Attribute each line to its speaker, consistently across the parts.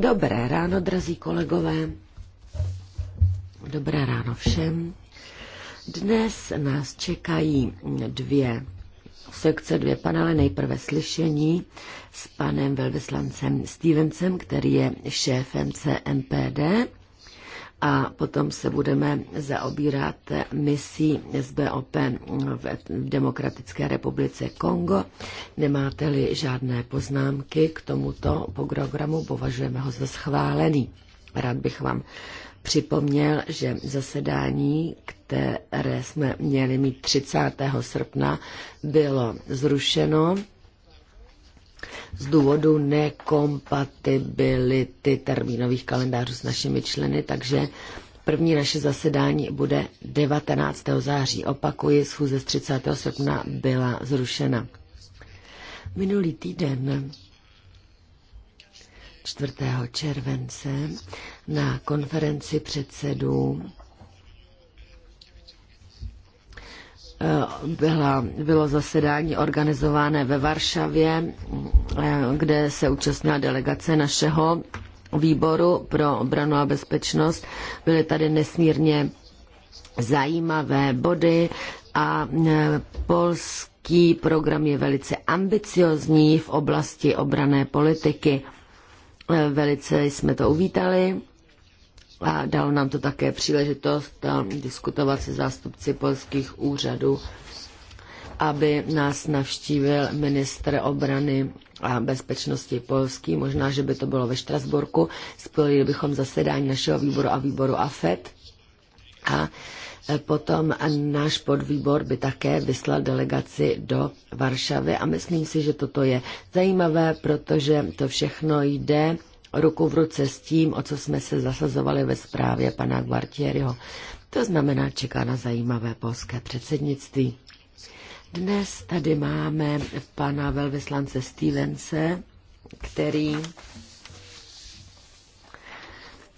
Speaker 1: Dobré ráno, drazí kolegové. Dobré ráno všem. Dnes nás čekají dvě sekce, dvě panely. Nejprve slyšení s panem velvyslancem Stevensem, který je šéfem CMPD a potom se budeme zaobírat misí SBOP v Demokratické republice Kongo. Nemáte-li žádné poznámky k tomuto programu, považujeme ho za schválený. Rád bych vám připomněl, že zasedání, které jsme měli mít 30. srpna, bylo zrušeno z důvodu nekompatibility termínových kalendářů s našimi členy, takže První naše zasedání bude 19. září. Opakuji, schůze z 30. srpna byla zrušena. Minulý týden 4. července na konferenci předsedů Eh, byla, bylo zasedání organizované ve Varšavě, eh, kde se účastnila delegace našeho výboru pro obranu a bezpečnost. Byly tady nesmírně zajímavé body a eh, polský program je velice ambiciozní v oblasti obrané politiky. Velice jsme to uvítali a dal nám to také příležitost um, diskutovat se zástupci polských úřadů, aby nás navštívil ministr obrany a bezpečnosti polský. Možná, že by to bylo ve Štrasburku. Spojili bychom zasedání našeho výboru a výboru AFET. A e, Potom náš podvýbor by také vyslal delegaci do Varšavy a myslím si, že toto je zajímavé, protože to všechno jde ruku v ruce s tím, o co jsme se zasazovali ve zprávě pana Guartieriho. To znamená, čeká na zajímavé polské předsednictví. Dnes tady máme pana velvyslance Stevense, který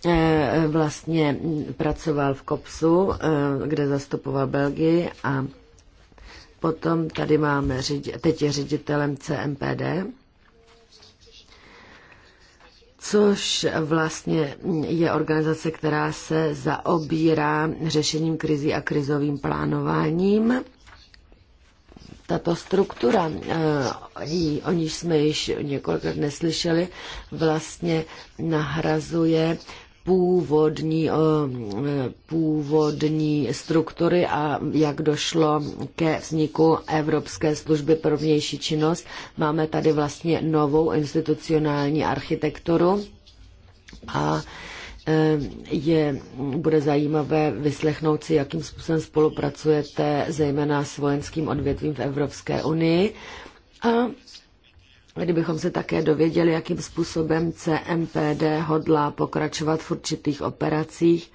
Speaker 1: eh, vlastně pracoval v Kopsu, eh, kde zastupoval Belgii a potom tady máme, teď je ředitelem CMPD což vlastně je organizace, která se zaobírá řešením krizí a krizovým plánováním. Tato struktura, eh, o níž jsme již několikrát neslyšeli, vlastně nahrazuje původní, eh, původní struktury a jak došlo ke vzniku Evropské služby pro vnější činnost. Máme tady vlastně novou institucionální architekturu a eh, je, bude zajímavé vyslechnout si, jakým způsobem spolupracujete, zejména s vojenským odvětvím v Evropské unii. A kdybychom se také dověděli, jakým způsobem CMPD hodlá pokračovat v určitých operacích.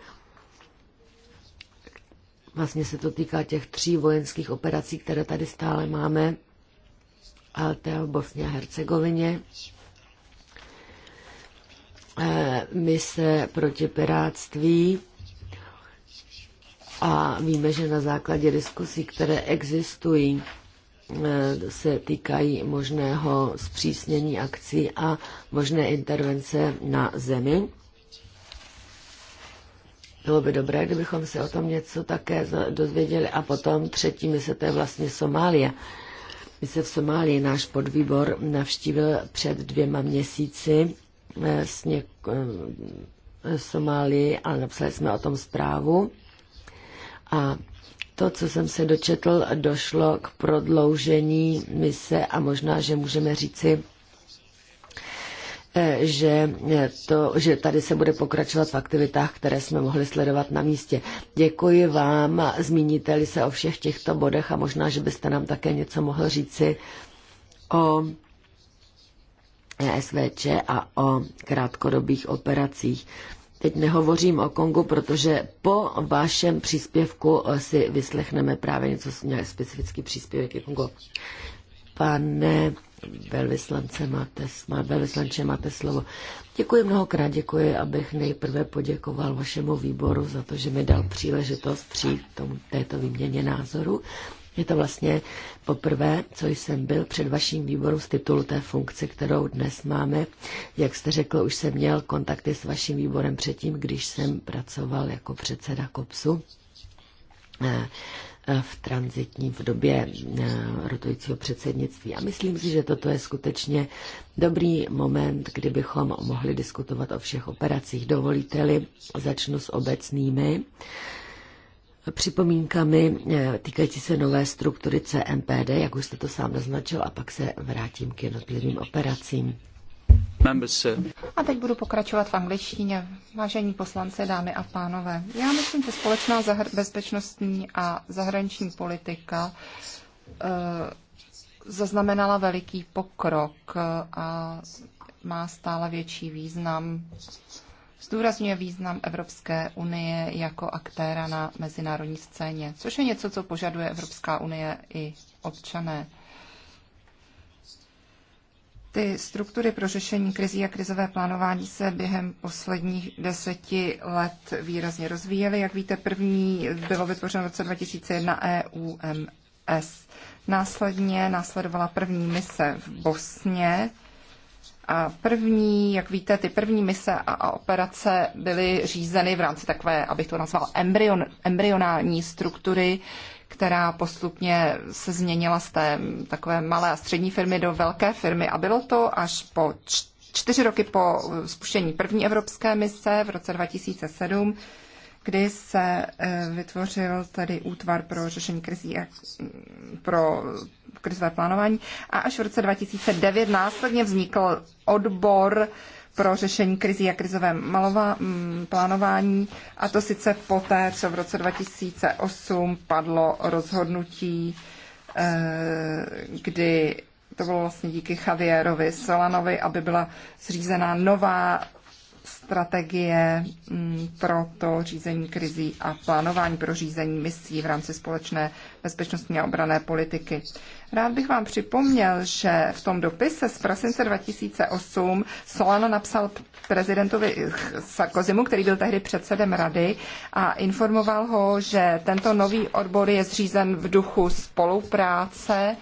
Speaker 1: Vlastně se to týká těch tří vojenských operací, které tady stále máme, ale to je v Bosně a Hercegovině. Eh, mise proti piráctví a víme, že na základě diskusí, které existují, Eh, se týkají možného zpřísnění akcí a možné intervence na zemi. Bylo by dobré, kdybychom se o tom něco také dozvěděli. A potom třetí mise, to je vlastně Somálie. My se v Somálii náš podvýbor navštívil před dvěma měsíci eh, s něk- eh, Somálii, ale napsali jsme o tom zprávu. A to, co jsem se dočetl, došlo k prodloužení mise a možná, že můžeme říci, eh, že, to, že tady se bude pokračovat v aktivitách, které jsme mohli sledovat na místě. Děkuji vám, zmíníte-li se o všech těchto bodech a možná, že byste nám také něco mohl říci o SVČ a o krátkodobých operacích. Teď nehovořím o Kongu, protože po vašem příspěvku eh, si vyslechneme právě něco specifický příspěvek ke Kongu. Pane velvyslance máte, má velvyslance, máte slovo. Děkuji mnohokrát, děkuji, abych nejprve poděkoval vašemu výboru za to, že mi dal příležitost přijít tomu, této výměně názoru je to vlastně poprvé, co jsem byl před vaším výborem z titulu té funkce, kterou dnes máme. Jak jste řekl, už jsem měl kontakty s vaším výborem předtím, když jsem pracoval jako předseda KOPSu eh, eh, v transitní v době eh, rotujícího předsednictví. A myslím si, že toto je skutečně dobrý moment, kdybychom mohli diskutovat o všech operacích. Dovolíte-li, začnu s obecnými připomínkami eh, týkající se nové struktury CMPD, jak už jste to sám naznačil, a pak se vrátím k jednotlivým operacím.
Speaker 2: A teď budu pokračovat v angličtině. Vážení poslance, dámy a pánové, já myslím, že společná bezpečnostní a zahraniční politika e, zaznamenala veliký pokrok eh, a má stále větší význam zdůrazňuje význam Evropské unie jako aktéra na mezinárodní scéně, což je něco, co požaduje Evropská unie i občané. Ty struktury pro řešení krizí a krizové plánování se během posledních deseti let výrazně rozvíjely. Jak víte, první bylo vytvořeno v roce 2001 EUMS. Následně následovala první mise v Bosně, a první, jak víte, ty první mise a operace byly řízeny v rámci takové, abych to nazval, embryon, embryonální struktury, která postupně se změnila z té takové malé a střední firmy do velké firmy. A bylo to až po čtyři roky po spuštění první evropské mise v roce 2007, kdy se eh, vytvořil tedy útvar pro řešení krizí a mm, pro krizové plánování a až v roce 2009 následně vznikl odbor pro řešení krizí a krizové malová, m, mm, plánování a to sice poté, co v roce 2008 padlo rozhodnutí, eh, kdy to bylo vlastně díky Javierovi Solanovi, aby byla zřízená nová strategie mm, pro to řízení krizí a plánování pro řízení misí v rámci společné bezpečnostní a obrané politiky. Rád bych vám připomněl, že v tom dopise z prosince 2008 Solano napsal prezidentovi Sarkozymu, který byl tehdy předsedem rady a informoval ho, že tento nový odbor je zřízen v duchu spolupráce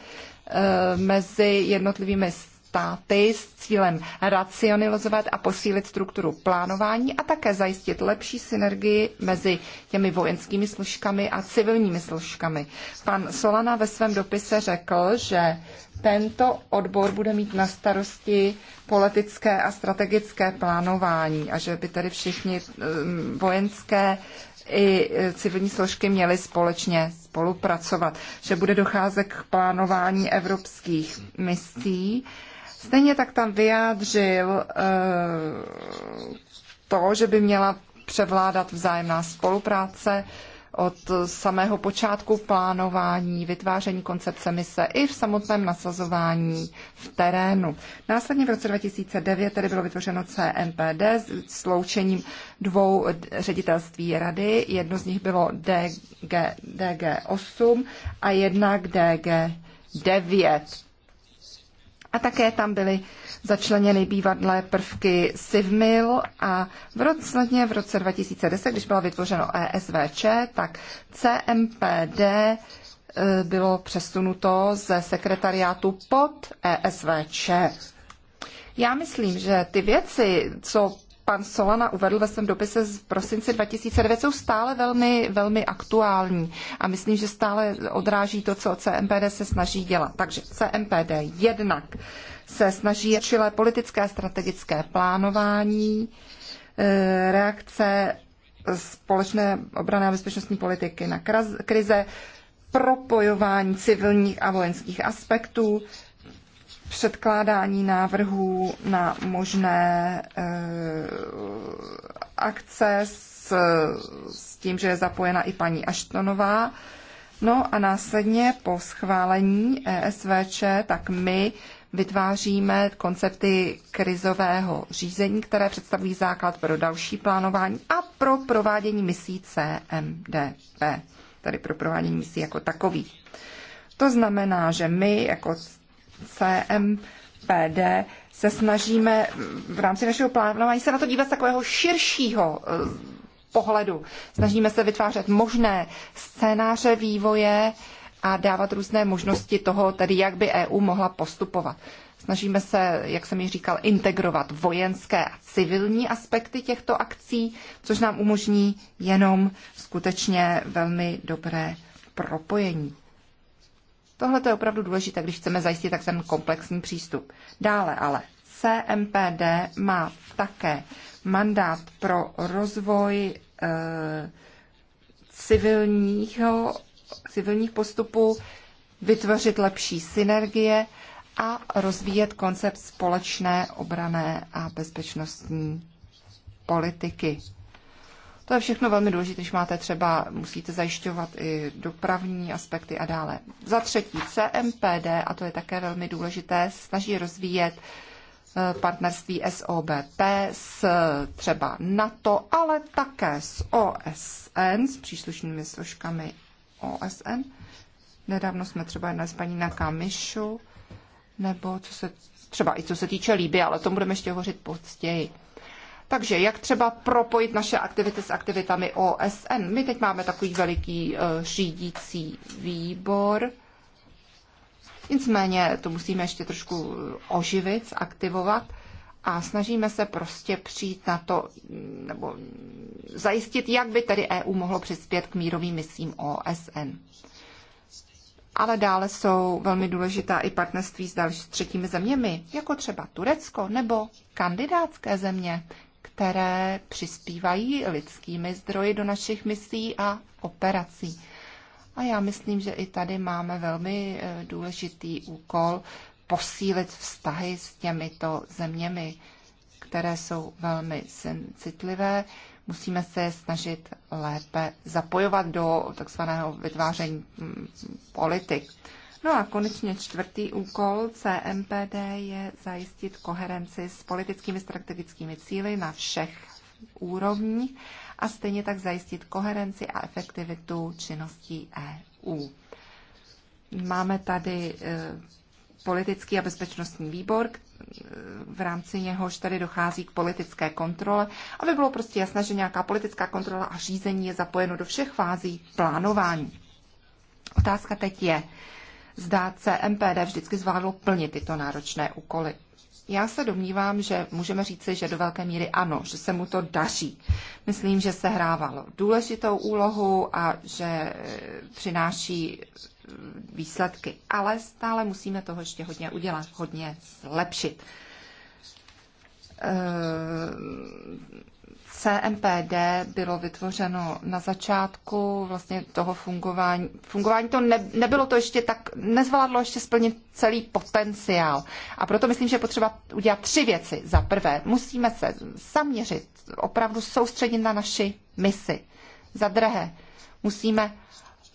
Speaker 2: eh, mezi jednotlivými státy s cílem racionalizovat a posílit strukturu plánování a také zajistit lepší synergii mezi těmi vojenskými složkami a civilními složkami. Pan Solana ve svém dopise řekl, že tento odbor bude mít na starosti politické a strategické plánování a že by tedy všichni um, vojenské i e, civilní složky měly společně spolupracovat, že bude docházet k plánování evropských misí Stejně tak tam vyjádřil eh, to, že by měla převládat vzájemná spolupráce od samého počátku plánování, vytváření koncepce mise i v samotném nasazování v terénu. Následně v roce 2009 tedy bylo vytvořeno CMPD s sloučením dvou ředitelství rady. Jedno z nich bylo DG, DG8 a jednak DG9. A také tam byly začleněny bývadlé prvky SIVMIL a v roce, v roce 2010, když bylo vytvořeno ESVČ, tak CMPD e, bylo přesunuto ze sekretariátu pod ESVČ. Já myslím, že ty věci, co pan Solana uvedl ve svém dopise z prosince 2009, jsou stále velmi, velmi aktuální a myslím, že stále odráží to, co CMPD se snaží dělat. Takže CMPD jednak se snaží čile politické a strategické plánování, eh, reakce společné obrané a bezpečnostní politiky na krize, propojování civilních a vojenských aspektů, předkládání návrhů na možné eh, akce s, s tím, že je zapojena i paní Aštonová. No a následně po schválení ESVČ, tak my vytváříme koncepty krizového řízení, které představují základ pro další plánování a pro provádění misí CMDP, tedy pro provádění misí jako takový. To znamená, že my jako CMPD se snažíme v rámci našeho plánování se na to dívat z takového širšího eh, pohledu. Snažíme se vytvářet možné scénáře vývoje a dávat různé možnosti toho, tedy jak by EU mohla postupovat. Snažíme se, jak jsem ji říkal, integrovat vojenské a civilní aspekty těchto akcí, což nám umožní jenom skutečně velmi dobré propojení. Tohle je opravdu důležité, když chceme zajistit tak ten komplexní přístup. Dále ale CMPD má také mandát pro rozvoj eh, civilního, civilních postupů, vytvořit lepší synergie a rozvíjet koncept společné obrané a bezpečnostní politiky. To je všechno velmi důležité, když máte třeba, musíte zajišťovat i dopravní aspekty a dále. Za třetí, CMPD, a to je také velmi důležité, snaží rozvíjet eh, partnerství SOBP s eh, třeba NATO, ale také s OSN, s příslušnými složkami OSN. Nedávno jsme třeba jednali s paní Kamišu, nebo co se, třeba i co se týče Líby, ale o tom budeme ještě hovořit později. Takže jak třeba propojit naše aktivity s aktivitami OSN? My teď máme takový veliký eh, řídící výbor. Nicméně to musíme ještě trošku eh, oživit, aktivovat a snažíme se prostě přijít na to, mm, nebo mm, zajistit, jak by tedy EU mohlo přispět k mírovým misím OSN. Ale dále jsou velmi důležitá i partnerství s dalšími třetími zeměmi, jako třeba Turecko nebo kandidátské země, které přispívají lidskými zdroji do našich misí a operací. A já myslím, že i tady máme velmi e, důležitý úkol posílit vztahy s těmito zeměmi, které jsou velmi citlivé. Musíme se snažit lépe zapojovat do takzvaného vytváření mm, politik. No a konečně čtvrtý úkol CMPD je zajistit koherenci s politickými strategickými cíly na všech úrovních a stejně tak zajistit koherenci a efektivitu činností EU. Máme tady e, politický a bezpečnostní výbor, e, v rámci něhož tady dochází k politické kontrole, aby bylo prostě jasné, že nějaká politická kontrola a řízení je zapojeno do všech fází plánování. Otázka teď je, zda M.P.D. vždycky zvládlo plně tyto náročné úkoly. Já se domnívám, že můžeme říci, že do velké míry ano, že se mu to daří. Myslím, že se hrávalo důležitou úlohu a že eh, přináší eh, výsledky. Ale stále musíme toho ještě hodně udělat, hodně zlepšit. Eh, CMPD bylo vytvořeno na začátku vlastně toho fungování. Fungování to ne, nebylo to ještě tak, nezvládlo ještě splnit celý potenciál. A proto myslím, že je potřeba udělat tři věci. Za prvé, musíme se zaměřit, opravdu soustředit na naši misi. Za druhé, musíme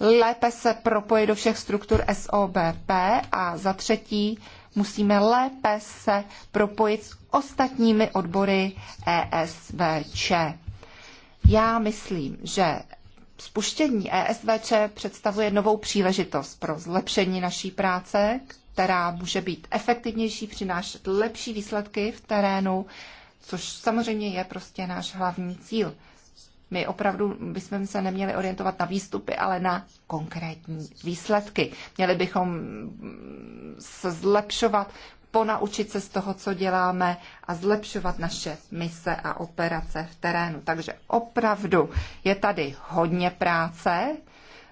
Speaker 2: lépe se propojit do všech struktur SOBP a za třetí, musíme lépe se propojit s ostatními odbory ESVČ. Já myslím, že spuštění ESVČ představuje novou příležitost pro zlepšení naší práce, která může být efektivnější, přinášet lepší výsledky v terénu, což samozřejmě je prostě náš hlavní cíl. My opravdu bychom se neměli orientovat na výstupy, ale na konkrétní výsledky. Měli bychom se zlepšovat, ponaučit se z toho, co děláme a zlepšovat naše mise a operace v terénu. Takže opravdu je tady hodně práce.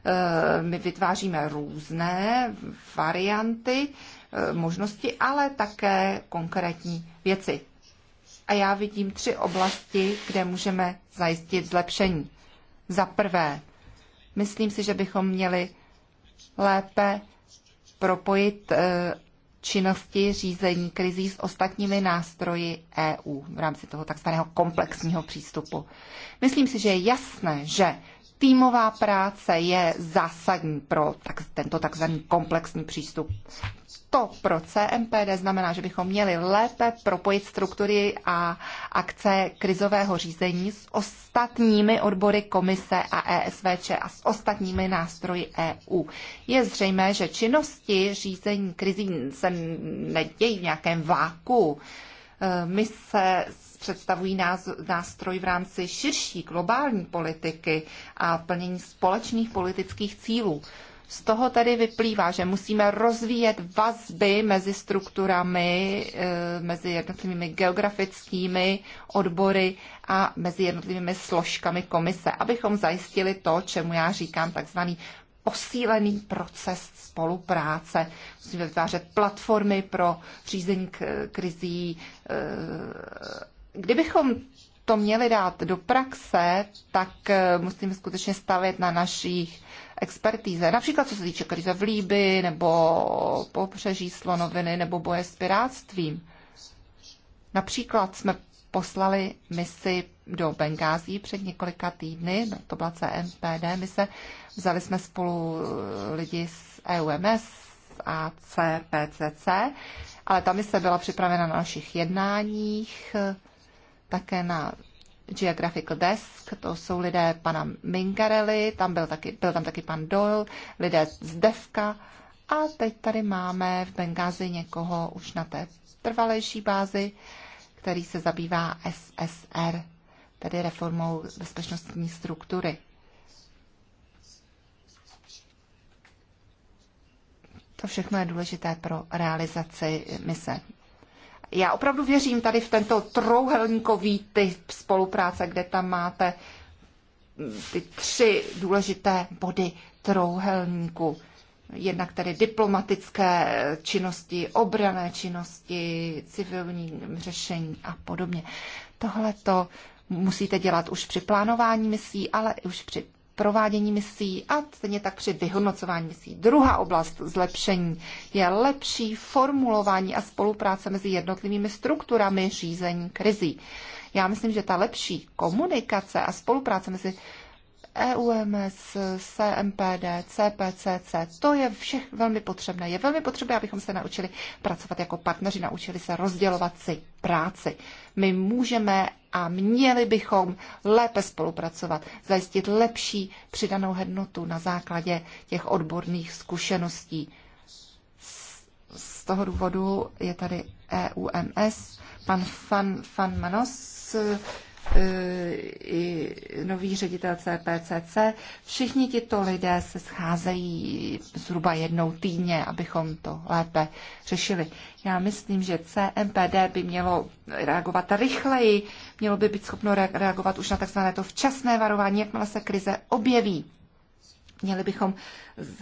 Speaker 2: E, my vytváříme různé varianty, e, možnosti, ale také konkrétní věci a já vidím tři oblasti, kde můžeme zajistit zlepšení. Za prvé, myslím si, že bychom měli lépe propojit e, činnosti řízení krizí s ostatními nástroji EU v rámci toho takzvaného komplexního přístupu. Myslím si, že je jasné, že týmová práce je zásadní pro tak, tento takzvaný komplexní přístup. To pro CMPD znamená, že bychom měli lépe propojit struktury a akce krizového řízení s ostatními odbory komise a ESVČ a s ostatními nástroji EU. Je zřejmé, že činnosti řízení krizí se nedějí v nějakém váku. E, my se představují nástroj v rámci širší globální politiky a plnění společných politických cílů. Z toho tedy vyplývá, že musíme rozvíjet vazby mezi strukturami, e, mezi jednotlivými geografickými odbory a mezi jednotlivými složkami komise, abychom zajistili to, čemu já říkám takzvaný posílený proces spolupráce. Musíme vytvářet platformy pro řízení krizí, e, kdybychom to měli dát do praxe, tak eh, musíme skutečně stavět na našich expertíze. Například co se týče krize v Líby, nebo pobřeží slonoviny, nebo boje s pirátstvím. Například jsme poslali misi do Bengází před několika týdny, to byla CNPD mise, vzali jsme spolu eh, lidi z EUMS a CPCC, ale ta mise byla připravena na našich jednáních, také na Geographical Desk, to jsou lidé pana Mingarelli, tam byl, taky, byl tam taky pan Doyle, lidé z Deska a teď tady máme v Bengázi někoho už na té trvalejší bázi, který se zabývá SSR, tedy reformou bezpečnostní struktury. To všechno je důležité pro realizaci mise já opravdu věřím tady v tento trouhelníkový typ spolupráce, kde tam máte ty tři důležité body trouhelníku. Jednak tedy diplomatické činnosti, obrané činnosti, civilní řešení a podobně. Tohle to musíte dělat už při plánování misí, ale už při provádění misí a stejně tak při vyhodnocování misí. Druhá oblast zlepšení je lepší formulování a spolupráce mezi jednotlivými strukturami řízení krizí. Já myslím, že ta lepší komunikace a spolupráce mezi EUMS, CMPD, CPCC, to je všech velmi potřebné. Je velmi potřebné, abychom se naučili pracovat jako partneři, naučili se rozdělovat si práci. My můžeme a měli bychom lépe spolupracovat, zajistit lepší přidanou hodnotu na základě těch odborných zkušeností. Z toho důvodu je tady EUMS, pan Fan, Fan Manos, E, i nový ředitel CPCC. Všichni tito lidé se scházejí zhruba jednou týdně, abychom to lépe řešili. Já myslím, že CMPD by mělo reagovat rychleji, mělo by být schopno reagovat už na takzvané to včasné varování, jakmile se krize objeví. Měli bychom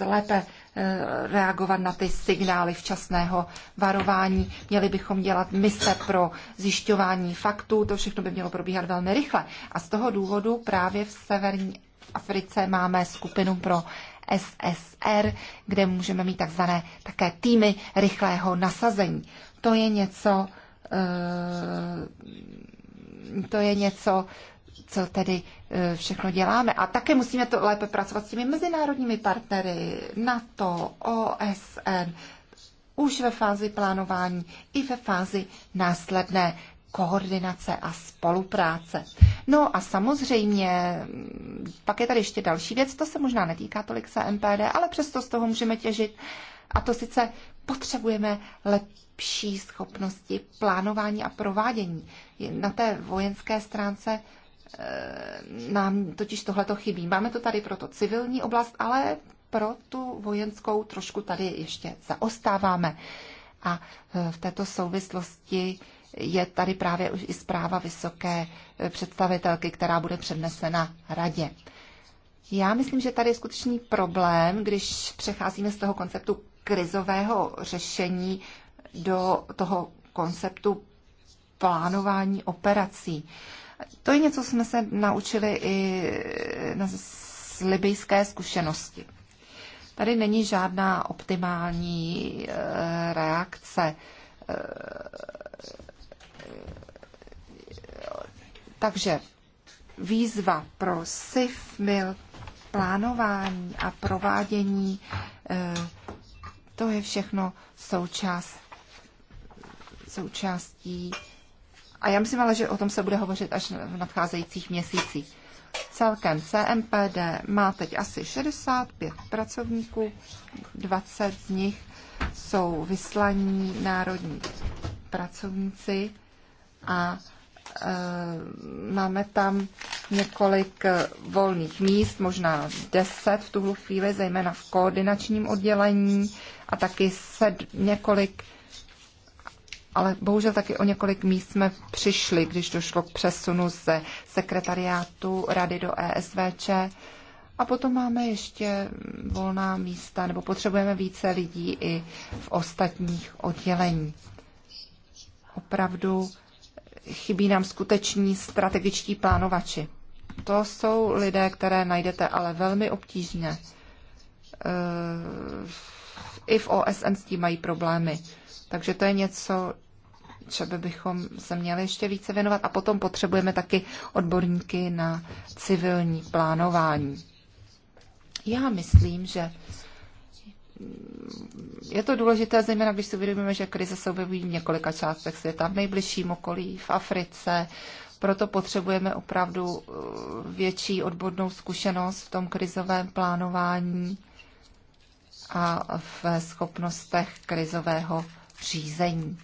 Speaker 2: lépe Eh, reagovat na ty signály včasného varování. Měli bychom dělat mise pro zjišťování faktů, to všechno by mělo probíhat velmi rychle. A z toho důvodu právě v severní Africe máme skupinu pro SSR, kde můžeme mít takzvané také týmy rychlého nasazení. To je něco, eh, to je něco, co tedy e, všechno děláme. A také musíme to lépe pracovat s těmi mezinárodními partnery, NATO, OSN, už ve fázi plánování i ve fázi následné koordinace a spolupráce. No a samozřejmě, pak je tady ještě další věc, to se možná netýká tolik se MPD, ale přesto z toho můžeme těžit. A to sice potřebujeme lepší schopnosti plánování a provádění. Na té vojenské stránce Eh, nám totiž tohleto chybí. Máme to tady pro to civilní oblast, ale pro tu vojenskou trošku tady ještě zaostáváme. A eh, v této souvislosti je tady právě už i zpráva vysoké eh, představitelky, která bude přednesena radě. Já myslím, že tady je skutečný problém, když přecházíme z toho konceptu krizového řešení do toho konceptu plánování operací. Uh, to je něco, co jsme se naučili i na, z libijské zkušenosti. Tady není žádná optimální eh, reakce. Eh, takže výzva pro SIF byl plánování a provádění, eh, to je všechno součást, součástí a já myslím ale, že o tom se bude hovořit až v nadcházejících měsících. Celkem CMPD má teď asi 65 pracovníků, 20 z nich jsou vyslaní národní pracovníci a e, máme tam několik e, volných míst, možná 10 v tuhle chvíli, zejména v koordinačním oddělení a taky sed, několik ale bohužel taky o několik míst jsme přišli, když došlo k přesunu ze sekretariátu rady do ESVČ. A potom máme ještě volná místa, nebo potřebujeme více lidí i v ostatních oddělení. Opravdu chybí nám skuteční strategičtí plánovači. To jsou lidé, které najdete ale velmi obtížně. Ehm, I v OSN s tím mají problémy. Takže to je něco, třeba bychom se měli ještě více věnovat a potom potřebujeme taky odborníky na civilní plánování. Já myslím, že je to důležité, zejména když si uvědomíme, že krize se objevují v několika částech světa, v nejbližším okolí, v Africe, proto potřebujeme opravdu uh, větší odbornou zkušenost v tom krizovém plánování a v schopnostech krizového řízení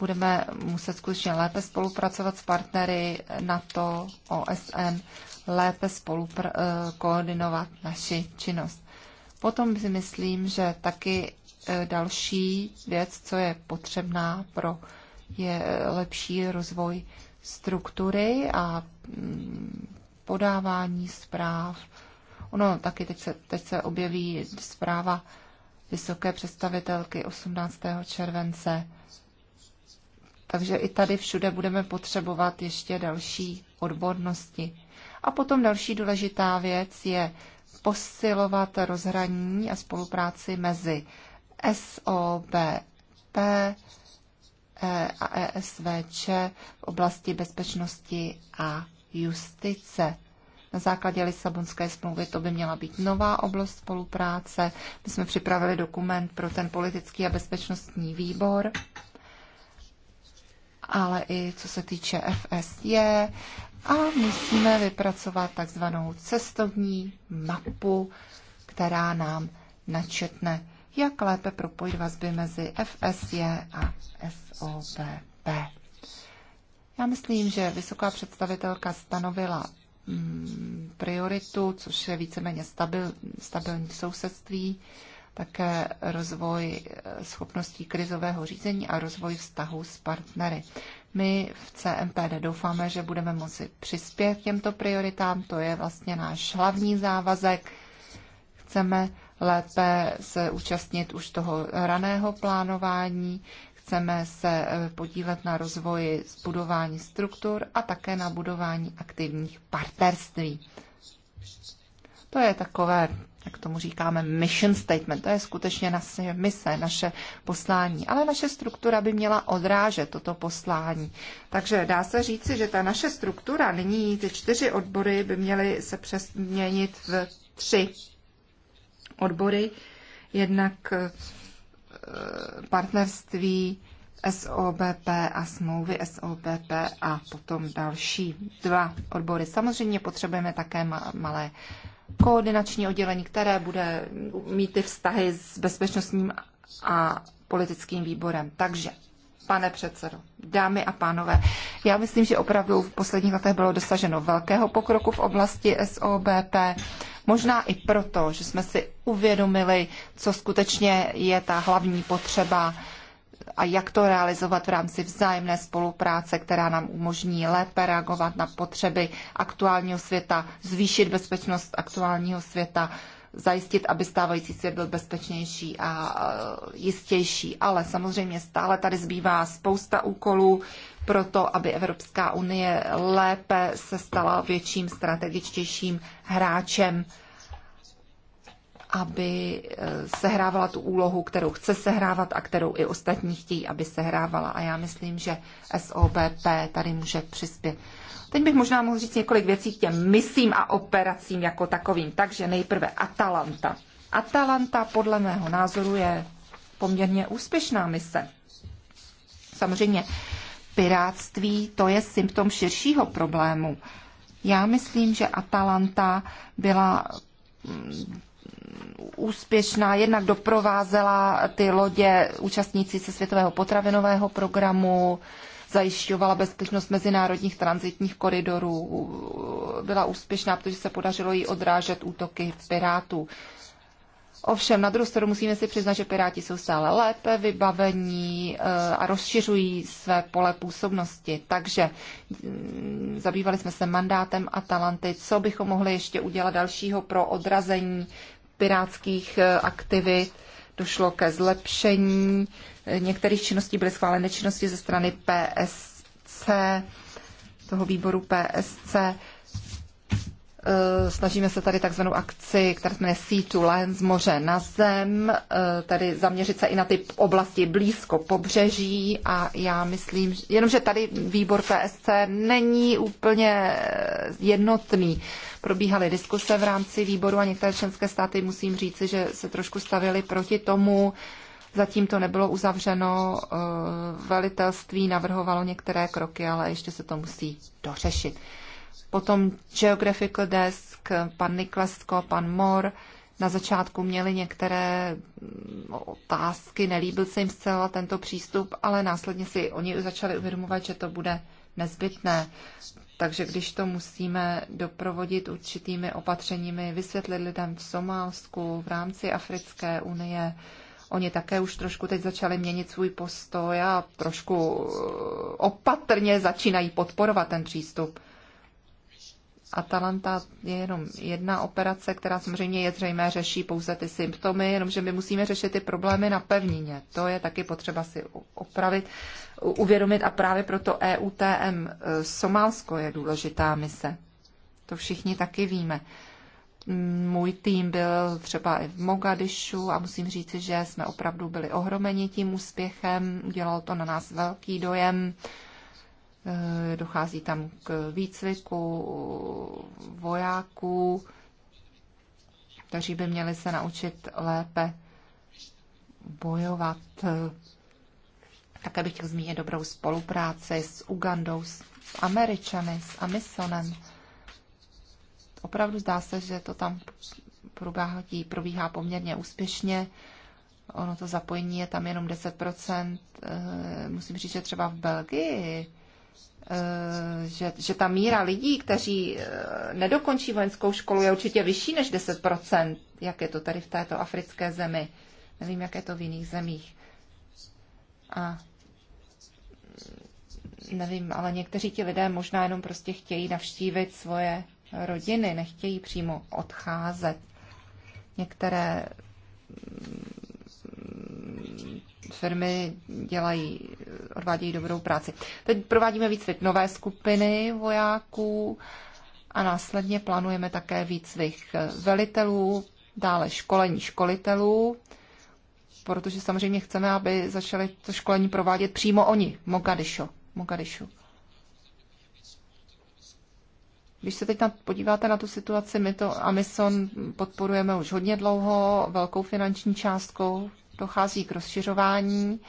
Speaker 2: budeme muset skutečně lépe spolupracovat s partnery NATO, OSN, lépe spolupr- eh, koordinovat naši činnost. Potom si myslím, že taky eh, další věc, co je potřebná pro je eh, lepší rozvoj struktury a mm, podávání zpráv. Ono taky teď se, teď se objeví zpráva vysoké představitelky 18. července takže i tady všude budeme potřebovat ještě další odbornosti. A potom další důležitá věc je posilovat rozhraní a spolupráci mezi SOBP e a ESVČ v oblasti bezpečnosti a justice. Na základě Lisabonské smlouvy to by měla být nová oblast spolupráce. My jsme připravili dokument pro ten politický a bezpečnostní výbor ale i co se týče FSJ a musíme vypracovat takzvanou cestovní mapu, která nám načetne, jak lépe propojit vazby mezi FSJ a SOBP. Já myslím, že vysoká představitelka stanovila mm, prioritu, což je víceméně stabil, stabilní sousedství také rozvoj eh, schopností krizového řízení a rozvoj vztahu s partnery. My v CMPD doufáme, že budeme moci přispět k těmto prioritám, to je vlastně náš hlavní závazek. Chceme lépe se účastnit už toho raného plánování, chceme se eh, podílet na rozvoji zbudování struktur a také na budování aktivních partnerství. To je takové jak tomu říkáme, mission statement, to je skutečně naše mise, naše poslání. Ale naše struktura by měla odrážet toto poslání. Takže dá se říci, že ta naše struktura, nyní ty čtyři odbory by měly se přesměnit v tři odbory. Jednak eh, partnerství SOBP a smlouvy SOBP a potom další dva odbory. Samozřejmě potřebujeme také malé koordinační oddělení, které bude mít ty vztahy s bezpečnostním a politickým výborem. Takže, pane předsedo, dámy a pánové, já myslím, že opravdu v posledních letech bylo dosaženo velkého pokroku v oblasti SOBP. Možná i proto, že jsme si uvědomili, co skutečně je ta hlavní potřeba a jak to realizovat v rámci vzájemné spolupráce, která nám umožní lépe reagovat na potřeby aktuálního světa, zvýšit bezpečnost aktuálního světa, zajistit, aby stávající svět byl bezpečnější a jistější. Ale samozřejmě stále tady zbývá spousta úkolů pro to, aby Evropská unie lépe se stala větším strategičtějším hráčem aby eh, sehrávala tu úlohu, kterou chce sehrávat a kterou i ostatní chtějí, aby sehrávala. A já myslím, že SOBP tady může přispět. Teď bych možná mohl říct několik věcí k těm misím a operacím jako takovým. Takže nejprve Atalanta. Atalanta podle mého názoru je poměrně úspěšná mise. Samozřejmě piráctví to je symptom širšího problému. Já myslím, že Atalanta byla mm, úspěšná, jednak doprovázela ty lodě účastníci se Světového potravinového programu, zajišťovala bezpečnost mezinárodních transitních koridorů, byla úspěšná, protože se podařilo jí odrážet útoky pirátů. Ovšem, na druhou stranu musíme si přiznat, že Piráti jsou stále lépe vybavení eh, a rozšiřují své pole působnosti. Takže mm, zabývali jsme se mandátem a talenty, co bychom mohli ještě udělat dalšího pro odrazení pirátských eh, aktivit, došlo ke zlepšení, eh, některých činností byly schváleny činnosti ze strany PSC, toho výboru PSC. Eh, snažíme se tady takzvanou akci, která se jmenuje Sea to Land, z moře na zem, tady zaměřit se i na ty oblasti blízko pobřeží a já myslím, jenomže tady výbor PSC není úplně jednotný probíhaly diskuse v rámci výboru a některé členské státy, musím říci, že se trošku stavili proti tomu. Zatím to nebylo uzavřeno, eh, velitelství navrhovalo některé kroky, ale ještě se to musí dořešit. Potom Geographical Desk, pan Niklesko, pan Mor, na začátku měli některé mm, otázky, nelíbil se jim zcela tento přístup, ale následně si oni začali uvědomovat, že to bude nezbytné. Takže když to musíme doprovodit určitými opatřeními, vysvětlit lidem v Somálsku, v rámci Africké unie, oni také už trošku teď začali měnit svůj postoj a trošku eh, opatrně začínají podporovat ten přístup. Atalanta je jenom jedna operace, která samozřejmě je zřejmé řeší pouze ty symptomy, jenomže my musíme řešit ty problémy na pevnině. To je taky potřeba si opravit, uvědomit a právě proto EUTM e, Somálsko je důležitá mise. To všichni taky víme. Mm, můj tým byl třeba i v Mogadišu a musím říct, že jsme opravdu byli ohromeni tím úspěchem. Dělal to na nás velký dojem. Eh, dochází tam k výcviku vojáků, kteří by měli se naučit lépe bojovat. Eh, také bych chtěl zmínit dobrou spolupráci s Ugandou, s Američany, s Amisonem. Opravdu zdá se, že to tam probíhá, probíhá poměrně úspěšně. Ono to zapojení je tam jenom 10%. Eh, musím říct, že třeba v Belgii Eh, že, že ta míra lidí, kteří eh, nedokončí vojenskou školu, je určitě vyšší než 10%, jak je to tady v této africké zemi. Nevím, jak je to v jiných zemích. A nevím, ale někteří ti lidé možná jenom prostě chtějí navštívit svoje rodiny, nechtějí přímo odcházet. Některé firmy dělají, odvádějí dobrou práci. Teď provádíme výcvik nové skupiny vojáků a následně plánujeme také výcvik eh, velitelů, dále školení školitelů, protože samozřejmě chceme, aby začali to školení provádět přímo oni, Mogadišo, Mogadišu. Když se teď na, podíváte na tu situaci, my to Amison podporujeme už hodně dlouho, velkou finanční částkou, dochází k rozšiřování,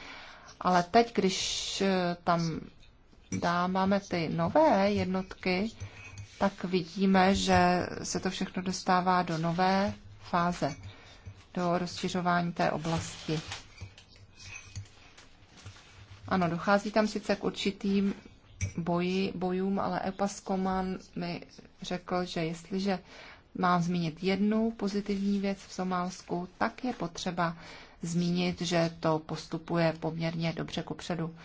Speaker 2: ale teď, když eh, tam dáváme ty nové jednotky, tak vidíme, že se to všechno dostává do nové fáze, do rozšiřování té oblasti. Ano, dochází tam sice k určitým boji, bojům, ale Epas Koman mi řekl, že jestliže mám zmínit jednu pozitivní věc v Somálsku, tak je potřeba zmínit, že to postupuje poměrně dobře kupředu.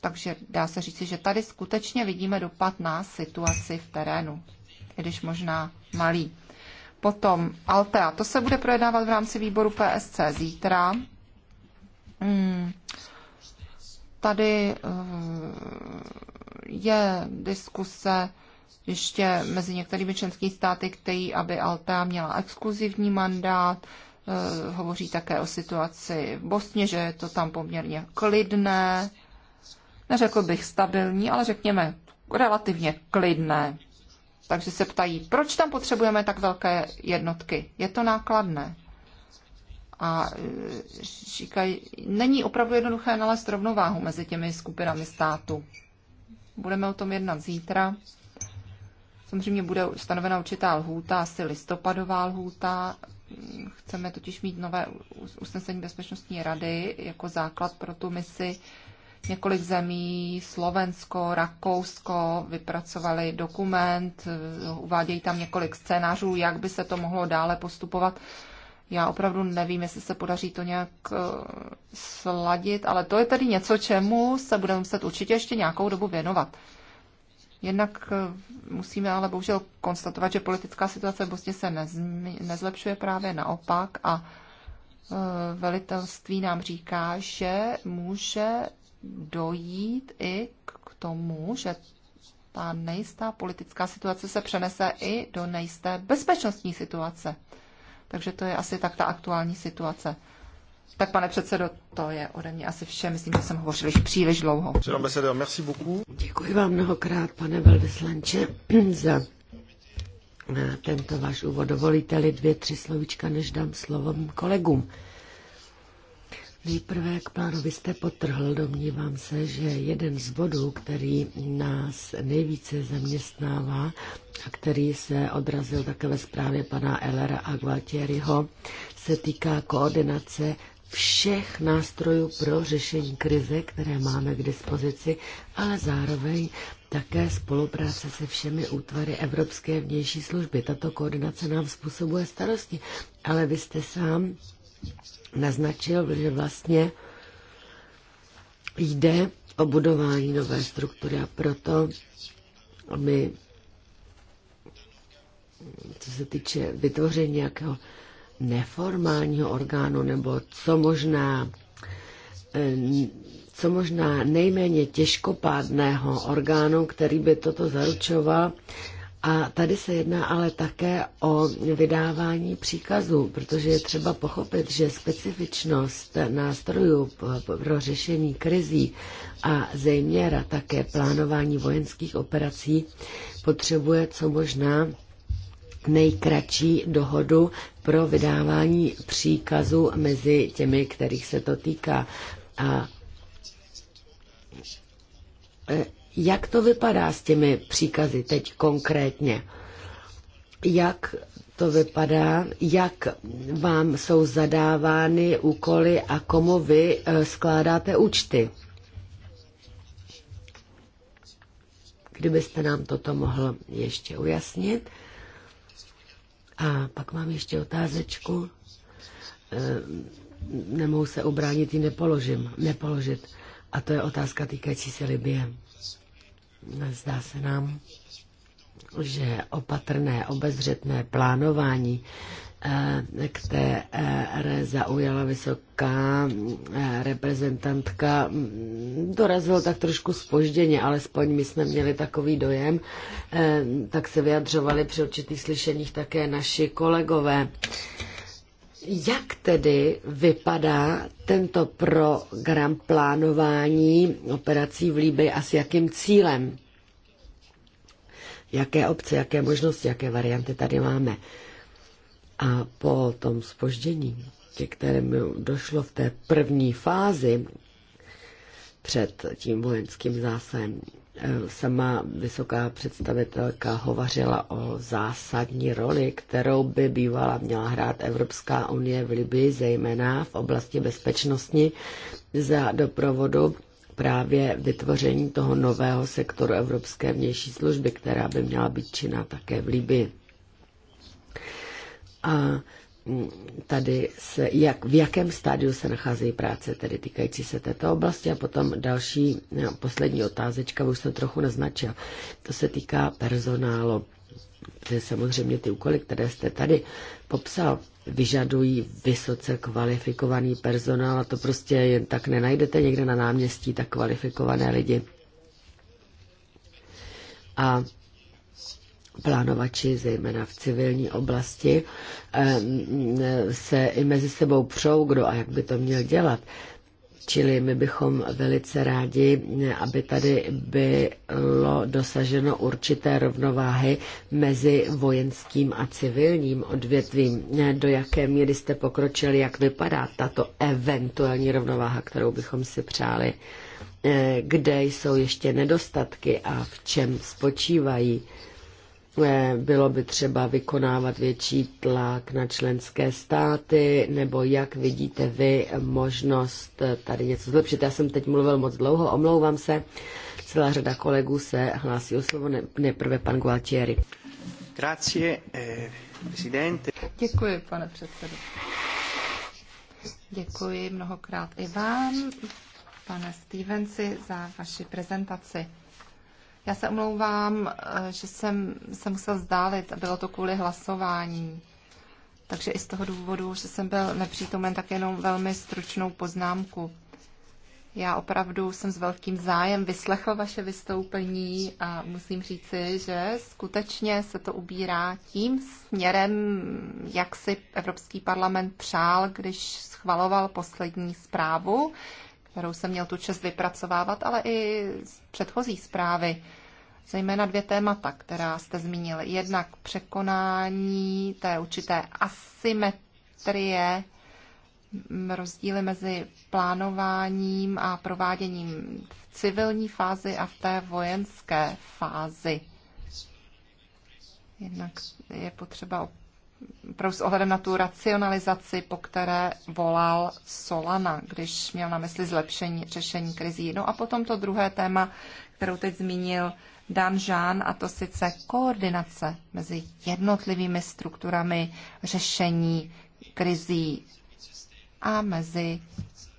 Speaker 2: Takže dá se říci, že tady skutečně vidíme dopad na situaci v terénu, když možná malý. Potom Altea, to se bude projednávat v rámci výboru PSC zítra. Hmm. Tady eh, je diskuse ještě mezi některými členskými státy, který, aby Altea měla exkluzivní mandát, Eh, hovoří také o situaci v Bosně, že je to tam poměrně klidné, neřekl bych stabilní, ale řekněme relativně klidné. Takže se ptají, proč tam potřebujeme tak velké jednotky? Je to nákladné. A eh, říkají, není opravdu jednoduché nalézt rovnováhu mezi těmi skupinami států. Budeme o tom jednat zítra. Samozřejmě bude stanovena určitá lhůta, asi listopadová lhůta, Chceme totiž mít nové usnesení Bezpečnostní rady jako základ pro tu misi. Několik zemí, Slovensko, Rakousko, vypracovali dokument, uvádějí tam několik scénářů, jak by se to mohlo dále postupovat. Já opravdu nevím, jestli se podaří to nějak eh, sladit, ale to je tedy něco, čemu se budeme muset určitě ještě nějakou dobu věnovat. Jednak eh, musíme ale bohužel konstatovat, že politická situace v Bosně se nezlepšuje právě naopak a eh, velitelství nám říká, že může dojít i k tomu, že ta nejistá politická situace se přenese i do nejisté bezpečnostní situace. Takže to je asi tak ta aktuální situace. Tak pane předsedo, to je ode mě asi vše. Myslím, že jsem hovořil již příliš dlouho. Děkuji vám mnohokrát, pane
Speaker 1: velvyslanče, za tento váš úvod. Dovolíte-li dvě, tři slovíčka, než dám slovo kolegům. Nejprve k plánu vy jste potrhl, domnívám se, že jeden z bodů, který nás nejvíce zaměstnává a který se odrazil také ve zprávě pana Elera a Gualtieriho, se týká koordinace všech nástrojů pro řešení krize, které máme k dispozici, ale zároveň také spolupráce se všemi útvary Evropské vnější služby. Tato koordinace nám způsobuje starosti, ale vy jste sám naznačil, že vlastně jde o budování nové struktury a proto my, co se týče vytvoření nějakého neformálního orgánu nebo co možná eh, co možná nejméně těžkopádného orgánu, který by toto zaručoval. A tady se jedná ale také o vydávání příkazů, protože je třeba pochopit, že specifičnost nástrojů pro řešení krizí a zejména také plánování vojenských operací potřebuje co možná nejkratší dohodu pro vydávání příkazu mezi těmi, kterých se to týká. A e, jak to vypadá s těmi příkazy teď konkrétně? Jak to vypadá, jak vám jsou zadávány úkoly a komu vy e, skládáte účty? Kdybyste nám toto mohl ještě ujasnit. A pak mám ještě otázečku. Eh, nemohu se obránit, ji nepoložím, nepoložit. A to je otázka týkající se Libie. Zdá se nám, že opatrné, obezřetné plánování Eh, které zaujala vysoká eh, reprezentantka, mm, dorazilo tak trošku spožděně, alespoň my jsme měli takový dojem, eh, tak se vyjadřovali při určitých slyšeních také naši kolegové. Jak tedy vypadá tento program plánování operací v Líbě a s jakým cílem? Jaké obce, jaké možnosti, jaké varianty tady máme? A po tom spoždění, ke kterému došlo v té první fázi před tím vojenským zásahem, sama vysoká představitelka hovařila o zásadní roli, kterou by bývala měla hrát Evropská unie v Libii, zejména v oblasti bezpečnosti za doprovodu právě vytvoření toho nového sektoru Evropské vnější služby, která by měla být činná také v Libii a mm, tady se, jak, v jakém stádiu se nacházejí práce tedy týkající se této oblasti a potom další no, poslední otázečka, už jsem trochu naznačil. To se týká personálu. Protože samozřejmě ty úkoly, které jste tady popsal, vyžadují vysoce kvalifikovaný personál a to prostě jen tak nenajdete někde na náměstí tak kvalifikované lidi. A plánovači, zejména v civilní oblasti, se i mezi sebou přou, kdo a jak by to měl dělat. Čili my bychom velice rádi, aby tady bylo dosaženo určité rovnováhy mezi vojenským a civilním odvětvím. Do jaké míry jste pokročili, jak vypadá tato eventuální rovnováha, kterou bychom si přáli, kde jsou ještě nedostatky a v čem spočívají E, bylo by třeba vykonávat větší tlak na členské státy, nebo jak vidíte vy možnost e, tady něco zlepšit. Já jsem teď mluvil moc dlouho, omlouvám se. Celá řada kolegů se hlásí o slovo, nejprve pan Gualtieri.
Speaker 2: Grazie, eh, presidente. Děkuji, pane předsedo. Děkuji mnohokrát i vám, pane Stevensi, za vaši prezentaci. Já se omlouvám, eh, že jsem se musel zdálit a bylo to kvůli hlasování. Takže i z toho důvodu, že jsem byl nepřítomen, tak jenom velmi stručnou poznámku. Já opravdu jsem s velkým zájem vyslechl vaše vystoupení a musím říci, že skutečně se to ubírá tím směrem, jak si Evropský parlament přál, když schvaloval poslední zprávu, kterou jsem měl tu čest vypracovávat, ale i z předchozí zprávy. Zejména dvě témata, která jste zmínili. Jednak překonání té určité asymetrie rozdíly mezi plánováním a prováděním v civilní fázi a v té vojenské fázi. Jednak je potřeba s ohledem na tu racionalizaci, po které volal Solana, když měl na mysli zlepšení řešení krizí. No a potom to druhé téma, kterou teď zmínil Dan Žán, a to sice koordinace mezi jednotlivými strukturami řešení krizí a mezi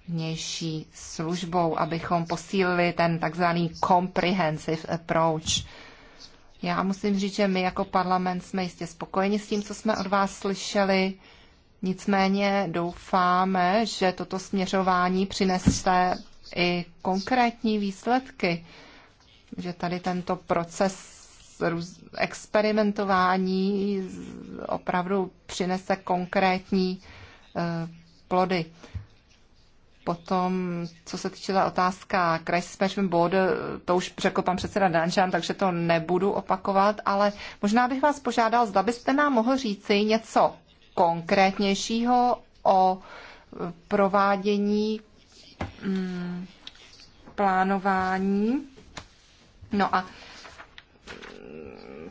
Speaker 2: vnější službou, abychom posílili ten takzvaný comprehensive approach, já musím říct, že my jako parlament jsme jistě spokojeni s tím, co jsme od vás slyšeli. Nicméně doufáme, že toto směřování přinese i konkrétní výsledky, že tady tento proces experimentování opravdu přinese konkrétní eh, plody. Potom, co se týče ta otázka Crisis Management Board, to už řekl pan předseda Danžan, takže to nebudu opakovat, ale možná bych vás požádal, zda byste nám mohl říci něco konkrétnějšího o provádění mm, plánování. No a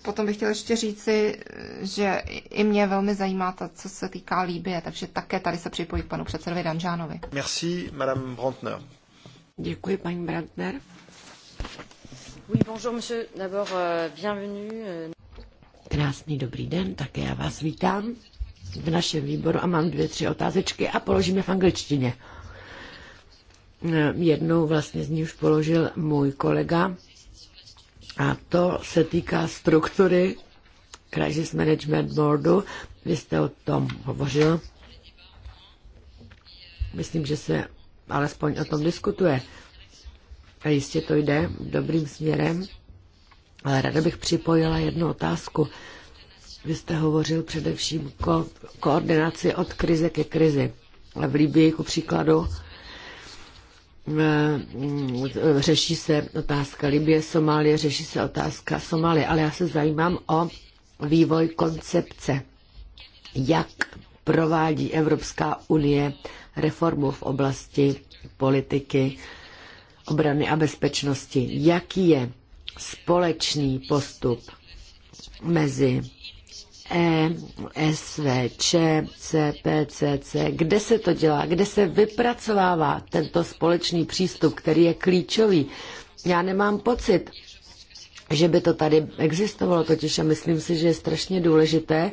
Speaker 2: potom bych chtěl ještě říci, že i mě velmi zajímá to, co se týká Líbie, takže také tady se připojí k panu předsedovi Danžánovi.
Speaker 3: Merci, madame Brantner.
Speaker 1: Děkuji, paní Brantner. Oui, bonjour, monsieur. D'abord, euh, bienvenue. Krásný dobrý den, také já vás vítám v našem výboru a mám dvě, tři otázečky a položím je v angličtině. Jednou vlastně z ní už položil můj kolega, a to se týká struktury Crisis Management Boardu. Vy jste o tom hovořil. Myslím, že se alespoň o tom diskutuje. A jistě to jde dobrým směrem. Ale ráda bych připojila jednu otázku. Vy jste hovořil především o ko- koordinaci od krize ke krizi. Ale v Líbii, ku příkladu, Eh, eh, řeší se otázka Libie, Somálie, řeší se otázka Somálie, ale já se zajímám o vývoj koncepce. Jak provádí Evropská unie reformu v oblasti politiky obrany a bezpečnosti? Jaký je společný postup mezi E, C, C, kde se to dělá, kde se vypracovává tento společný přístup, který je klíčový. Já nemám pocit, že by to tady existovalo, totiž a myslím si, že je strašně důležité,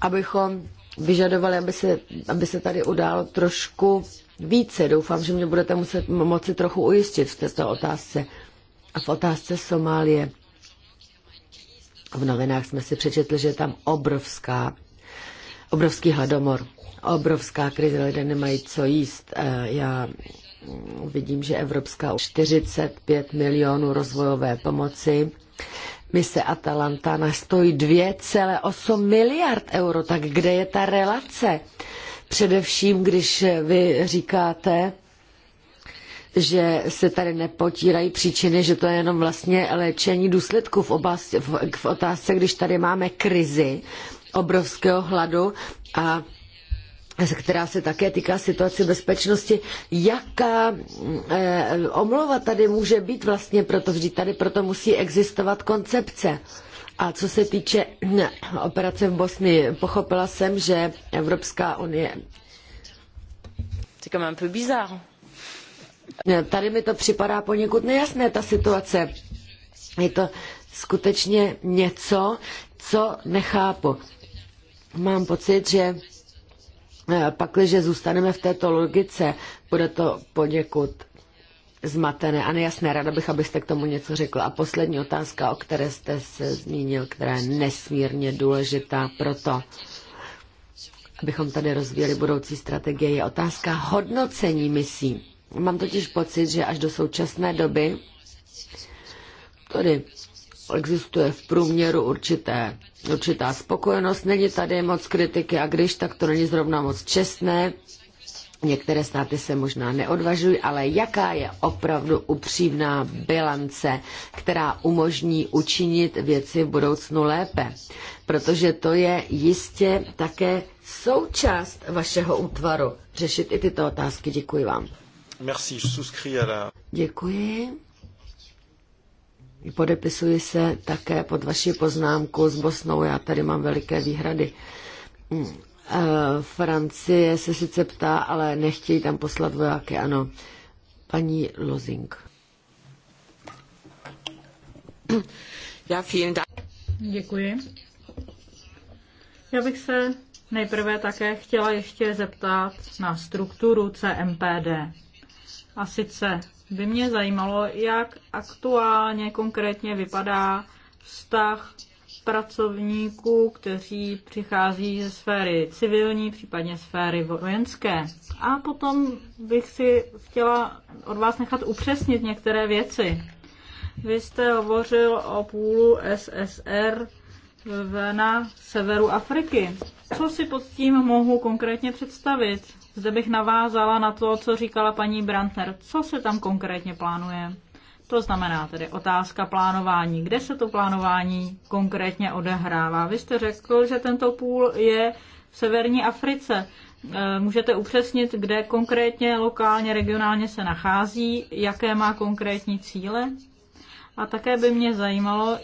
Speaker 1: abychom vyžadovali, aby se, aby se tady událo trošku více. Doufám, že mě budete muset moci trochu ujistit v této otázce. A v otázce Somálie v novinách jsme si přečetli, že je tam obrovská, obrovský hladomor, obrovská krize, lidé nemají co jíst. E, já vidím, že Evropská 45 milionů rozvojové pomoci. Mise Atalanta stojí 2,8 miliard euro, tak kde je ta relace? Především, když vy říkáte, že se tady nepotírají příčiny, že to je jenom vlastně léčení důsledků v, oblasti, v, v otázce, když tady máme krizi obrovského hladu a která se také týká situace bezpečnosti. Jaká eh, omluva tady může být vlastně, protože tady proto musí existovat koncepce. A co se týče eh, operace v Bosni, pochopila jsem, že Evropská unie.
Speaker 4: C'est comme un peu bizarre
Speaker 1: Tady mi to připadá poněkud nejasné, ta situace. Je to skutečně něco, co nechápu. Mám pocit, že eh, pakliže zůstaneme v této logice, bude to poněkud zmatené a nejasné. Rada bych, abyste k tomu něco řekl. A poslední otázka, o které jste se zmínil, která je nesmírně důležitá pro to, abychom tady rozvíjeli budoucí strategie, je otázka hodnocení misí. Mám totiž pocit, že až do současné doby tady existuje v průměru určité, určitá spokojenost, není tady moc kritiky a když, tak to není zrovna moc čestné. Některé státy se možná neodvažují, ale jaká je opravdu upřímná bilance, která umožní učinit věci v budoucnu lépe? Protože to je jistě také součást vašeho útvaru řešit i tyto otázky. Děkuji vám.
Speaker 3: Merci, je souscris à la...
Speaker 1: Děkuji. Podepisuji se také pod vaši poznámku s Bosnou. Já tady mám veliké výhrady. Mm, eh, Francie se sice ptá, ale nechtějí tam poslat vojáky, ano. Paní Lozing.
Speaker 4: Já vielen Dank. Děkuji. Já bych se nejprve také chtěla ještě zeptat na strukturu CMPD. A sice by mě zajímalo, jak aktuálně konkrétně vypadá vztah pracovníků, kteří přichází ze sféry civilní, případně sféry vojenské. A potom bych si chtěla od vás nechat upřesnit některé věci. Vy jste hovořil o půlu SSR na severu Afriky. Co si pod tím mohu konkrétně představit? Zde bych navázala na to, co říkala paní Brantner. Co se tam konkrétně plánuje? To znamená tedy otázka plánování. Kde se to plánování konkrétně odehrává? Vy jste řekl, že tento půl je v severní Africe. E, můžete upřesnit, kde konkrétně lokálně, regionálně se nachází, jaké má konkrétní cíle? A také by mě zajímalo,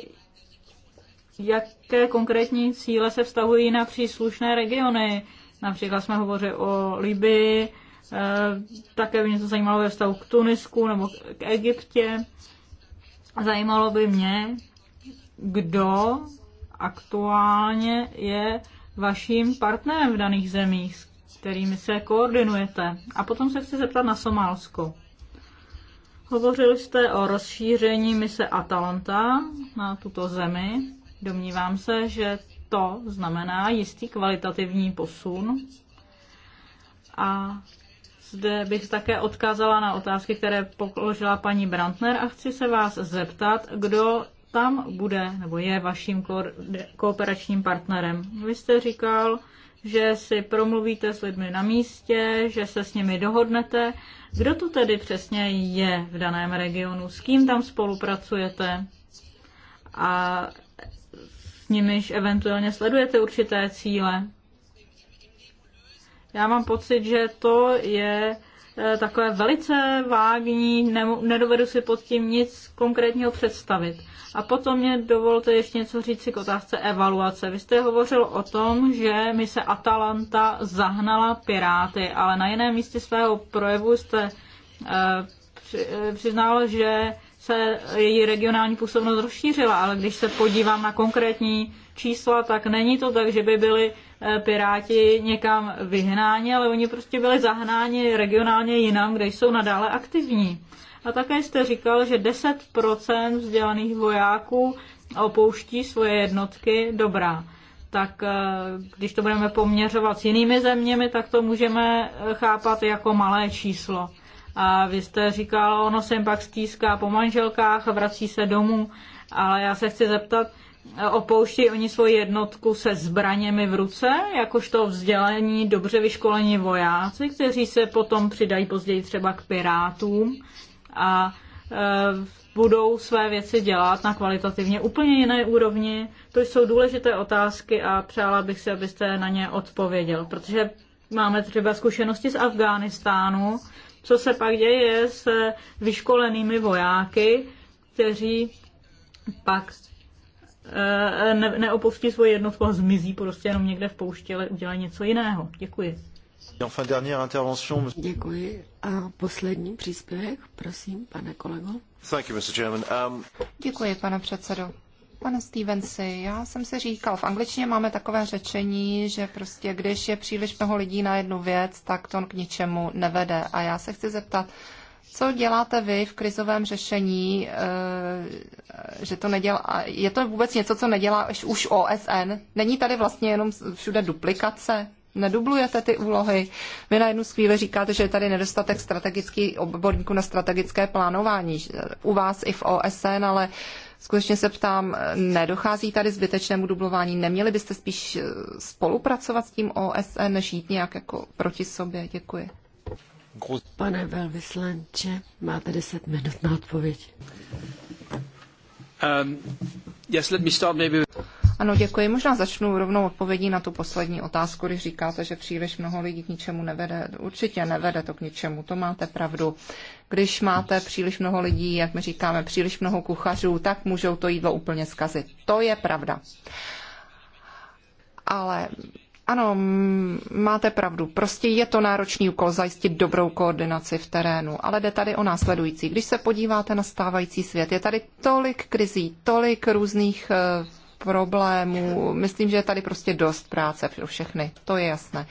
Speaker 4: jaké konkrétní cíle se vztahují na příslušné regiony. Například jsme hovořili o Libii, eh, také by mě to zajímalo ve vztahu k Tunisku nebo k Egyptě. Zajímalo by mě, kdo aktuálně je vaším partnerem v daných zemích, s kterými se koordinujete. A potom se chci zeptat na Somálsko. Hovořili jste o rozšíření mise Atalanta na tuto zemi. Domnívám se, že to znamená jistý kvalitativní posun. A zde bych také odkázala na otázky, které položila paní Brantner a chci se vás zeptat, kdo tam bude nebo je vaším kooperačním partnerem. Vy jste říkal, že si promluvíte s lidmi na místě, že se s nimi dohodnete. Kdo to tedy přesně je v daném regionu? S kým tam spolupracujete? A nimiž eventuálně sledujete určité cíle. Já mám pocit, že to je eh, takové velice vágní, nedovedu si pod tím nic konkrétního představit. A potom mě dovolte ještě něco říct si k otázce evaluace. Vy jste hovořil o tom, že mi se Atalanta zahnala piráty, ale na jiném místě svého projevu jste eh, eh, přiznal, že se její regionální působnost rozšířila, ale když se podívám na konkrétní čísla, tak není to tak, že by byli eh, Piráti někam vyhnáni, ale oni prostě byli zahnáni regionálně jinam, kde jsou nadále aktivní. A také jste říkal, že 10% vzdělaných vojáků opouští svoje jednotky dobrá. Tak eh, když to budeme poměřovat s jinými zeměmi, tak to můžeme eh, chápat jako malé číslo. A vy jste říkal, ono se jim pak stíská po manželkách a vrací se domů. Ale já se chci zeptat, opouští oni svoji jednotku se zbraněmi v ruce, jakožto vzdělení, dobře vyškolení vojáci, kteří se potom přidají později třeba k pirátům a e, budou své věci dělat na kvalitativně úplně jiné úrovni. To jsou důležité otázky a přála bych si, abyste na ně odpověděl, protože máme třeba zkušenosti z Afghánistánu, co se pak děje s vyškolenými vojáky, kteří pak eh, ne, neopustí svoji jednotku a zmizí prostě jenom někde v poušti, ale udělají něco jiného. Děkuji.
Speaker 3: Děkuji.
Speaker 4: A
Speaker 2: poslední příspěvek, prosím, pane kolego.
Speaker 4: Um,
Speaker 2: Děkuji, pane předsedo. Pane Stevensi, já jsem si říkal, v angličtině máme takové řečení, že prostě když je příliš mnoho lidí na jednu věc, tak to k ničemu nevede. A já se chci zeptat, co děláte vy v krizovém řešení, eh, že to nedělá, je to vůbec něco, co nedělá už OSN? Není tady vlastně jenom všude duplikace? Nedublujete ty úlohy? Vy na jednu chvíli říkáte, že je tady nedostatek strategických odborníků na strategické plánování u vás i v OSN, ale skutečně se ptám, nedochází tady zbytečnému dublování? Neměli byste spíš eh, spolupracovat s tím OSN, než jít nějak jako proti sobě? Děkuji. Pane velvyslanče, máte 10 minut na odpověď.
Speaker 3: Um, yes, let me start maybe...
Speaker 2: Ano, děkuji. Možná začnu rovnou odpovědí na tu poslední otázku, když říkáte, že příliš mnoho lidí k ničemu nevede. Určitě nevede to k ničemu, to máte pravdu. Když máte příliš mnoho lidí, jak my říkáme, příliš mnoho kuchařů, tak můžou to jídlo úplně zkazit. To je pravda. Ale ano, máte pravdu. Prostě je to náročný úkol zajistit dobrou koordinaci v terénu, ale jde tady o následující. Když se podíváte na stávající svět, je tady tolik krizí, tolik různých eh, problémů. Myslím, že je tady prostě dost práce pro všechny, to je jasné.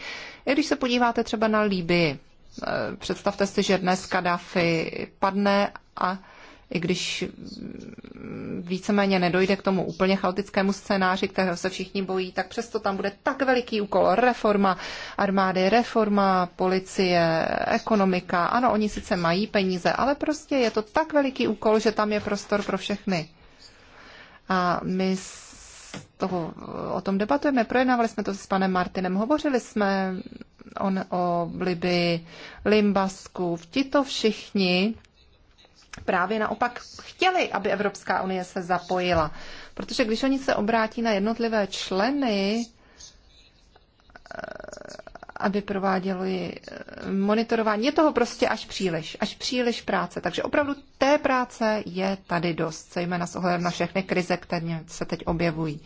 Speaker 2: I když se podíváte třeba na Líbii, eh, představte si, že dnes Kadafi padne a i když mm, víceméně nedojde k tomu úplně chaotickému scénáři, kterého se všichni bojí, tak přesto tam bude tak veliký úkol. Reforma armády, reforma policie, ekonomika. Ano, oni sice mají peníze, ale prostě je to tak veliký úkol, že tam je prostor pro všechny. A my toho, o tom debatujeme, projednávali jsme to s panem Martinem, hovořili jsme on, o Liby, Limbasku, tito všichni právě naopak chtěli, aby Evropská unie se zapojila. Protože když oni se obrátí na jednotlivé členy, eh, aby prováděli eh, monitorování. Je toho prostě až příliš, až příliš práce. Takže opravdu té práce je tady dost, zejména s ohledem na všechny krize, které se teď objevují.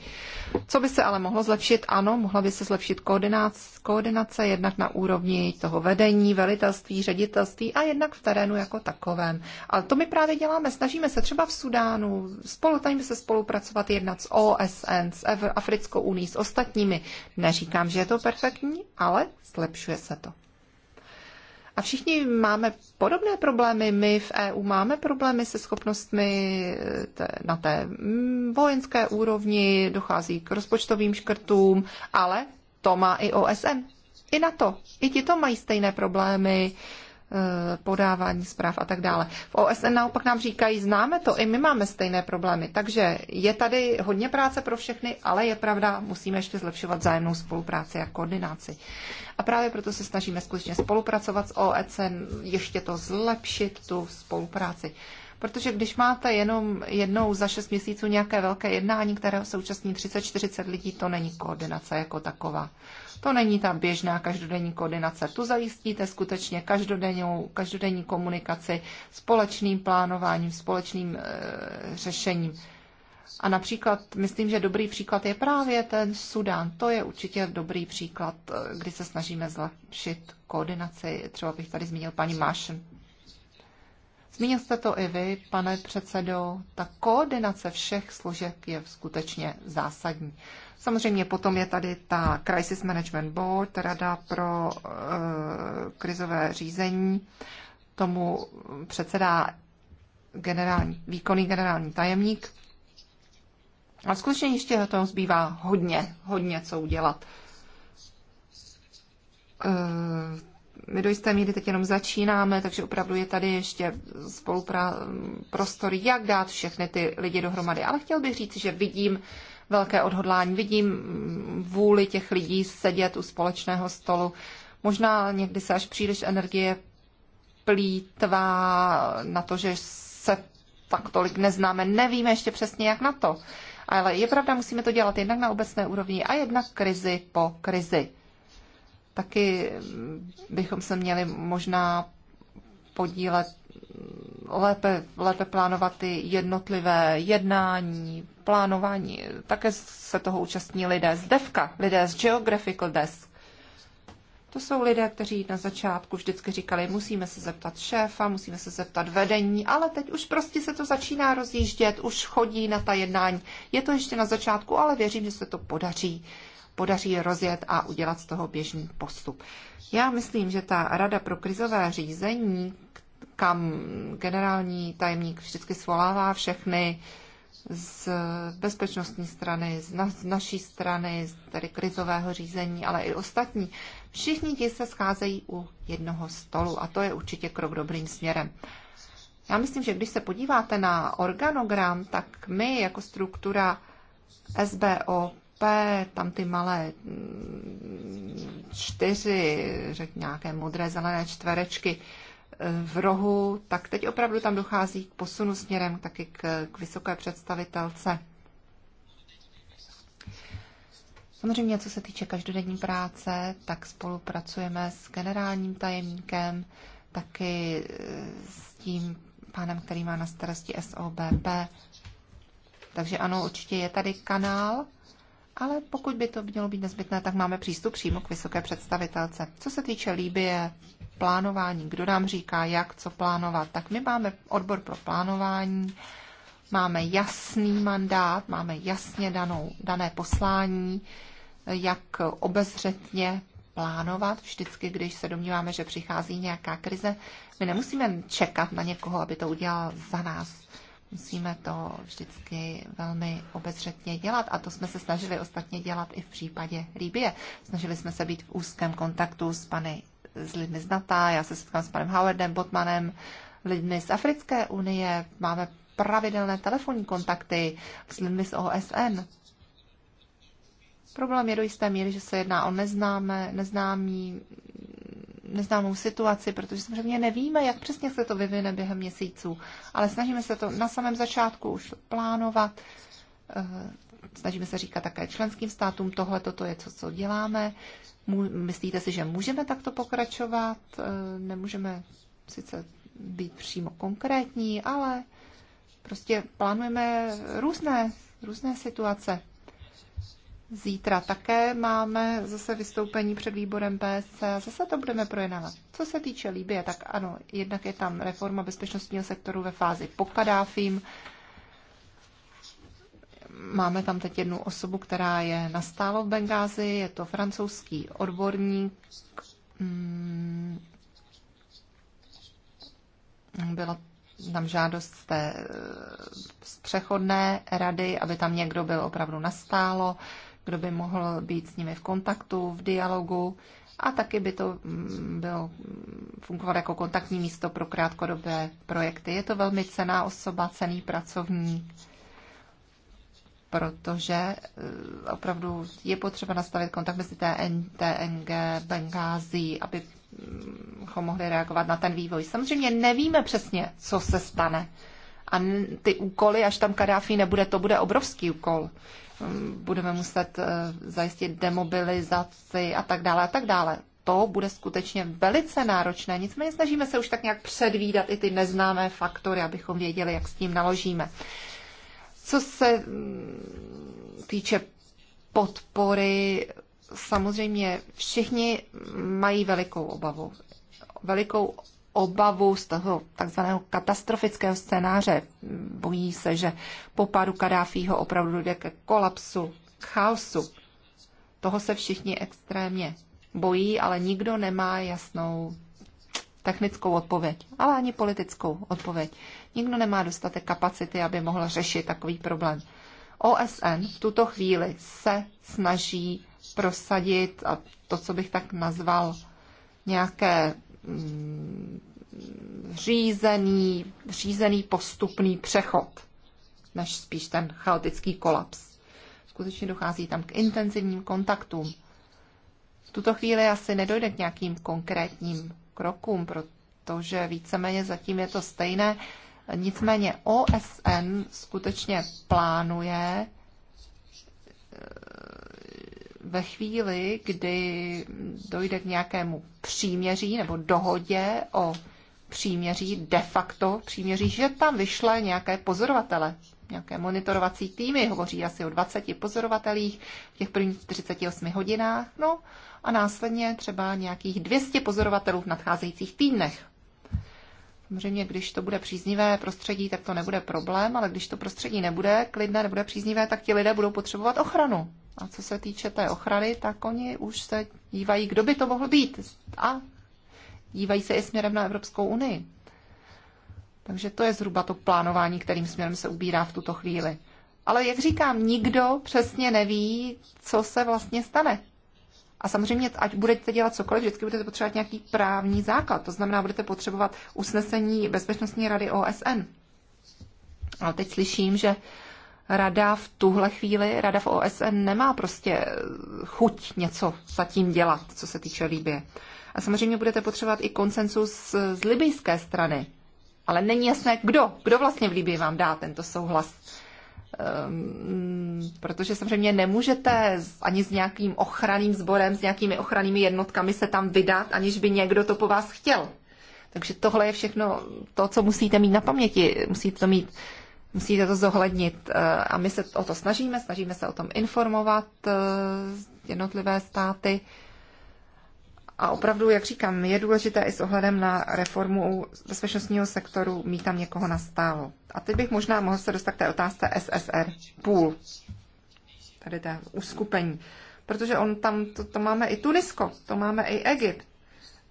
Speaker 2: Co by se ale mohlo zlepšit? Ano, mohla by se zlepšit koordinace, koordinace jednak na úrovni toho vedení, velitelství, ředitelství a jednak v terénu jako takovém. Ale to my právě děláme. Snažíme se třeba v Sudánu, spolu tady se spolupracovat, jednat s OSN, s Africkou unii, s ostatními. Neříkám, že je to perfektní, ale zlepšuje se to. A všichni máme podobné problémy. My v EU máme problémy se schopnostmi eh, na té mm, vojenské úrovni, dochází k rozpočtovým škrtům, ale to má i OSN. I na to. I ti to mají stejné problémy. Eh, podávání zpráv a tak dále. V OSN naopak nám říkají, známe to, i my máme stejné problémy. Takže je tady hodně práce pro všechny, ale je pravda, musíme ještě zlepšovat vzájemnou spolupráci a koordinaci. A právě proto se snažíme skutečně spolupracovat s OSN, ještě to zlepšit, tu spolupráci. Protože když máte jenom jednou za šest měsíců nějaké velké jednání, které se účastní 30-40 lidí, to není koordinace jako taková. To není ta běžná každodenní koordinace. Tu zajistíte skutečně každodenní, každodenní komunikaci, společným plánováním, společným e, řešením. A například, myslím, že dobrý příklad je právě ten Sudán. To je určitě dobrý příklad, e, kdy se snažíme zlepšit koordinaci. Třeba bych tady zmínil paní Mášen. Zmínil jste to i vy, pane předsedo. Ta koordinace všech složek je skutečně zásadní. Samozřejmě potom je tady ta Crisis Management Board, Rada pro uh, krizové řízení. Tomu předsedá generální, výkonný generální tajemník. A skutečně ještě tom zbývá hodně, hodně co udělat. Eh, my do jisté míry teď jenom začínáme, takže opravdu je tady ještě spolupra- prostor, jak dát všechny ty lidi dohromady. Ale chtěl bych říct, že vidím velké odhodlání. Vidím vůli těch lidí sedět u společného stolu. Možná někdy se až příliš energie plítvá na to, že se tak tolik neznáme. Nevíme ještě přesně, jak na to. Ale je pravda, musíme to dělat jednak na obecné úrovni a jednak krizi po krizi. Taky bychom se měli možná podílet lépe, lépe plánovat ty jednotlivé jednání, plánování. Také se toho účastní lidé z DEVKA, lidé z Geographical Desk. To jsou lidé, kteří na začátku vždycky říkali, musíme se zeptat šéfa, musíme se zeptat vedení, ale teď už prostě se to začíná rozjíždět, už chodí na ta jednání. Je to ještě na začátku, ale věřím, že se to podaří podaří rozjet a udělat z toho běžný postup. Já myslím, že ta Rada pro krizové řízení, kam generální tajemník vždycky svolává všechny z bezpečnostní strany, z, na, z naší strany, z tedy krizového řízení, ale i ostatní. Všichni ti se scházejí u jednoho stolu a to je určitě krok dobrým směrem. Já myslím, že když se podíváte na organogram, tak my jako struktura SBOP, tam ty malé mm, čtyři, řekněme nějaké modré, zelené čtverečky, v rohu, tak teď opravdu tam dochází k posunu směrem taky k, k vysoké představitelce. Samozřejmě, co se týče každodenní práce, tak spolupracujeme s generálním tajemníkem, taky eh, s tím pánem, který má na starosti SOBP. Takže ano, určitě je tady kanál, ale pokud by to mělo být nezbytné, tak máme přístup přímo k vysoké představitelce. Co se týče Líbie, plánování, kdo nám říká, jak, co plánovat, tak my máme odbor pro plánování, máme jasný mandát, máme jasně danou, dané poslání, jak obezřetně plánovat vždycky, když se domníváme, že přichází nějaká krize. My nemusíme čekat na někoho, aby to udělal za nás. Musíme to vždycky velmi obezřetně dělat a to jsme se snažili ostatně dělat i v případě Rýbie. Snažili jsme se být v úzkém kontaktu s pany s lidmi z NATO, já se setkám s panem Howardem, Botmanem, lidmi z Africké unie, máme pravidelné telefonní kontakty s lidmi z OSN. Problém je do jisté míry, že se jedná o neznámé, neznámí, neznámou situaci, protože samozřejmě nevíme, jak přesně se to vyvine během měsíců, ale snažíme se to na samém začátku už plánovat, eh, snažíme se říkat také členským státům, tohle toto je co co děláme, Myslíte si, že můžeme takto pokračovat? E, nemůžeme sice být přímo konkrétní, ale prostě plánujeme různé, různé situace. Zítra také máme zase vystoupení před výborem PSC a zase to budeme projednávat. Co se týče Líbie, tak ano, jednak je tam reforma bezpečnostního sektoru ve fázi po Kadáfím, Máme tam teď jednu osobu, která je nastálo v Bengázi, je to francouzský odborník. Mm, byla tam žádost z té eh, z přechodné rady, aby tam někdo byl opravdu nastálo, kdo by mohl být s nimi v kontaktu, v dialogu a taky by to mm, bylo mm, fungovat jako kontaktní místo pro krátkodobé projekty. Je to velmi cená osoba, cený pracovník protože eh, opravdu je potřeba nastavit kontakt mezi TN, TNG, aby ho mohli reagovat na ten vývoj. Samozřejmě nevíme přesně, co se stane. A ty úkoly, až tam Kadáfi nebude, to bude obrovský úkol. Mm, budeme muset eh, zajistit demobilizaci a tak dále a tak dále. To bude skutečně velice náročné. Nicméně snažíme se už tak nějak předvídat i ty neznámé faktory, abychom věděli, jak s tím naložíme. Co se mm, týče podpory, samozřejmě všichni mají velikou obavu. Velikou obavu z toho takzvaného katastrofického scénáře. Bojí se, že po pádu Kadáfího opravdu dojde ke kolapsu, k chaosu. Toho se všichni extrémně bojí, ale nikdo nemá jasnou technickou odpověď, ale ani politickou odpověď. Nikdo nemá dostatek kapacity, aby mohl řešit takový problém. OSN v tuto chvíli se snaží prosadit a to, co bych tak nazval, nějaké mm, řízený, řízený postupný přechod, než spíš ten chaotický kolaps. Skutečně dochází tam k intenzivním kontaktům. V tuto chvíli asi nedojde k nějakým konkrétním krokům, protože víceméně zatím je to stejné. Nicméně OSN skutečně plánuje eh, ve chvíli, kdy dojde k nějakému příměří nebo dohodě o příměří, de facto příměří, že tam vyšle nějaké pozorovatele, nějaké monitorovací týmy, hovoří asi o 20 pozorovatelích v těch prvních 48 hodinách, no a následně třeba nějakých 200 pozorovatelů v nadcházejících týdnech. Samozřejmě, když to bude příznivé prostředí, tak to nebude problém, ale když to prostředí nebude, klidné nebude příznivé, tak ti lidé budou potřebovat ochranu. A co se týče té ochrany, tak oni už se dívají, kdo by to mohl být. A dívají se i směrem na Evropskou unii. Takže to je zhruba to plánování, kterým směrem se ubírá v tuto chvíli. Ale jak říkám, nikdo přesně neví, co se vlastně stane. A samozřejmě, ať budete dělat cokoliv, vždycky budete potřebovat nějaký právní základ. To znamená, budete potřebovat usnesení Bezpečnostní rady OSN. Ale teď slyším, že rada v tuhle chvíli, rada v OSN nemá prostě eh, chuť něco zatím dělat, co se týče Líbie. A samozřejmě budete potřebovat i konsensus z, z libijské strany. Ale není jasné, kdo, kdo vlastně v Libii vám dá tento souhlas. Ehm, protože samozřejmě nemůžete ani s nějakým ochranným sborem, s nějakými ochrannými jednotkami se tam vydat, aniž by někdo to po vás chtěl. Takže tohle je všechno to, co musíte mít na paměti. Musíte to mít Musíte to zohlednit eh, a my se o to snažíme, snažíme se o tom informovat eh, jednotlivé státy. A opravdu, jak říkám, je důležité i s ohledem na reformu bezpečnostního sektoru mít tam někoho na stálo. A teď bych možná mohl se dostat k té otázce SSR, půl, tady té uskupení. Protože on tam, to, to máme i Tunisko, to máme i Egypt.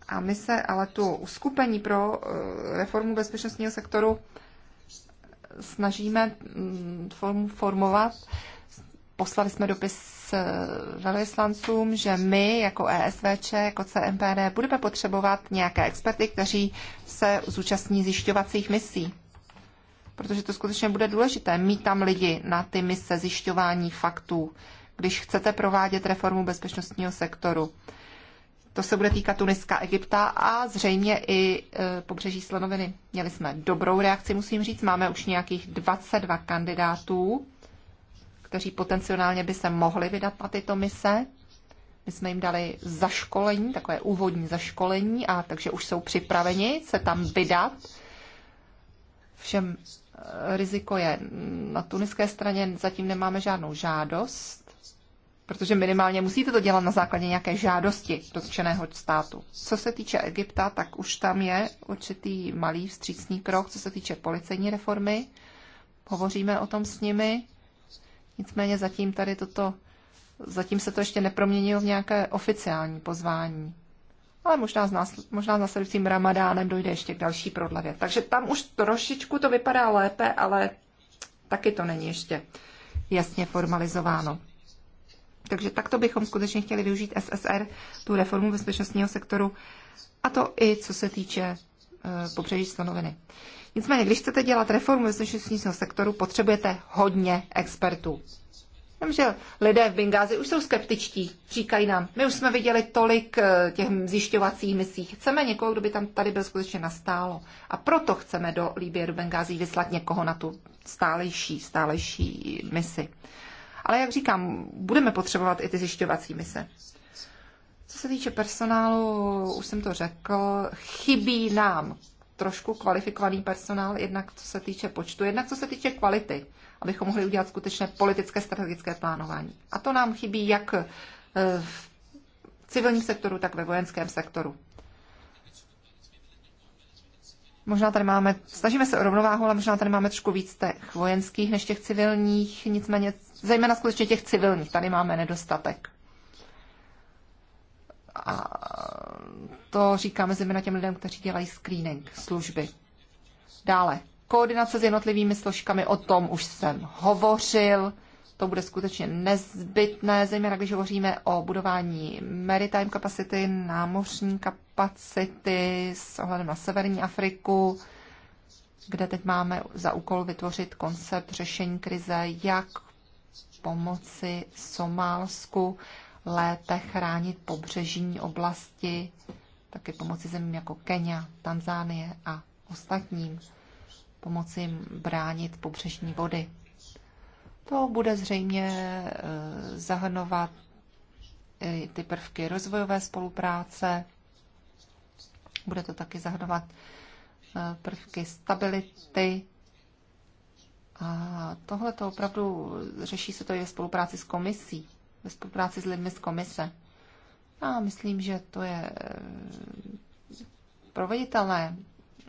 Speaker 2: A my se ale tu uskupení pro eh, reformu bezpečnostního sektoru snažíme mm, formovat. Poslali jsme dopis Eh, velvyslancům, že my jako ESVČ, jako CMPD budeme potřebovat nějaké experty, kteří se zúčastní zjišťovacích misí. Protože to skutečně bude důležité, mít tam lidi na ty mise zjišťování faktů, když chcete provádět reformu bezpečnostního sektoru. To se bude týkat Tuniska, Egypta a zřejmě i e, pobřeží Slonoviny. Měli jsme dobrou reakci, musím říct. Máme už nějakých 22 kandidátů kteří potenciálně by se mohli vydat na tyto mise. My jsme jim dali zaškolení, takové úvodní zaškolení, a takže už jsou připraveni se tam vydat. Všem eh, riziko je na tuniské straně, zatím nemáme žádnou žádost, protože minimálně musíte to dělat na základě nějaké žádosti dotčeného státu. Co se týče Egypta, tak už tam je určitý malý vstřícný krok, co se týče policejní reformy. Hovoříme o tom s nimi. Nicméně zatím tady toto, zatím se to ještě neproměnilo v nějaké oficiální pozvání. Ale možná s, nás, možná s následujícím ramadánem dojde ještě k další prodlevě. Takže tam už trošičku to vypadá lépe, ale taky to není ještě jasně formalizováno. Takže takto bychom skutečně chtěli využít SSR, tu reformu bezpečnostního sektoru, a to i co se týče e, pobřeží stanoviny. E, Nicméně, když chcete dělat reformu bezpečnostního sektoru, potřebujete hodně expertů. Vím, že lidé v Bengázi už jsou skeptičtí. Říkají nám, my už jsme viděli tolik eh, těch zjišťovacích misí. Chceme někoho, kdo by tam tady byl skutečně nastálo. A proto chceme do Líbie, do Bengázi vyslat někoho na tu stálejší, stálejší misi. Ale jak říkám, budeme potřebovat i ty zjišťovací mise. Co se týče personálu, už jsem to řekl, chybí nám trošku kvalifikovaný personál, jednak co se týče počtu, jednak co se týče kvality, abychom mohli udělat skutečné politické strategické plánování. A to nám chybí jak eh, v civilním sektoru, tak ve vojenském sektoru. Možná tady máme, snažíme se o rovnováhu, ale možná tady máme trošku víc těch vojenských než těch civilních, nicméně zejména skutečně těch civilních, tady máme nedostatek. A to říkáme zejména těm lidem, kteří dělají screening služby. Dále, koordinace s jednotlivými složkami, o tom už jsem hovořil. To bude skutečně nezbytné, zejména když hovoříme o budování maritime kapacity, námořní kapacity s ohledem na severní Afriku, kde teď máme za úkol vytvořit koncept řešení krize, jak pomoci Somálsku lépe chránit pobřežní oblasti, taky pomoci zemím jako Kenia, Tanzánie a ostatním, pomoci jim bránit pobřežní vody. To bude zřejmě e, zahrnovat i ty prvky rozvojové spolupráce, bude to taky zahrnovat e, prvky stability. A tohle to opravdu řeší se to i ve spolupráci s komisí ve spolupráci s lidmi z komise. Já myslím, že to je eh, proveditelné,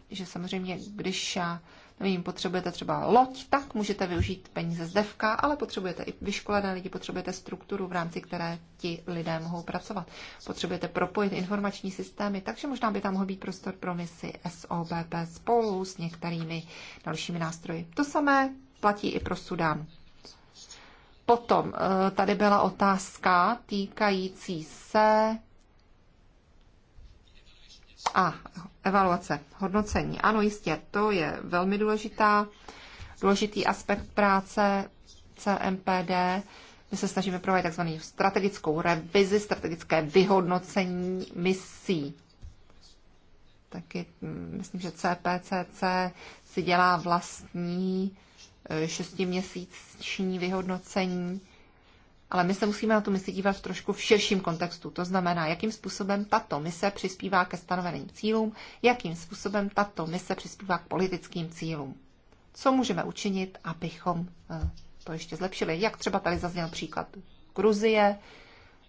Speaker 2: že samozřejmě, když eh, nevím, potřebujete třeba loď, tak můžete využít peníze z devka, ale potřebujete i vyškolené lidi, potřebujete strukturu, v rámci které ti lidé mohou pracovat. Potřebujete propojit informační systémy, takže možná by tam mohl být prostor pro misi SOBP spolu s některými dalšími nástroji. To samé platí i pro Sudan. Potom eh, tady byla otázka týkající se a evaluace, hodnocení. Ano, jistě, to je velmi důležitá, důležitý aspekt práce CMPD. My se snažíme provádět tzv. strategickou revizi, strategické vyhodnocení misí. Taky mm, myslím, že CPCC si dělá vlastní Eh, šestiměsíční vyhodnocení, ale my se musíme na tu misi dívat v trošku v širším kontextu. To znamená, jakým způsobem tato mise přispívá ke stanoveným cílům, jakým způsobem tato mise přispívá k politickým cílům. Co můžeme učinit, abychom eh, to ještě zlepšili? Jak třeba tady zazněl příklad Gruzie,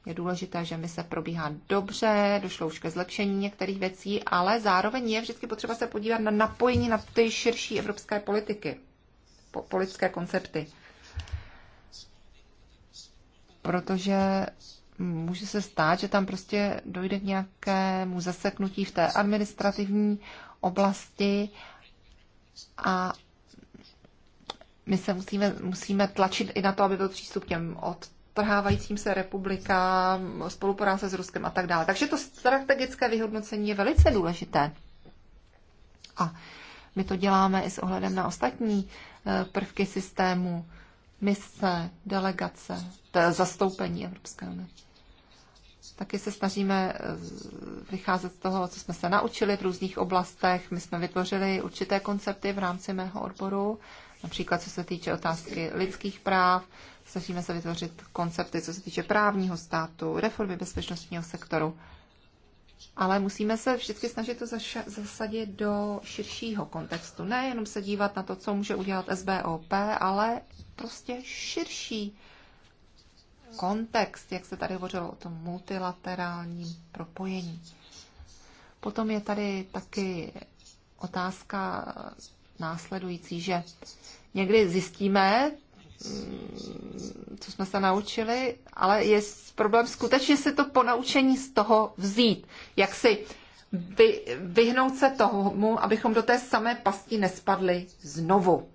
Speaker 2: je důležité, že se probíhá dobře, došlo už ke zlepšení některých věcí, ale zároveň je vždycky potřeba se podívat na napojení na ty širší evropské politiky politické koncepty. Protože může se stát, že tam prostě dojde k nějakému zaseknutí v té administrativní oblasti a my se musíme, musíme tlačit i na to, aby byl přístup těm odtrhávajícím se republikám, spolupráce s Ruskem a tak dále. Takže to strategické vyhodnocení je velice důležité. A my to děláme i s ohledem na ostatní Eh, prvky systému, mise, delegace, zastoupení Evropské unie. Taky se snažíme eh, vycházet z toho, co jsme se naučili v různých oblastech. My jsme vytvořili určité koncepty v rámci mého odboru, například co se týče otázky lidských práv. Snažíme se vytvořit koncepty, co se týče právního státu, reformy bezpečnostního sektoru ale musíme se vždycky snažit to zasadit do širšího kontextu. Ne jenom se dívat na to, co může udělat SBOP, ale prostě širší kontext, jak se tady hovořilo o tom multilaterálním propojení. Potom je tady taky otázka následující, že někdy zjistíme Mm, co jsme se naučili, ale je problém skutečně si to ponaučení z toho vzít. Jak si vy, vyhnout se tomu, abychom do té samé pasti nespadli znovu.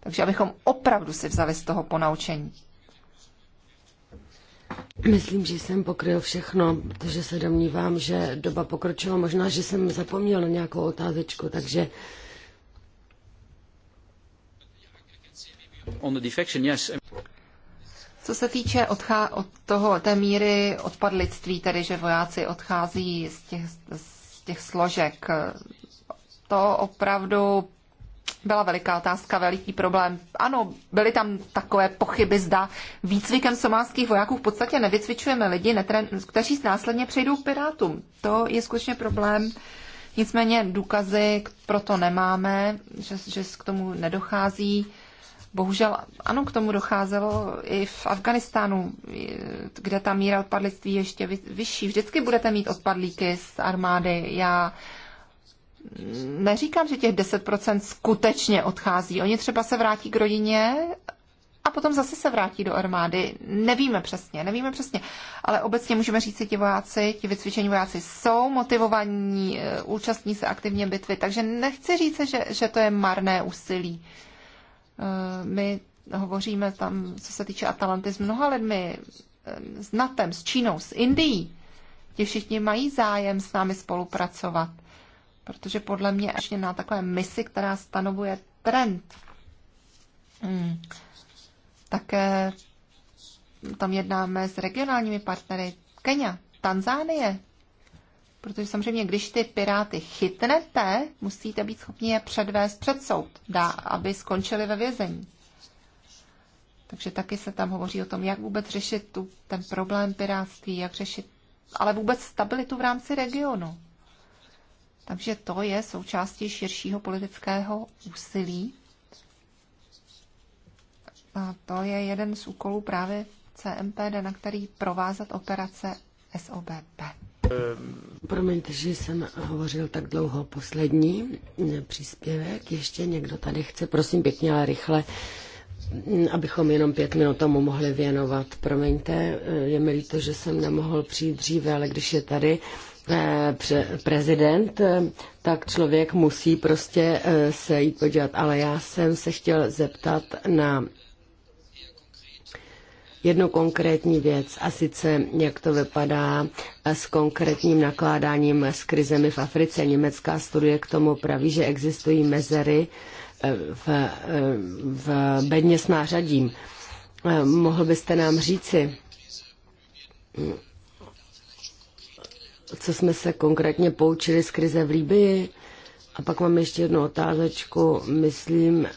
Speaker 2: Takže abychom opravdu si vzali z toho ponaučení. Myslím, že jsem pokryl
Speaker 1: všechno, protože se domnívám, že doba pokročila. Možná, že jsem zapomněl na nějakou otázečku,
Speaker 2: takže Co se týče odchá- od toho, té míry odpadlictví, tedy že vojáci odchází z těch, z těch složek, to opravdu byla veliká otázka, veliký problém. Ano, byly tam takové pochyby, zda výcvikem somálských vojáků v podstatě nevycvičujeme lidi, netren- kteří následně přejdou k pirátům. To je skutečně problém. Nicméně důkazy proto nemáme, že, že k tomu nedochází. Bohužel ano, k tomu docházelo i v Afganistánu, kde ta míra odpadlictví je ještě vyšší. Vždycky budete mít odpadlíky z armády. Já neříkám, že těch 10% skutečně odchází. Oni třeba se vrátí k rodině a potom zase se vrátí do armády. Nevíme přesně, nevíme přesně. Ale obecně můžeme říct, že ti vojáci, ti vycvičení vojáci jsou motivovaní, e, účastní se aktivně bitvy, takže nechci říct, že, že to je marné úsilí. Eh, my hovoříme tam, co se týče Atalanty, s mnoha lidmi, eh, s NATem, s Čínou, s Indií. Ti všichni mají zájem s námi spolupracovat, protože podle mě ještě na takové misi, která stanovuje trend, hmm. také tam jednáme s regionálními partnery. Kenya, Tanzánie, Protože samozřejmě, když ty piráty chytnete, musíte být schopni je předvést před soud, dá, aby skončili ve vězení. Takže taky se tam hovoří o tom, jak vůbec řešit tu, ten problém piráctví, jak řešit, ale vůbec stabilitu v rámci regionu. Takže to je součástí širšího politického úsilí. A to je jeden z úkolů právě CMPD, na který provázat operace SOBP.
Speaker 1: Promiňte, že jsem hovořil tak dlouho. Poslední příspěvek. Ještě někdo tady chce, prosím pěkně, ale rychle, abychom jenom pět minut tomu mohli věnovat. Promiňte, je mi líto, že jsem nemohl přijít dříve, ale když je tady eh, prezident, tak člověk musí prostě eh, se jít podívat. Ale já jsem se chtěl zeptat na jednu konkrétní věc a sice jak to vypadá s konkrétním nakládáním s krizemi v Africe. Německá studie k tomu praví, že existují mezery eh, v, eh, v bedně s nářadím. Eh, mohl byste nám říci, co jsme se konkrétně poučili z krize v Líbii? A pak mám ještě jednu otázečku. Myslím,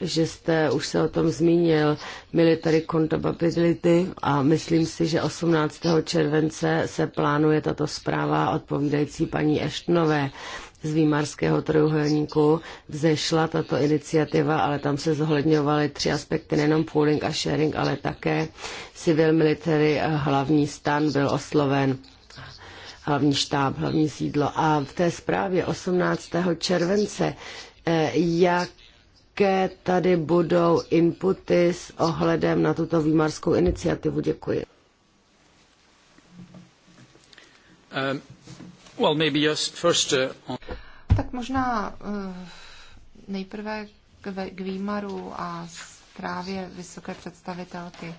Speaker 1: že jste už se o tom zmínil, military contability a myslím si, že 18. července se plánuje tato zpráva odpovídající paní Eštnové z výmarského trojuhelníku vzešla tato iniciativa, ale tam se zohledňovaly tři aspekty, nejenom pooling a sharing, ale také civil military, hlavní stan byl osloven hlavní štáb, hlavní sídlo. A v té zprávě 18. července eh, jak jaké tady budou inputy s ohledem na tuto výmarskou iniciativu. Děkuji.
Speaker 3: Um, well, maybe just first, uh, on...
Speaker 2: Tak možná uh, nejprve k, k výmaru a zprávě vysoké představitelky.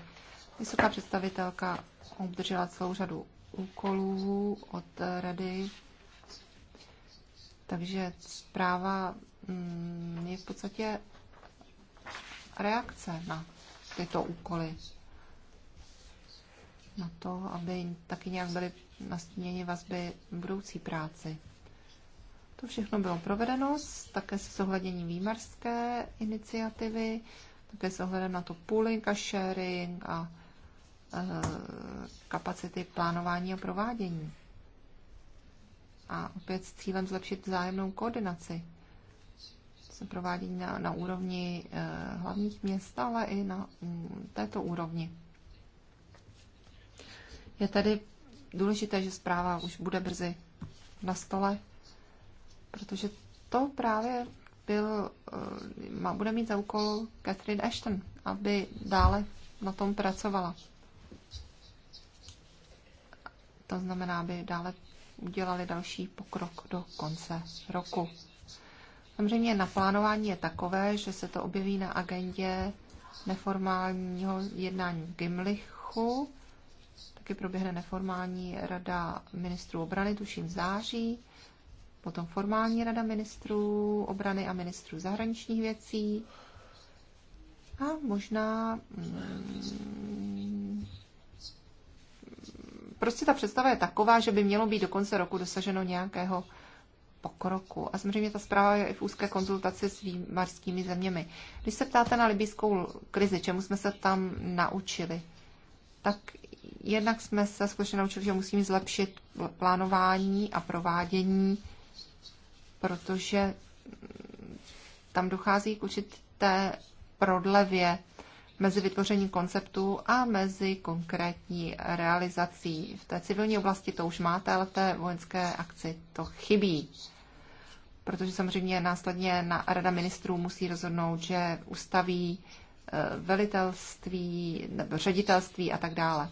Speaker 2: Vysoká představitelka obdržela celou řadu úkolů od rady, takže zpráva Mm, je v podstatě reakce na tyto úkoly. Na to, aby taky nějak byly nastíněny vazby budoucí práci. To všechno bylo provedeno také s zohledněním výmarské iniciativy, také s ohledem na to pooling a sharing a e, kapacity plánování a provádění. A opět s cílem zlepšit vzájemnou koordinaci se provádí na, na úrovni eh, hlavních měst, ale i na mm, této úrovni. Je tedy důležité, že zpráva už bude brzy na stole, protože to právě byl, eh, má, bude mít za úkol Catherine Ashton, aby dále na tom pracovala. To znamená, aby dále udělali další pokrok do konce roku. Samozřejmě naplánování je takové, že se to objeví na agendě neformálního jednání v Gimlichu. Taky proběhne neformální rada ministrů obrany, tuším v září. Potom formální rada ministrů obrany a ministrů zahraničních věcí. A možná mm, prostě ta představa je taková, že by mělo být do konce roku dosaženo nějakého pokroku. A samozřejmě ta zpráva je i v úzké konzultaci s výmarskými zeměmi. Když se ptáte na libijskou krizi, čemu jsme se tam naučili, tak jednak jsme se skutečně naučili, že musíme zlepšit plánování a provádění, protože tam dochází k určité prodlevě mezi vytvořením konceptu a mezi konkrétní realizací. V té civilní oblasti to už máte, ale v té vojenské akci to chybí protože samozřejmě následně na Rada ministrů musí rozhodnout, že ustaví eh, velitelství nebo ředitelství a tak dále.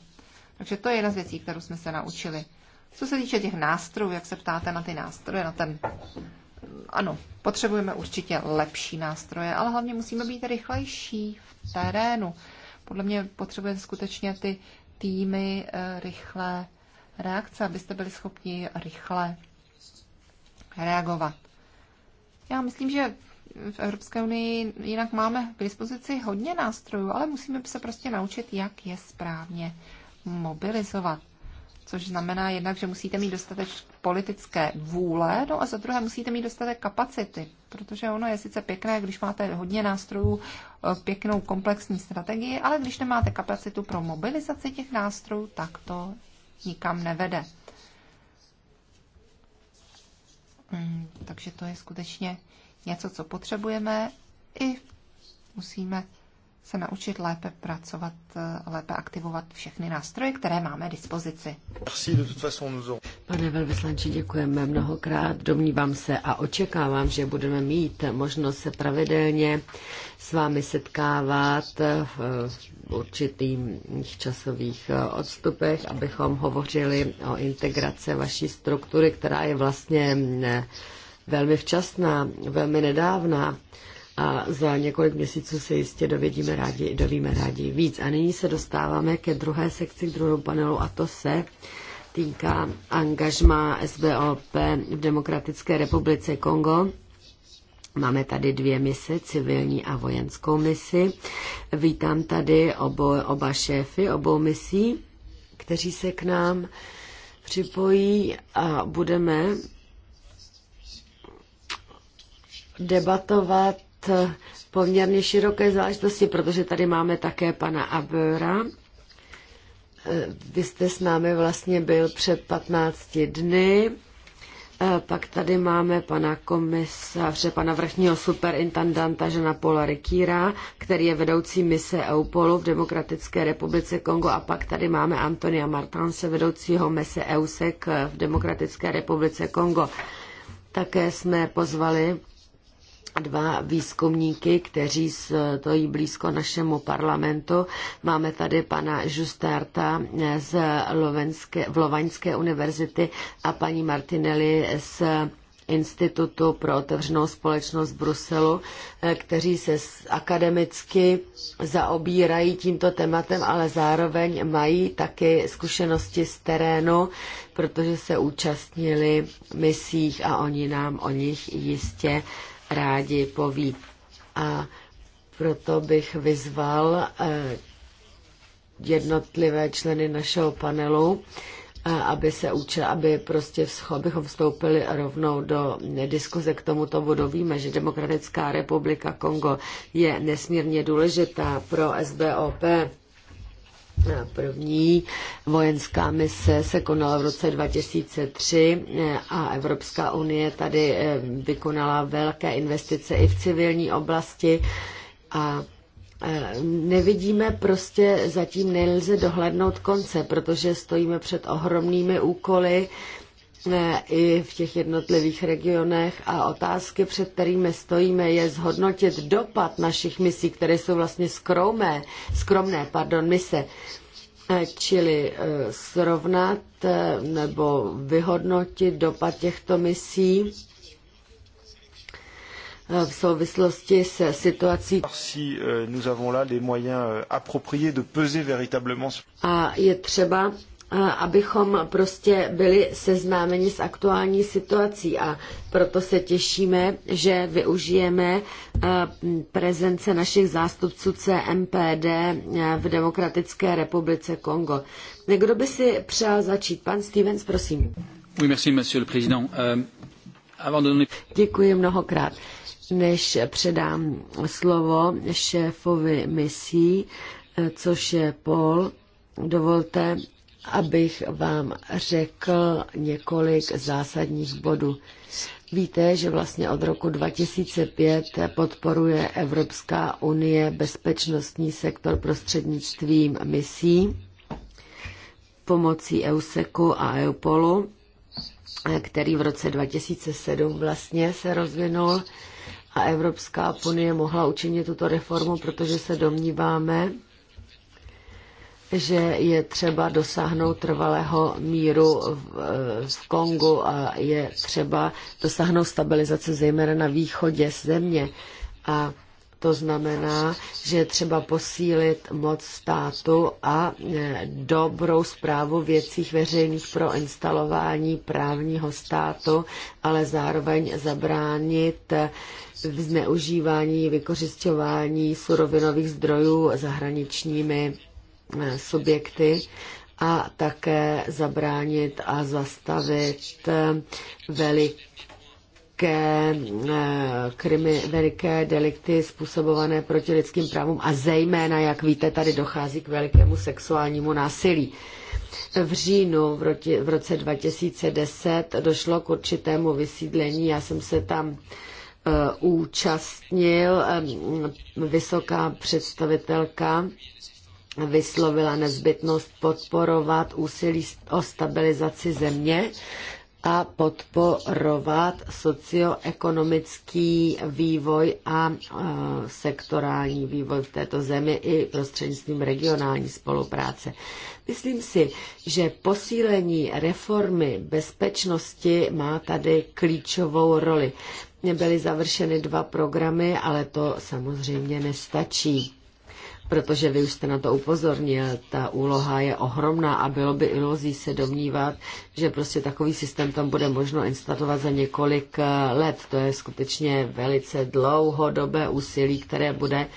Speaker 2: Takže to je jedna z věcí, kterou jsme se naučili. Co se týče těch nástrojů, jak se ptáte na ty nástroje, na ten... Ano, potřebujeme určitě lepší nástroje, ale hlavně musíme být rychlejší v terénu. Podle mě potřebujeme skutečně ty týmy eh, rychlé reakce, abyste byli schopni rychle reagovat. Já myslím, že v Evropské unii jinak máme k dispozici hodně nástrojů, ale musíme se prostě naučit, jak je správně mobilizovat. Což znamená jednak, že musíte mít dostatek politické vůle, no a za druhé musíte mít dostatek kapacity, protože ono je sice pěkné, když máte hodně nástrojů, e, pěknou komplexní strategii, ale když nemáte kapacitu pro mobilizaci těch nástrojů, tak to nikam nevede. Hmm, takže to je skutečně něco, co potřebujeme i musíme se naučit lépe pracovat, eh, lépe aktivovat všechny nástroje, které máme dispozici.
Speaker 1: Pane velvyslanče, děkujeme mnohokrát. Domnívám se a očekávám, že budeme mít možnost se pravidelně s vámi setkávat v určitých časových odstupech, abychom hovořili o integrace vaší struktury, která je vlastně eh, velmi včasná, velmi nedávná a za několik měsíců se jistě dovědíme rádi, dovíme rádi víc. A nyní se dostáváme ke druhé sekci, k druhému panelu a to se týká angažma SBOP v Demokratické republice Kongo. Máme tady dvě mise, civilní a vojenskou misi. Vítám tady obo, oba šéfy obou misí, kteří se k nám připojí a budeme debatovat poměrně široké záležitosti, protože tady máme také pana Abera, vy jste s námi vlastně byl před 15 dny. E, pak tady máme pana komisaře, pana vrchního superintendanta Žena Paula Rikýra, který je vedoucí mise EUPOLu v Demokratické republice Kongo a pak tady máme Antonia Martronse, vedoucího mise EUSEC v Demokratické republice Kongo. Také jsme pozvali dva výzkumníky, kteří stojí blízko našemu parlamentu. Máme tady pana Žustárta z Lovenské, v Lovaňské univerzity a paní Martinelli z Institutu pro otevřenou společnost v Bruselu, eh, kteří se akademicky zaobírají tímto tématem, ale zároveň mají taky zkušenosti z terénu, protože se účastnili misích a oni nám o nich jistě rádi poví. A proto bych vyzval eh, jednotlivé členy našeho panelu, eh, aby se učil, aby prostě abychom vstoupili rovnou do diskuze k tomuto bodu. Víme, že Demokratická republika Kongo je nesmírně důležitá pro SBOP První vojenská mise se konala v roce 2003 eh, a Evropská unie tady eh, vykonala velké investice i v civilní oblasti a eh, Nevidíme prostě, zatím nelze dohlednout konce, protože stojíme před ohromnými úkoly i v těch jednotlivých regionech a otázky, před kterými stojíme, je zhodnotit dopad našich misí, které jsou vlastně skromné, skromné pardon, mise, eh, čili eh, srovnat eh, nebo vyhodnotit dopad těchto misí v souvislosti se situací. A je třeba abychom prostě byli seznámeni s aktuální situací a proto se těšíme, že využijeme prezence našich zástupců CMPD v Demokratické republice Kongo. Kdo by si přál začít? Pan Stevens, prosím.
Speaker 3: Oui, merci, monsieur le président. Euh,
Speaker 1: Děkuji mnohokrát. Než předám slovo šéfovi misí, eh, což je Paul, dovolte, abych vám řekl několik zásadních bodů. Víte, že vlastně od roku 2005 podporuje Evropská unie bezpečnostní sektor prostřednictvím misí pomocí EUSECu a EUPOLu, který v roce 2007 vlastně se rozvinul a Evropská unie mohla učinit tuto reformu, protože se domníváme, že je třeba dosáhnout trvalého míru v, eh, v Kongu a je třeba dosáhnout stabilizace zejména na východě země. A to znamená, že je třeba posílit moc státu a eh, dobrou zprávu věcích veřejných pro instalování právního státu, ale zároveň zabránit v eh, zneužívání, vykořišťování surovinových zdrojů zahraničními subjekty a také zabránit a zastavit eh, veliké, eh, krimi, veliké delikty způsobované proti lidským právům a zejména, jak víte, tady dochází k velikému sexuálnímu násilí. V říjnu v roce 2010 došlo k určitému vysídlení. Já jsem se tam eh, účastnil. Vysoká představitelka vyslovila nezbytnost podporovat úsilí o stabilizaci země a podporovat socioekonomický vývoj a sektorální vývoj v této zemi i prostřednictvím regionální spolupráce. Myslím si, že posílení reformy bezpečnosti má tady klíčovou roli. Byly završeny dva programy, ale to samozřejmě nestačí protože vy už jste na to upozornil, ta úloha je ohromná a bylo by iluzí se domnívat, že prostě takový systém tam bude možno instalovat za několik eh, let. To je skutečně velice dlouhodobé úsilí, které bude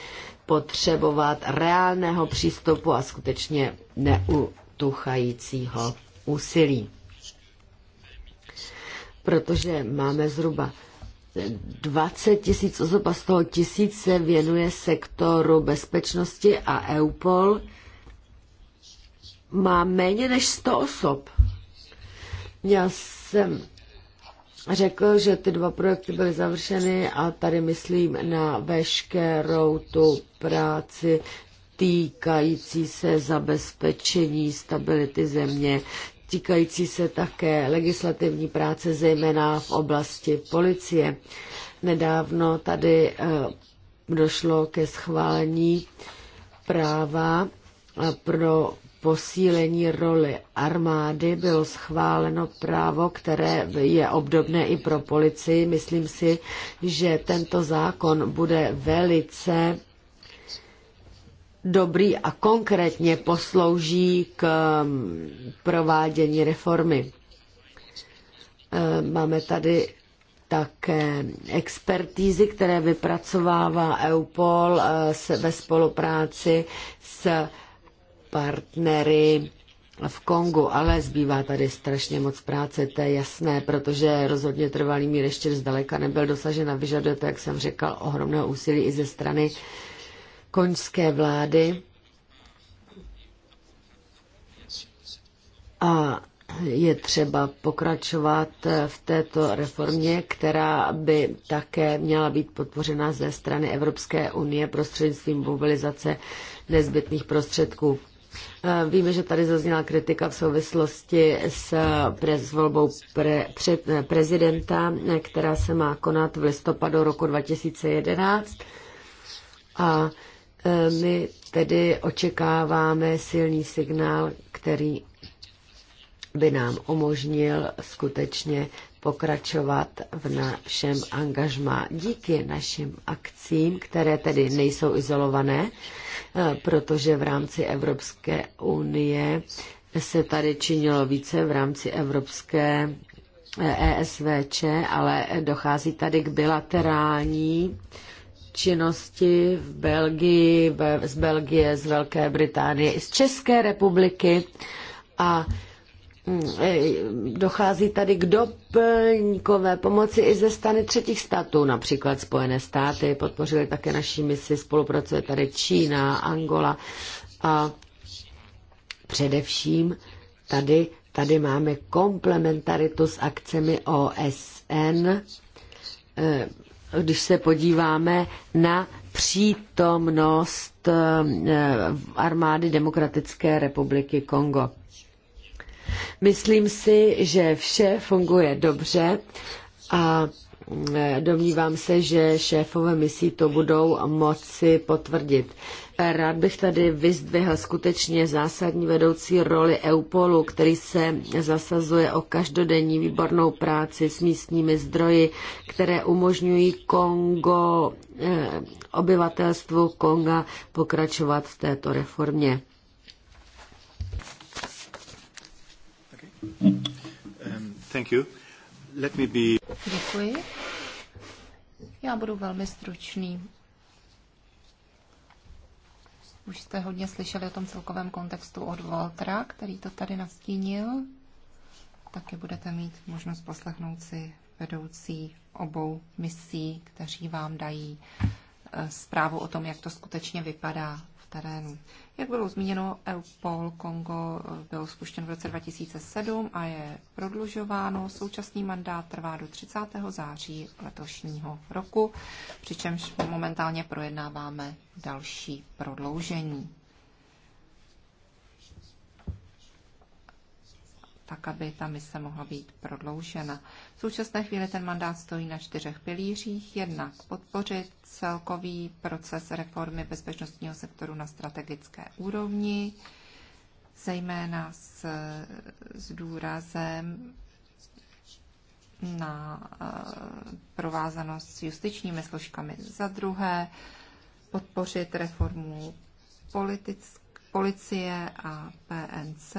Speaker 1: potřebovat reálného přístupu a skutečně neutuchajícího úsilí. Protože máme zhruba 20 tisíc osob a z toho tisíc se věnuje sektoru bezpečnosti a EUPOL má méně než 100 osob. Já jsem řekl, že ty dva projekty byly završeny a tady myslím na veškerou tu práci týkající se zabezpečení stability země, týkající se také legislativní práce, zejména v oblasti policie. Nedávno tady eh, došlo ke schválení práva eh, pro posílení roli armády bylo schváleno právo, které je obdobné i pro policii. Myslím si, že tento zákon bude velice dobrý a konkrétně poslouží k mm, provádění reformy. E, máme tady také expertízy, které vypracovává EUPOL e, ve spolupráci s partnery v Kongu, ale zbývá tady strašně moc práce, to je jasné, protože rozhodně trvalý mír ještě zdaleka nebyl dosažen a vyžaduje to, jak jsem řekl, ohromného úsilí i ze strany uh, koňské vlády a je třeba pokračovat v této reformě, která by také měla být podpořena ze strany Evropské unie prostřednictvím mobilizace nezbytných prostředků. Eh, víme, že tady zazněla kritika v souvislosti s, volbou pre, před, eh, prezidenta, eh, která se má konat v listopadu roku 2011. A E, my tedy očekáváme silný signál, který by nám umožnil skutečně pokračovat v našem angažmá díky našim akcím, které tedy nejsou izolované, e, protože v rámci Evropské unie se tady činilo více v rámci Evropské ESVČ, e ale dochází tady k bilaterální činnosti v Belgii, z Belgie, z Velké Británie i z České republiky a mm, e, dochází tady k doplňkové pomoci i ze strany třetích států, například Spojené státy, podpořili také naší misi, spolupracuje tady Čína, Angola a především tady, tady máme komplementaritu s akcemi OSN, e, když se podíváme na přítomnost eh, armády Demokratické republiky Kongo. Myslím si, že vše funguje dobře a eh, domnívám se, že šéfové misí to budou moci potvrdit. Rád bych tady vyzdvihl skutečně zásadní vedoucí roli EUPOLu, který se zasazuje o každodenní výbornou práci s místními zdroji, které umožňují Kongo, eh, obyvatelstvu Konga pokračovat v této reformě.
Speaker 2: Děkuji. Já budu velmi stručný. Už jste hodně slyšeli o tom celkovém kontextu od Voltra, který to tady nastínil. Taky budete mít možnost poslechnout si vedoucí obou misí, kteří vám dají eh, zprávu o tom, jak to skutečně vypadá v terénu. Jak bylo zmíněno, EUPOL Kongo byl spuštěn v roce 2007 a je prodlužováno. Současný mandát trvá do 30. září letošního roku, přičemž momentálně projednáváme další prodloužení. tak aby ta mise mohla být prodloužena. V současné chvíli ten mandát stojí na čtyřech pilířích. Jednak podpořit celkový proces reformy bezpečnostního sektoru na strategické úrovni, zejména s, s důrazem na eh, provázanost s justičními složkami. Za druhé, podpořit reformu politic, policie a PNC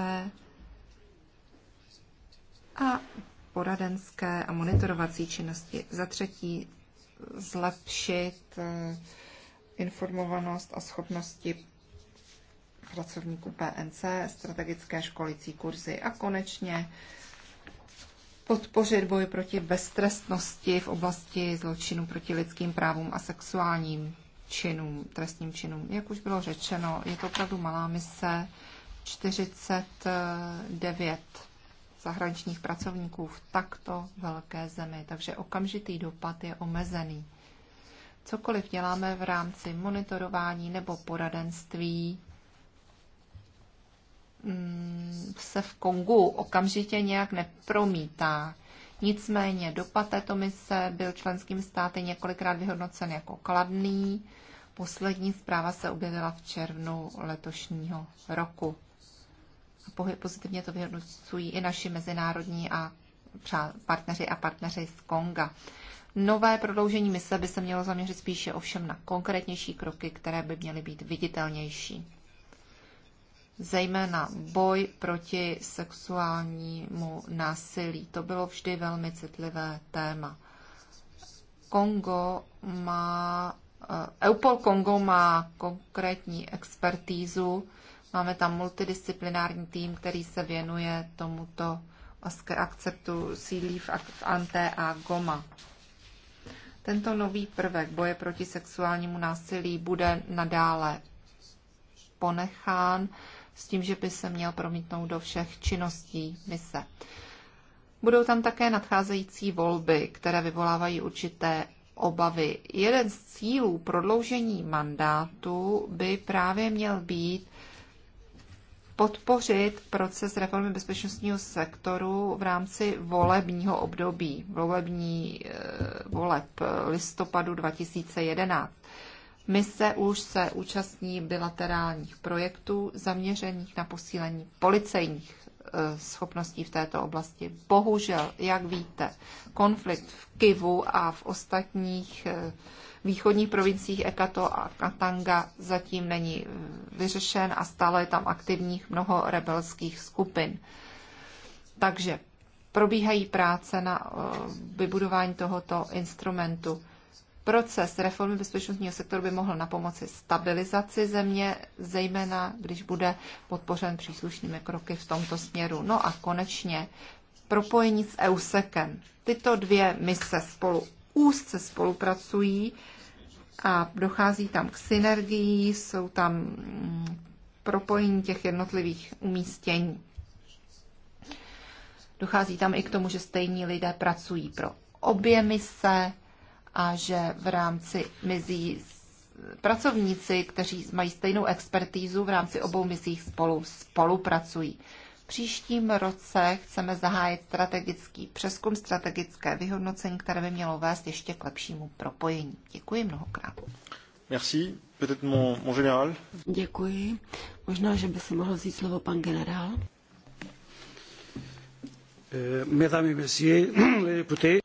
Speaker 2: a poradenské a monitorovací činnosti. Za třetí zlepšit eh, informovanost a schopnosti pracovníků PNC, strategické školicí kurzy a konečně podpořit boj proti beztrestnosti v oblasti zločinů proti lidským právům a sexuálním činům, trestním činům. Jak už bylo řečeno, je to opravdu malá mise 49 zahraničních pracovníků v takto velké zemi, takže okamžitý dopad je omezený. Cokoliv děláme v rámci monitorování nebo poradenství, mm, se v Kongu okamžitě nějak nepromítá. Nicméně dopad této mise byl členským státy několikrát vyhodnocen jako kladný. Poslední zpráva se objevila v červnu letošního roku pozitivně to vyhodnocují i naši mezinárodní a partneři a partneři z Konga. Nové prodloužení mise by se mělo zaměřit spíše ovšem na konkrétnější kroky, které by měly být viditelnější. Zejména boj proti sexuálnímu násilí. To bylo vždy velmi citlivé téma. Kongo má, eh, EUPOL Kongo má konkrétní expertízu, Máme tam multidisciplinární tým, který se věnuje tomuto akceptu sídlí v Ante a Goma. Tento nový prvek boje proti sexuálnímu násilí bude nadále ponechán s tím, že by se měl promítnout do všech činností mise. Budou tam také nadcházející volby, které vyvolávají určité obavy. Jeden z cílů prodloužení mandátu by právě měl být podpořit proces reformy bezpečnostního sektoru v rámci volebního období, volební eh, voleb eh, listopadu 2011. Mise už se účastní bilaterálních projektů zaměřených na posílení policejních eh, schopností v této oblasti. Bohužel, jak víte, konflikt v Kivu a v ostatních východních provinciích Ekato a Katanga zatím není eh, vyřešen a stále je tam aktivních mnoho rebelských skupin. Takže probíhají práce na eh, vybudování tohoto instrumentu. Proces reformy bezpečnostního sektoru by mohl napomoci stabilizaci země, zejména když bude podpořen příslušnými kroky v tomto směru. No a konečně propojení s EUSEKem. Tyto dvě mise spolu úzce spolupracují a dochází tam k synergii, jsou tam mm, propojení těch jednotlivých umístění. Dochází tam i k tomu, že stejní lidé pracují pro obě mise a že v rámci mizí pracovníci, kteří mají stejnou expertízu v rámci obou misích spolu spolupracují příštím roce chceme zahájit strategický přeskum, strategické vyhodnocení, které by mělo vést ještě k lepšímu propojení. Děkuji mnohokrát.
Speaker 3: Merci. Peut-être mon, mon général.
Speaker 2: Děkuji.
Speaker 1: Možná, že by si mohl vzít slovo pan generál.
Speaker 3: Eh, mesdames et messieurs, les députés.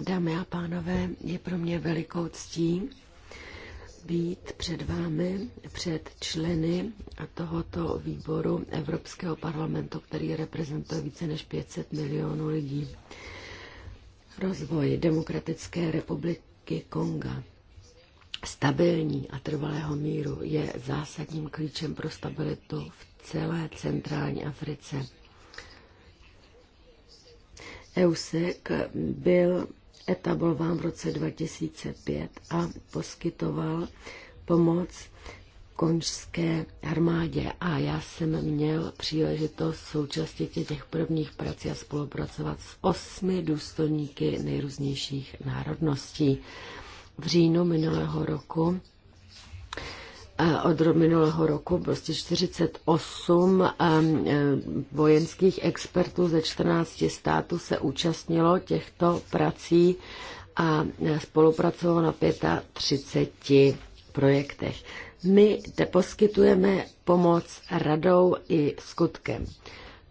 Speaker 1: Dámy a pánové, je pro mě velikou ctí být před vámi, před členy tohoto výboru Evropského parlamentu, který reprezentuje více než 500 milionů lidí. Rozvoj Demokratické republiky Konga, stabilní a trvalého míru je zásadním klíčem pro stabilitu v celé centrální Africe. EUSEC byl etablován v roce 2005 a poskytoval pomoc konžské armádě a já jsem měl příležitost součastit těch prvních prací a spolupracovat s osmi důstojníky nejrůznějších národností. V říjnu minulého roku od minulého roku prostě 48 vojenských expertů ze 14 států se účastnilo těchto prací a e, spolupracovalo na 35 projektech. My poskytujeme pomoc radou i skutkem.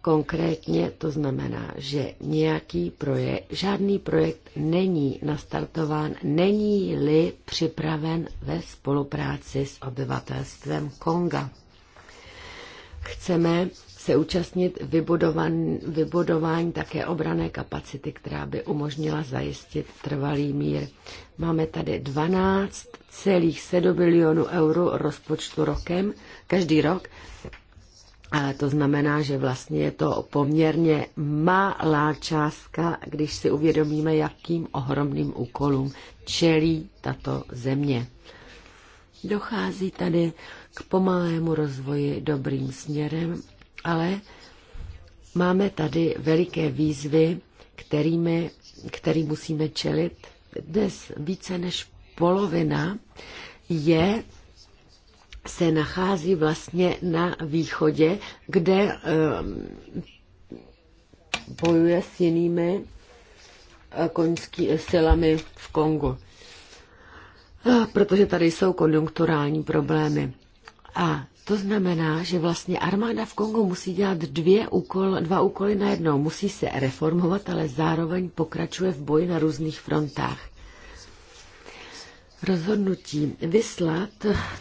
Speaker 1: Konkrétně to znamená, že nějaký projekt, žádný projekt není nastartován, není-li připraven ve spolupráci s obyvatelstvem Konga. Chceme se účastnit vybudovan, vybudování také obrané kapacity, která by umožnila zajistit trvalý mír. Máme tady 12,7 milionů eur rozpočtu rokem, každý rok to znamená, že vlastně je to poměrně malá částka, když si uvědomíme, jakým ohromným úkolům čelí tato země. Dochází tady k pomalému rozvoji dobrým směrem, ale máme tady veliké výzvy, kterými, který musíme čelit. Dnes více než polovina je se nachází vlastně na východě, kde ehm, bojuje s jinými eh, koňskými eh, silami v Kongu. Protože tady jsou konjunkturální problémy. A to znamená, že vlastně armáda v Kongu musí dělat dvě úkol, dva úkoly najednou. Musí se reformovat, ale zároveň pokračuje v boji na různých frontách rozhodnutí vyslat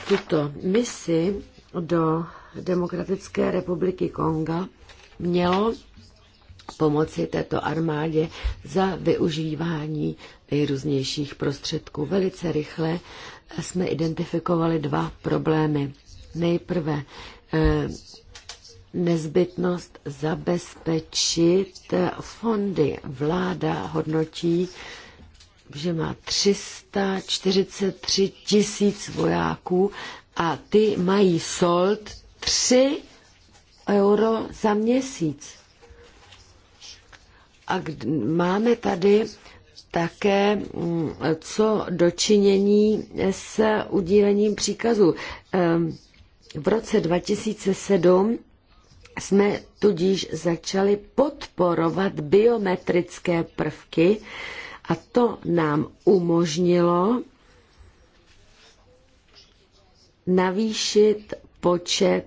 Speaker 1: tuto misi do Demokratické republiky Konga mělo pomoci této armádě za využívání nejrůznějších prostředků. Velice rychle jsme identifikovali dva problémy. Nejprve eh, nezbytnost zabezpečit fondy. Vláda hodnotí, že má 343 tisíc vojáků a ty mají sold 3 euro za měsíc. A máme tady také mm, co dočinění s udílením příkazu. Ehm, v roce 2007 jsme tudíž začali podporovat biometrické prvky, a to nám umožnilo navýšit počet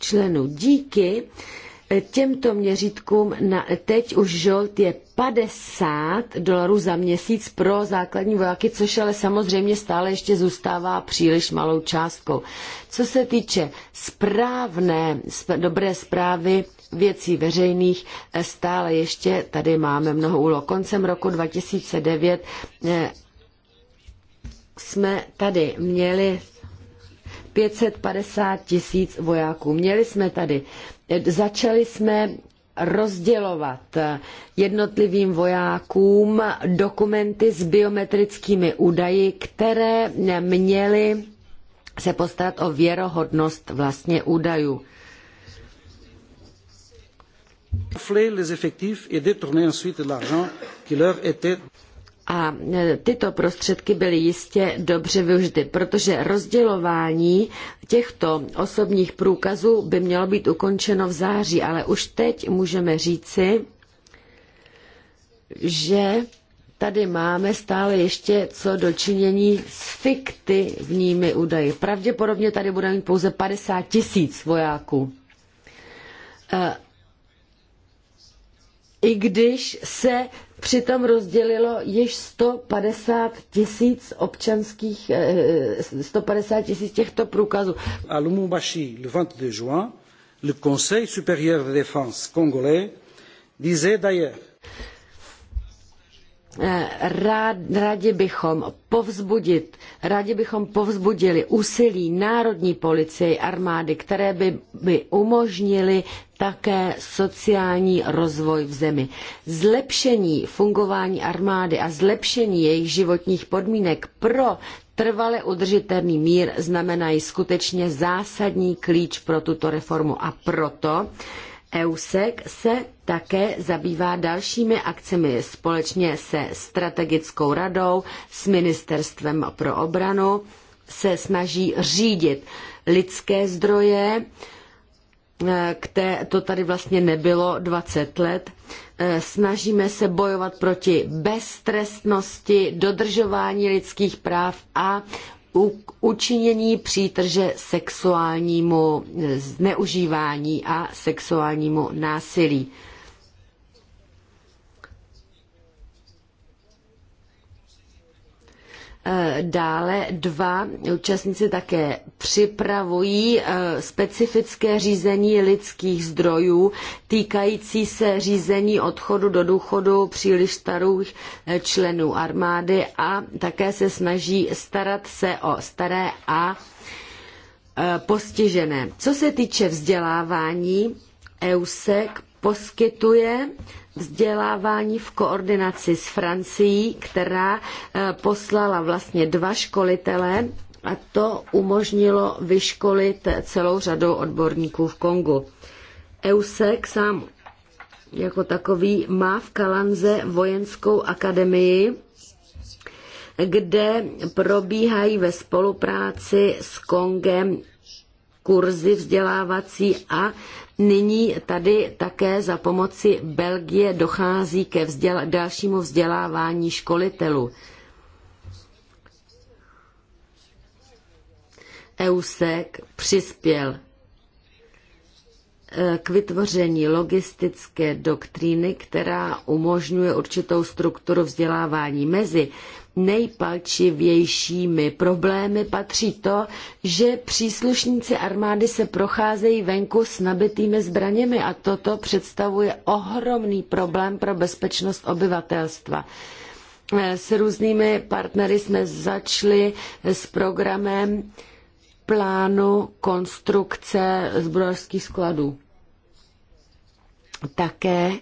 Speaker 1: členů. Díky těmto měřítkům na, teď už žolt je 50 dolarů za měsíc pro základní vojáky, což ale samozřejmě stále ještě zůstává příliš malou částkou. Co se týče správné, dobré zprávy věcí veřejných e, stále ještě tady máme mnoho úloh. Koncem roku 2009 e, jsme tady měli 550 tisíc vojáků. Měli jsme tady, e, začali jsme rozdělovat jednotlivým vojákům dokumenty s biometrickými údaji, které měly se postarat o věrohodnost vlastně údajů. A e, tyto prostředky byly jistě dobře využity, protože rozdělování těchto osobních průkazů by mělo být ukončeno v září, ale už teď můžeme říci, že tady máme stále ještě co dočinění s fiktivními údaji. Pravděpodobně tady budeme mít pouze 50 tisíc vojáků. E, i když se přitom rozdělilo již 150 tisíc občanských, 150 eh,
Speaker 3: tisíc těchto průkazů. A Lumumbashi le 22 juin, le Conseil supérieur de défense congolais disait d'ailleurs
Speaker 1: eh, Rád, rádi bychom povzbudit, rádi bychom povzbudili úsilí národní policie armády, které by, by umožnili také sociální rozvoj v zemi. Zlepšení fungování armády a zlepšení jejich životních podmínek pro trvale udržitelný mír znamenají skutečně zásadní klíč pro tuto reformu a proto EUSEC se také zabývá dalšími akcemi společně se strategickou radou, s ministerstvem pro obranu, se snaží řídit lidské zdroje, Eh, které to tady vlastně nebylo 20 let. Eh, snažíme se bojovat proti beztrestnosti, dodržování lidských práv a učinění přítrže sexuálnímu eh, zneužívání a sexuálnímu násilí. Eh, dále dva účastníci také připravují eh, specifické řízení lidských zdrojů týkající se řízení odchodu do důchodu příliš starých eh, členů armády a také se snaží starat se o staré a postižené. Co se týče vzdělávání, EUSEC poskytuje vzdělávání v koordinaci s Francií, která eh, poslala vlastně dva školitele a to umožnilo vyškolit celou řadu odborníků v Kongu. EUSEC sám jako takový má v Kalanze vojenskou akademii, kde probíhají ve spolupráci s Kongem kurzy vzdělávací a Nyní tady také za pomoci Belgie dochází ke vzděla- dalšímu vzdělávání školitelů. EUSEC přispěl eh, k vytvoření logistické doktríny, která umožňuje určitou strukturu vzdělávání mezi nejpalčivějšími problémy patří to, že příslušníci armády se procházejí venku s nabitými zbraněmi a toto představuje ohromný problém pro bezpečnost obyvatelstva. Eh, s různými partnery jsme začali s programem plánu konstrukce zbrojovských skladů. Také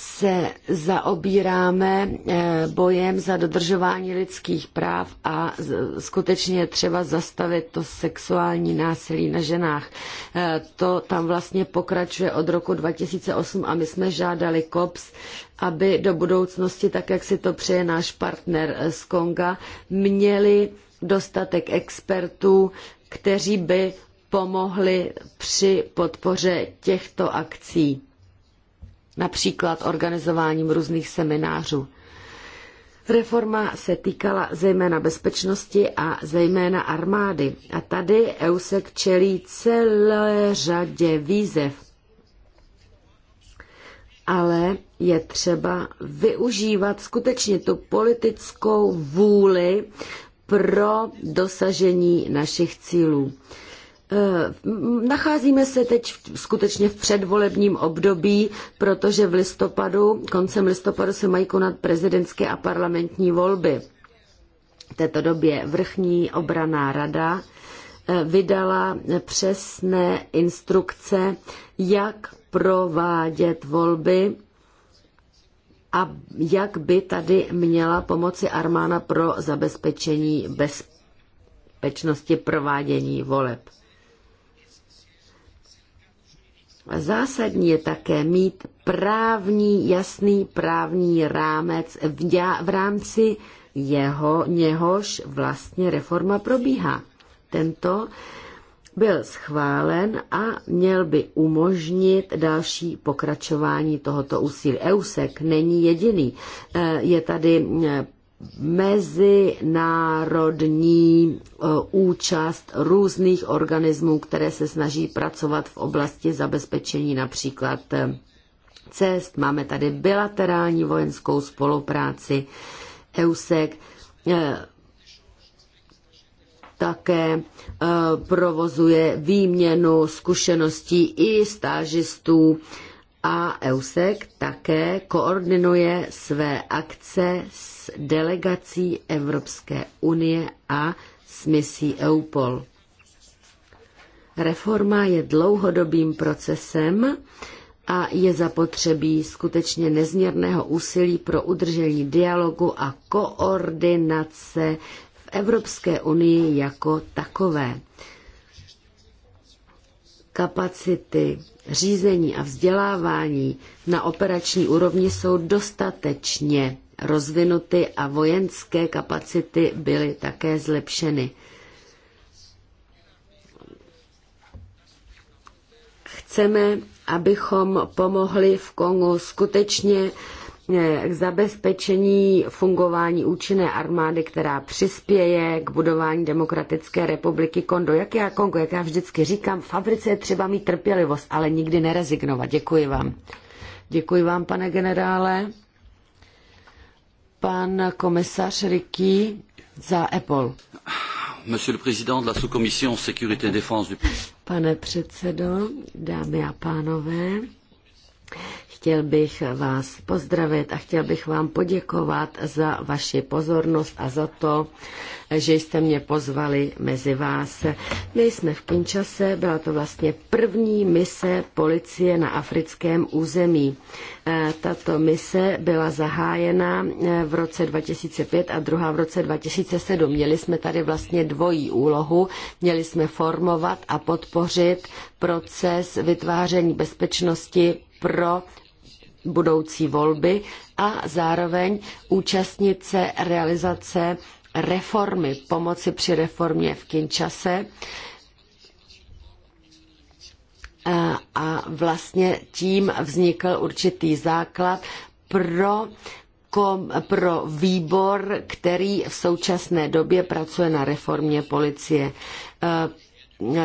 Speaker 1: se zaobíráme eh, bojem za dodržování lidských práv a skutečně je třeba zastavit to sexuální násilí na ženách. Eh, to tam vlastně pokračuje od roku 2008 a my jsme žádali COPS, aby do budoucnosti, tak jak si to přeje náš partner eh, z Konga, měli dostatek expertů, kteří by pomohli při podpoře těchto akcí například organizováním různých seminářů. Reforma se týkala zejména bezpečnosti a zejména armády. A tady EUSEC čelí celé řadě výzev. Ale je třeba využívat skutečně tu politickou vůli pro dosažení našich cílů. Eh, nacházíme se teď skutečně v předvolebním období, protože v listopadu, koncem listopadu se mají konat prezidentské a parlamentní volby. V této době vrchní obraná rada eh, vydala přesné instrukce, jak provádět volby a jak by tady měla pomoci armána pro zabezpečení bezpečnosti provádění voleb. Zásadní je také mít právní, jasný právní rámec, v, v rámci jeho, něhož vlastně reforma probíhá. Tento byl schválen a měl by umožnit další pokračování tohoto úsilí. EUSEC není jediný. E, je tady e, mezinárodní e, účast různých organismů, které se snaží pracovat v oblasti zabezpečení například e, cest. Máme tady bilaterální vojenskou spolupráci EUSEC, e, také provozuje výměnu zkušeností i stážistů a EUSEC také koordinuje své akce s delegací Evropské unie a s misí EUPOL. Reforma je dlouhodobým procesem a je zapotřebí skutečně nezměrného úsilí pro udržení dialogu a koordinace v Evropské unii jako takové. Kapacity řízení a vzdělávání na operační úrovni jsou dostatečně rozvinuty a vojenské kapacity byly také zlepšeny. Chceme, abychom pomohli v Kongu skutečně Vlastně k zabezpečení fungování účinné armády, která přispěje k budování demokratické republiky Kondo. Jak já, Kongo, jak já vždycky říkám, v fabrice je třeba mít trpělivost, ale nikdy nerezignovat. Děkuji vám. Děkuji vám, pane generále. Pan komisař Riky za EPOL.
Speaker 3: Monsieur le président de la sous-commission sécurité et défense du...
Speaker 1: Pane předsedo, dámy a pánové, Chtěl bych vás pozdravit a chtěl bych vám poděkovat za vaši pozornost a za to, že jste mě pozvali mezi vás. My jsme v Kinčase, byla to vlastně první mise policie na africkém území. E, tato mise byla zahájena e, v roce 2005 a druhá v roce 2007. Měli jsme tady vlastně dvojí úlohu. Měli jsme formovat a podpořit proces vytváření bezpečnosti pro budoucí volby a zároveň účastnit se realizace reformy, pomoci při reformě v Kinčase a vlastně tím vznikl určitý základ pro kom, pro výbor, který v současné době pracuje na reformě policie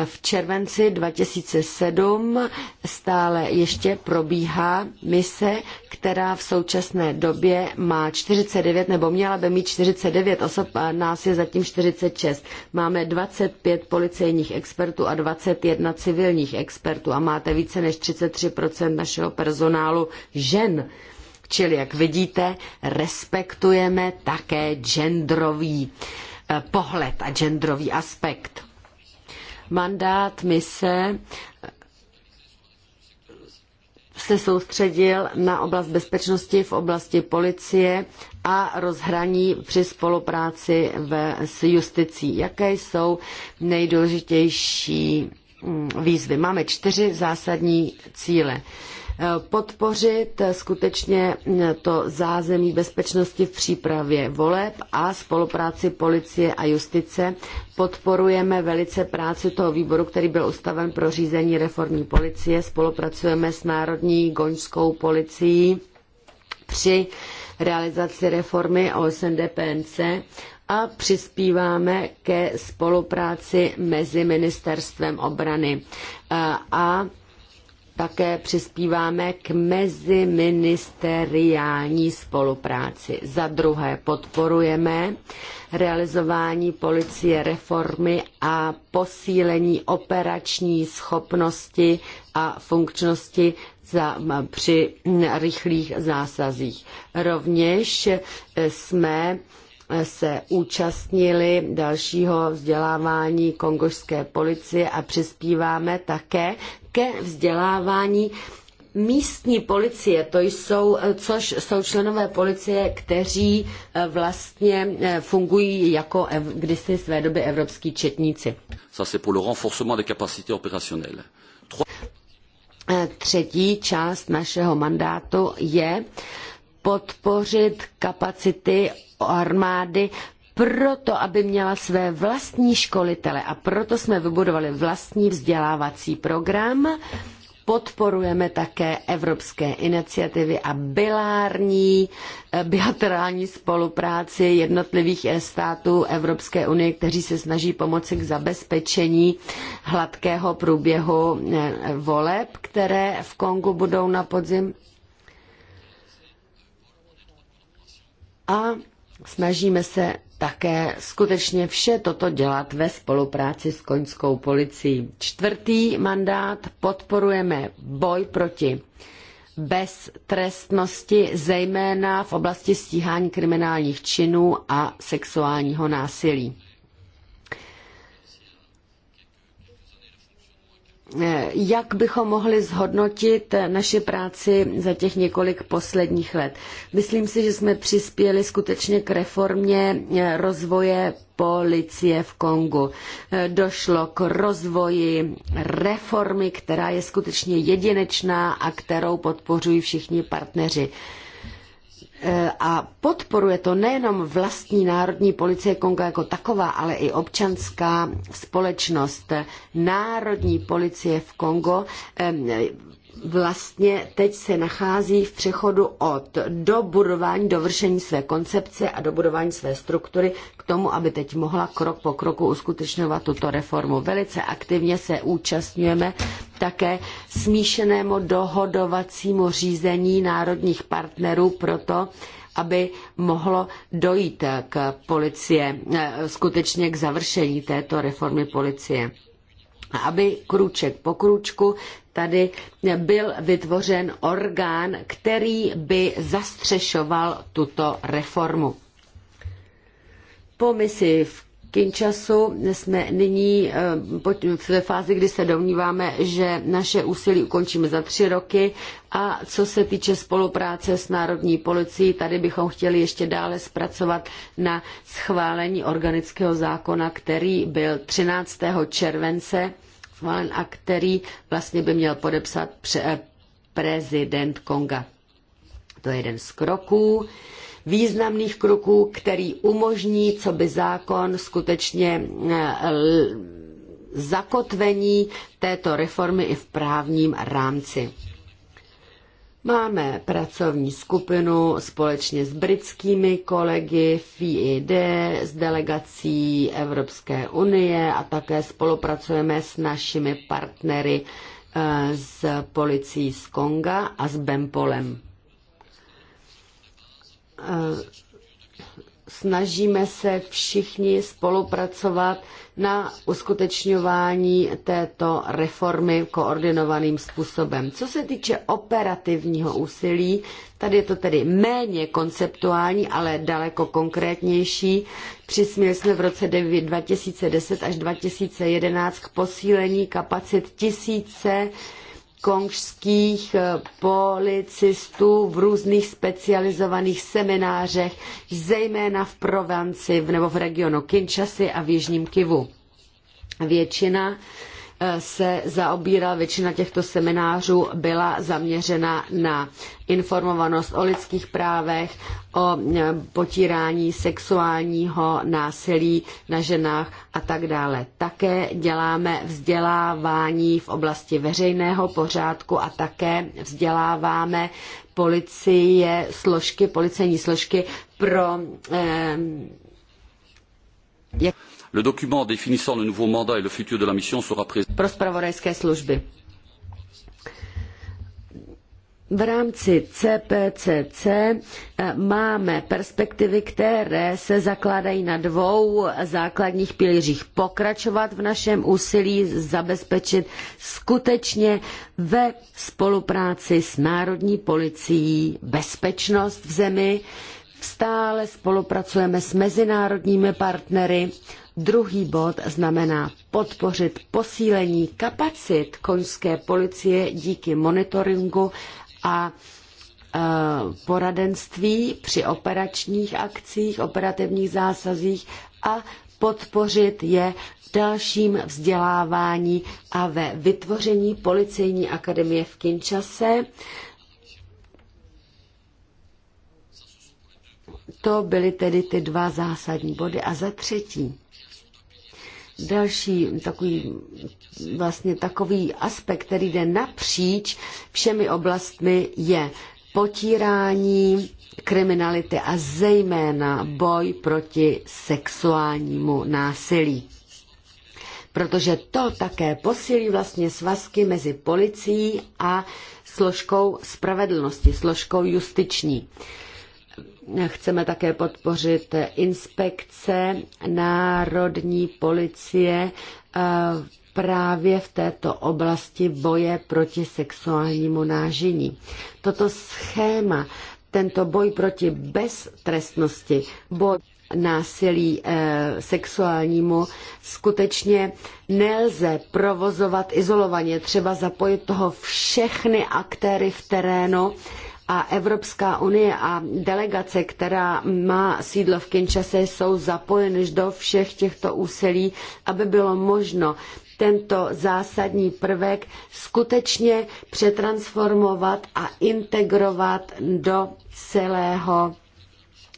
Speaker 1: v červenci 2007 stále ještě probíhá mise, která v současné době má 49 nebo měla by mít 49 osob a nás je zatím 46. Máme 25 policejních expertů a 21 civilních expertů a máte více než 33 našeho personálu žen. Čili, jak vidíte, respektujeme také genderový eh, pohled a genderový aspekt. Mandát mise se soustředil na oblast bezpečnosti v oblasti policie a rozhraní při spolupráci ve, s justicí. Jaké jsou nejdůležitější mm, výzvy? Máme čtyři zásadní cíle podpořit skutečně to zázemí bezpečnosti v přípravě voleb a spolupráci policie a justice. Podporujeme velice práci toho výboru, který byl ustaven pro řízení reformní policie. Spolupracujeme s Národní goňskou policií při realizaci reformy OSN DPNC a přispíváme ke spolupráci mezi ministerstvem obrany a také přispíváme k meziministeriální spolupráci. Za druhé podporujeme realizování policie reformy a posílení operační schopnosti a funkčnosti za, při rychlých zásazích. Rovněž jsme se účastnili dalšího vzdělávání kongožské policie a přispíváme také ke vzdělávání místní policie, to jsou, což jsou členové policie, kteří eh, vlastně eh, fungují jako ev, kdysi své doby evropský četníci. Eh, třetí část našeho mandátu je podpořit kapacity armády proto, aby měla své vlastní školitele a proto jsme vybudovali vlastní vzdělávací program. Podporujeme také evropské iniciativy a bilární, eh, bilaterální spolupráci jednotlivých eh, států Evropské unie, kteří se snaží pomoci k zabezpečení hladkého průběhu eh, voleb, které v Kongu budou na podzim. A Snažíme se také skutečně vše toto dělat ve spolupráci s koňskou policií. Čtvrtý mandát podporujeme boj proti beztrestnosti, zejména v oblasti stíhání kriminálních činů a sexuálního násilí. Eh, jak bychom mohli zhodnotit eh, naši práci za těch několik posledních let. Myslím si, že jsme přispěli skutečně k reformě eh, rozvoje policie v Kongu. Došlo k rozvoji reformy, která je skutečně jedinečná a kterou podpořují všichni partneři. E, a podporuje to nejenom vlastní národní policie Konga jako taková, ale i občanská společnost. Národní policie v Kongo e, vlastně teď se nachází v přechodu od dobudování, dovršení své koncepce a dobudování své struktury k tomu, aby teď mohla krok po kroku uskutečňovat tuto reformu. Velice aktivně se účastňujeme také smíšenému dohodovacímu řízení národních partnerů proto, aby mohlo dojít k policie, eh, skutečně k završení této reformy policie aby krůček po krůčku tady byl vytvořen orgán, který by zastřešoval tuto reformu. Po misi v Kinčasu jsme nyní eh, ve fázi, kdy se domníváme, že naše úsilí ukončíme za tři roky a co se týče spolupráce s Národní policií, tady bychom chtěli ještě dále zpracovat na schválení organického zákona, který byl 13. července schválen a který vlastně by měl podepsat pře- eh, prezident Konga. To je jeden z kroků, významných kroků, který umožní, co by zákon skutečně eh, zakotvení této reformy i v právním rámci. Máme pracovní skupinu společně s britskými kolegy FID, s delegací Evropské unie a také spolupracujeme s našimi partnery eh, s policií z Konga a s Bempolem eh, snažíme se všichni spolupracovat na uskutečňování této reformy koordinovaným způsobem. Co se týče operativního úsilí, tady je to tedy méně konceptuální, ale daleko konkrétnější. Přispěli jsme v roce 2010 až 2011 k posílení kapacit tisíce konžských eh, policistů v různých specializovaných seminářech, zejména v Provanci nebo v regionu Kinshasy a v Jižním Kivu. Většina Eh, se zaobíral, většina těchto seminářů byla zaměřena na informovanost o lidských právech, o eh, potírání sexuálního násilí na ženách a tak dále. Také děláme vzdělávání v oblasti veřejného pořádku a také vzděláváme policie, složky, policejní složky pro eh, jak
Speaker 3: Le document définissant le nouveau mandat et le futur de la mission sera présenté.
Speaker 1: Pro spravodajské služby. V rámci CPCC eh, máme perspektivy, které se zakládají na dvou základních pilířích. Pokračovat v našem úsilí zabezpečit skutečně ve spolupráci s národní policií bezpečnost v zemi. Stále spolupracujeme s mezinárodními partnery Druhý bod znamená podpořit posílení kapacit koňské policie díky monitoringu a e, poradenství při operačních akcích, operativních zásazích a podpořit je v dalším vzdělávání a ve vytvoření policejní akademie v Kinčase. To byly tedy ty dva zásadní body. A za třetí, Další takový, vlastně takový aspekt, který jde napříč všemi oblastmi, je potírání kriminality a zejména boj proti sexuálnímu násilí. Protože to také posílí vlastně svazky mezi policií a složkou spravedlnosti, složkou justiční. Uh, Chceme také podpořit inspekce národní policie eh, právě v této oblasti boje proti sexuálnímu nážení. Toto schéma, tento boj proti beztrestnosti, boj násilí e, sexuálnímu skutečně nelze provozovat izolovaně. Třeba zapojit toho všechny aktéry v terénu a Evropská unie a delegace, která má sídlo v Kinshase, jsou zapojeny do všech těchto úsilí, aby bylo možno tento zásadní prvek skutečně přetransformovat a integrovat do celého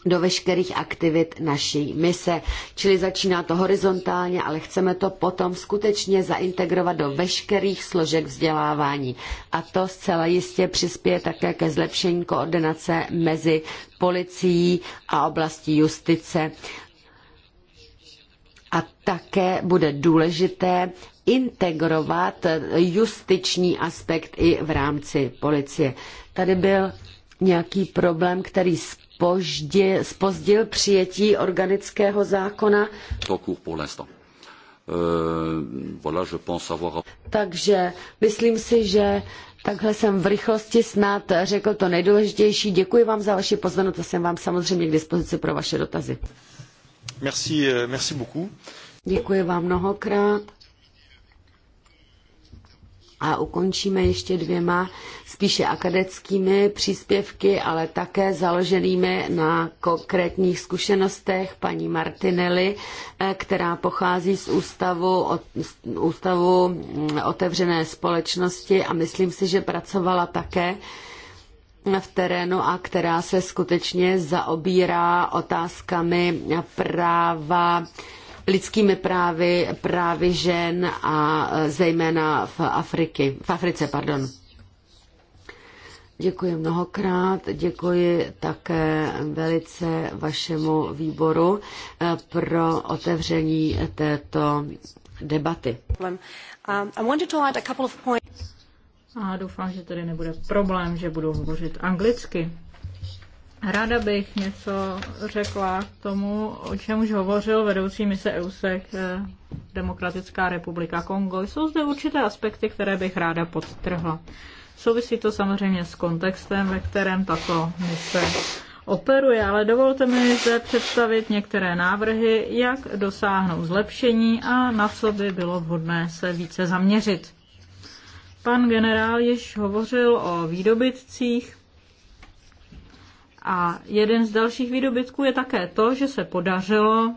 Speaker 1: do veškerých aktivit naší mise. Čili začíná to horizontálně, ale chceme to potom skutečně zaintegrovat do veškerých složek vzdělávání. A to zcela jistě přispěje také ke zlepšení koordinace mezi policií a oblastí justice. A také bude důležité integrovat justiční aspekt i v rámci policie. Tady byl nějaký problém, který poždě, spozdil přijetí organického zákona.
Speaker 3: Euh,
Speaker 1: Takže myslím si, že takhle jsem v rychlosti snad řekl to nejdůležitější. Děkuji vám za vaši pozornost a jsem vám samozřejmě k dispozici pro vaše dotazy.
Speaker 3: Merci, euh, merci beaucoup.
Speaker 1: Děkuji vám mnohokrát a ukončíme ještě dvěma spíše akademickými příspěvky, ale také založenými na konkrétních zkušenostech paní Martinelli, eh, která pochází z ústavu, ústavu mm, otevřené společnosti a myslím si, že pracovala také v terénu a která se skutečně zaobírá otázkami práva lidskými právy, právy žen a e, zejména v, Afriky, v Africe. Pardon. Děkuji mnohokrát, děkuji také velice vašemu výboru e, pro otevření této debaty.
Speaker 4: A doufám, že tady nebude problém, že budu hovořit anglicky. Ráda bych něco řekla k tomu, o čem už hovořil vedoucí mise EUSEC eh, Demokratická republika Kongo. Jsou zde určité aspekty, které bych ráda podtrhla. Souvisí to samozřejmě s kontextem, ve kterém tato mise operuje, ale dovolte mi zde představit některé návrhy, jak dosáhnout zlepšení a na co by bylo vhodné se více zaměřit. Pan generál již hovořil o výdobytcích a jeden z dalších výdobytků je také to, že se podařilo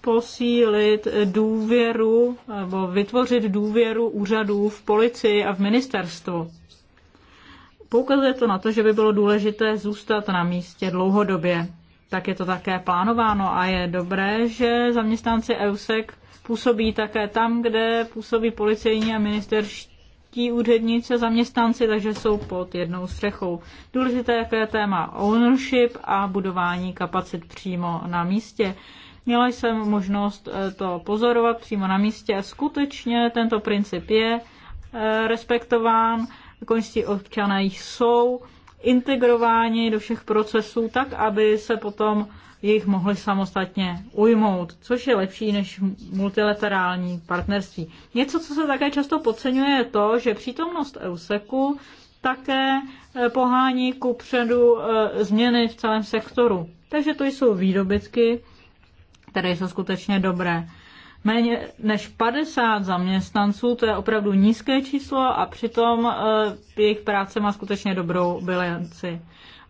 Speaker 4: posílit důvěru nebo vytvořit důvěru úřadů v policii a v ministerstvu. Poukazuje to na to, že by bylo důležité zůstat na místě dlouhodobě. Tak je to také plánováno a je dobré, že zaměstnanci EUSEC působí také tam, kde působí policejní a ministerští ti úředníci zaměstnanci, takže jsou pod jednou střechou. Důležité je téma ownership a budování kapacit přímo na místě. Měla jsem možnost eh, to pozorovat přímo na místě. Skutečně tento princip je eh, respektován, končtí občané jsou integrováni do všech procesů tak, aby se potom jich mohli samostatně ujmout, což je lepší než multilaterální partnerství. Něco, co se také často podceňuje, je to, že přítomnost EUSEKu také eh, pohání ku předu eh, změny v celém sektoru. Takže to jsou výdobytky, které jsou skutečně dobré. Méně než 50 zaměstnanců, to je opravdu nízké číslo a přitom eh, jejich práce má skutečně dobrou bilanci.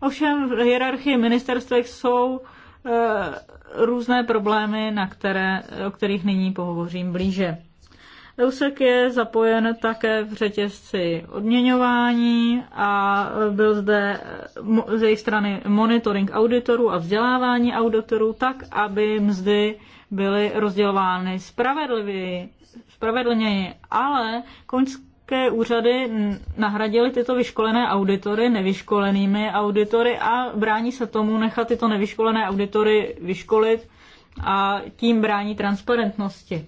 Speaker 4: Ovšem v hierarchii ministerstvech jsou Eh, různé problémy, na které, o kterých nyní pohovořím blíže. Eusek je zapojen také v řetězci odměňování a byl zde eh, z jejich strany monitoring auditorů a vzdělávání auditorů tak, aby mzdy byly rozdělovány spravedlivěji, spravedlněji, ale evropské úřady nahradily tyto vyškolené auditory nevyškolenými auditory a brání se tomu nechat tyto nevyškolené auditory vyškolit a tím brání transparentnosti.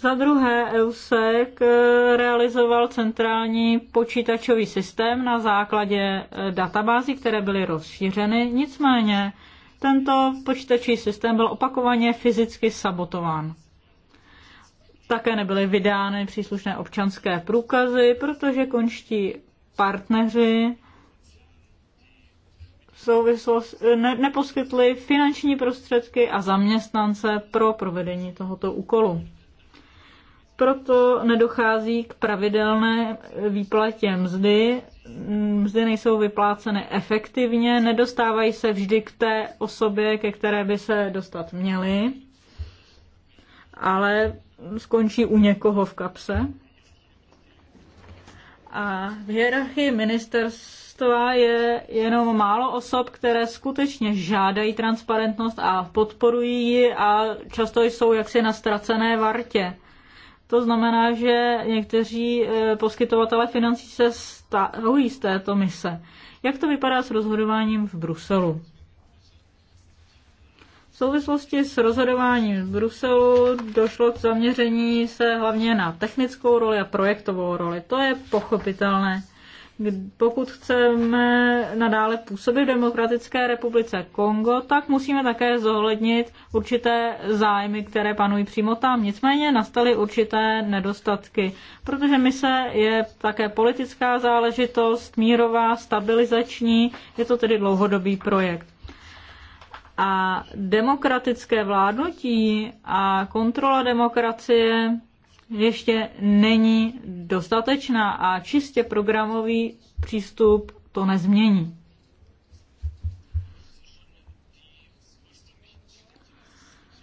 Speaker 4: Za druhé, EUSEC eh, realizoval centrální počítačový systém na základě eh, databází, které byly rozšířeny, nicméně tento počítačový systém byl opakovaně fyzicky sabotován. Také nebyly vydány příslušné občanské průkazy, protože konští partneři souvislost, ne, neposkytli finanční prostředky a zaměstnance pro provedení tohoto úkolu. Proto nedochází k pravidelné výplatě mzdy, mzdy nejsou vypláceny efektivně, nedostávají se vždy k té osobě, ke které by se dostat měly, ale skončí u někoho v kapse. A v hierarchii ministerstva je jenom málo osob, které skutečně žádají transparentnost a podporují ji a často jsou jaksi na ztracené vartě. To znamená, že někteří eh, poskytovatele financí se stahují z této mise. Jak to vypadá s rozhodováním v Bruselu? V souvislosti s rozhodováním v Bruselu došlo k zaměření se hlavně na technickou roli a projektovou roli. To je pochopitelné. Pokud chceme nadále působit v Demokratické republice Kongo, tak musíme také zohlednit určité zájmy, které panují přímo tam. Nicméně nastaly určité nedostatky, protože mise je také politická záležitost, mírová, stabilizační, je to tedy dlouhodobý projekt. A demokratické vládnutí a kontrola demokracie ještě není dostatečná a čistě programový přístup to nezmění.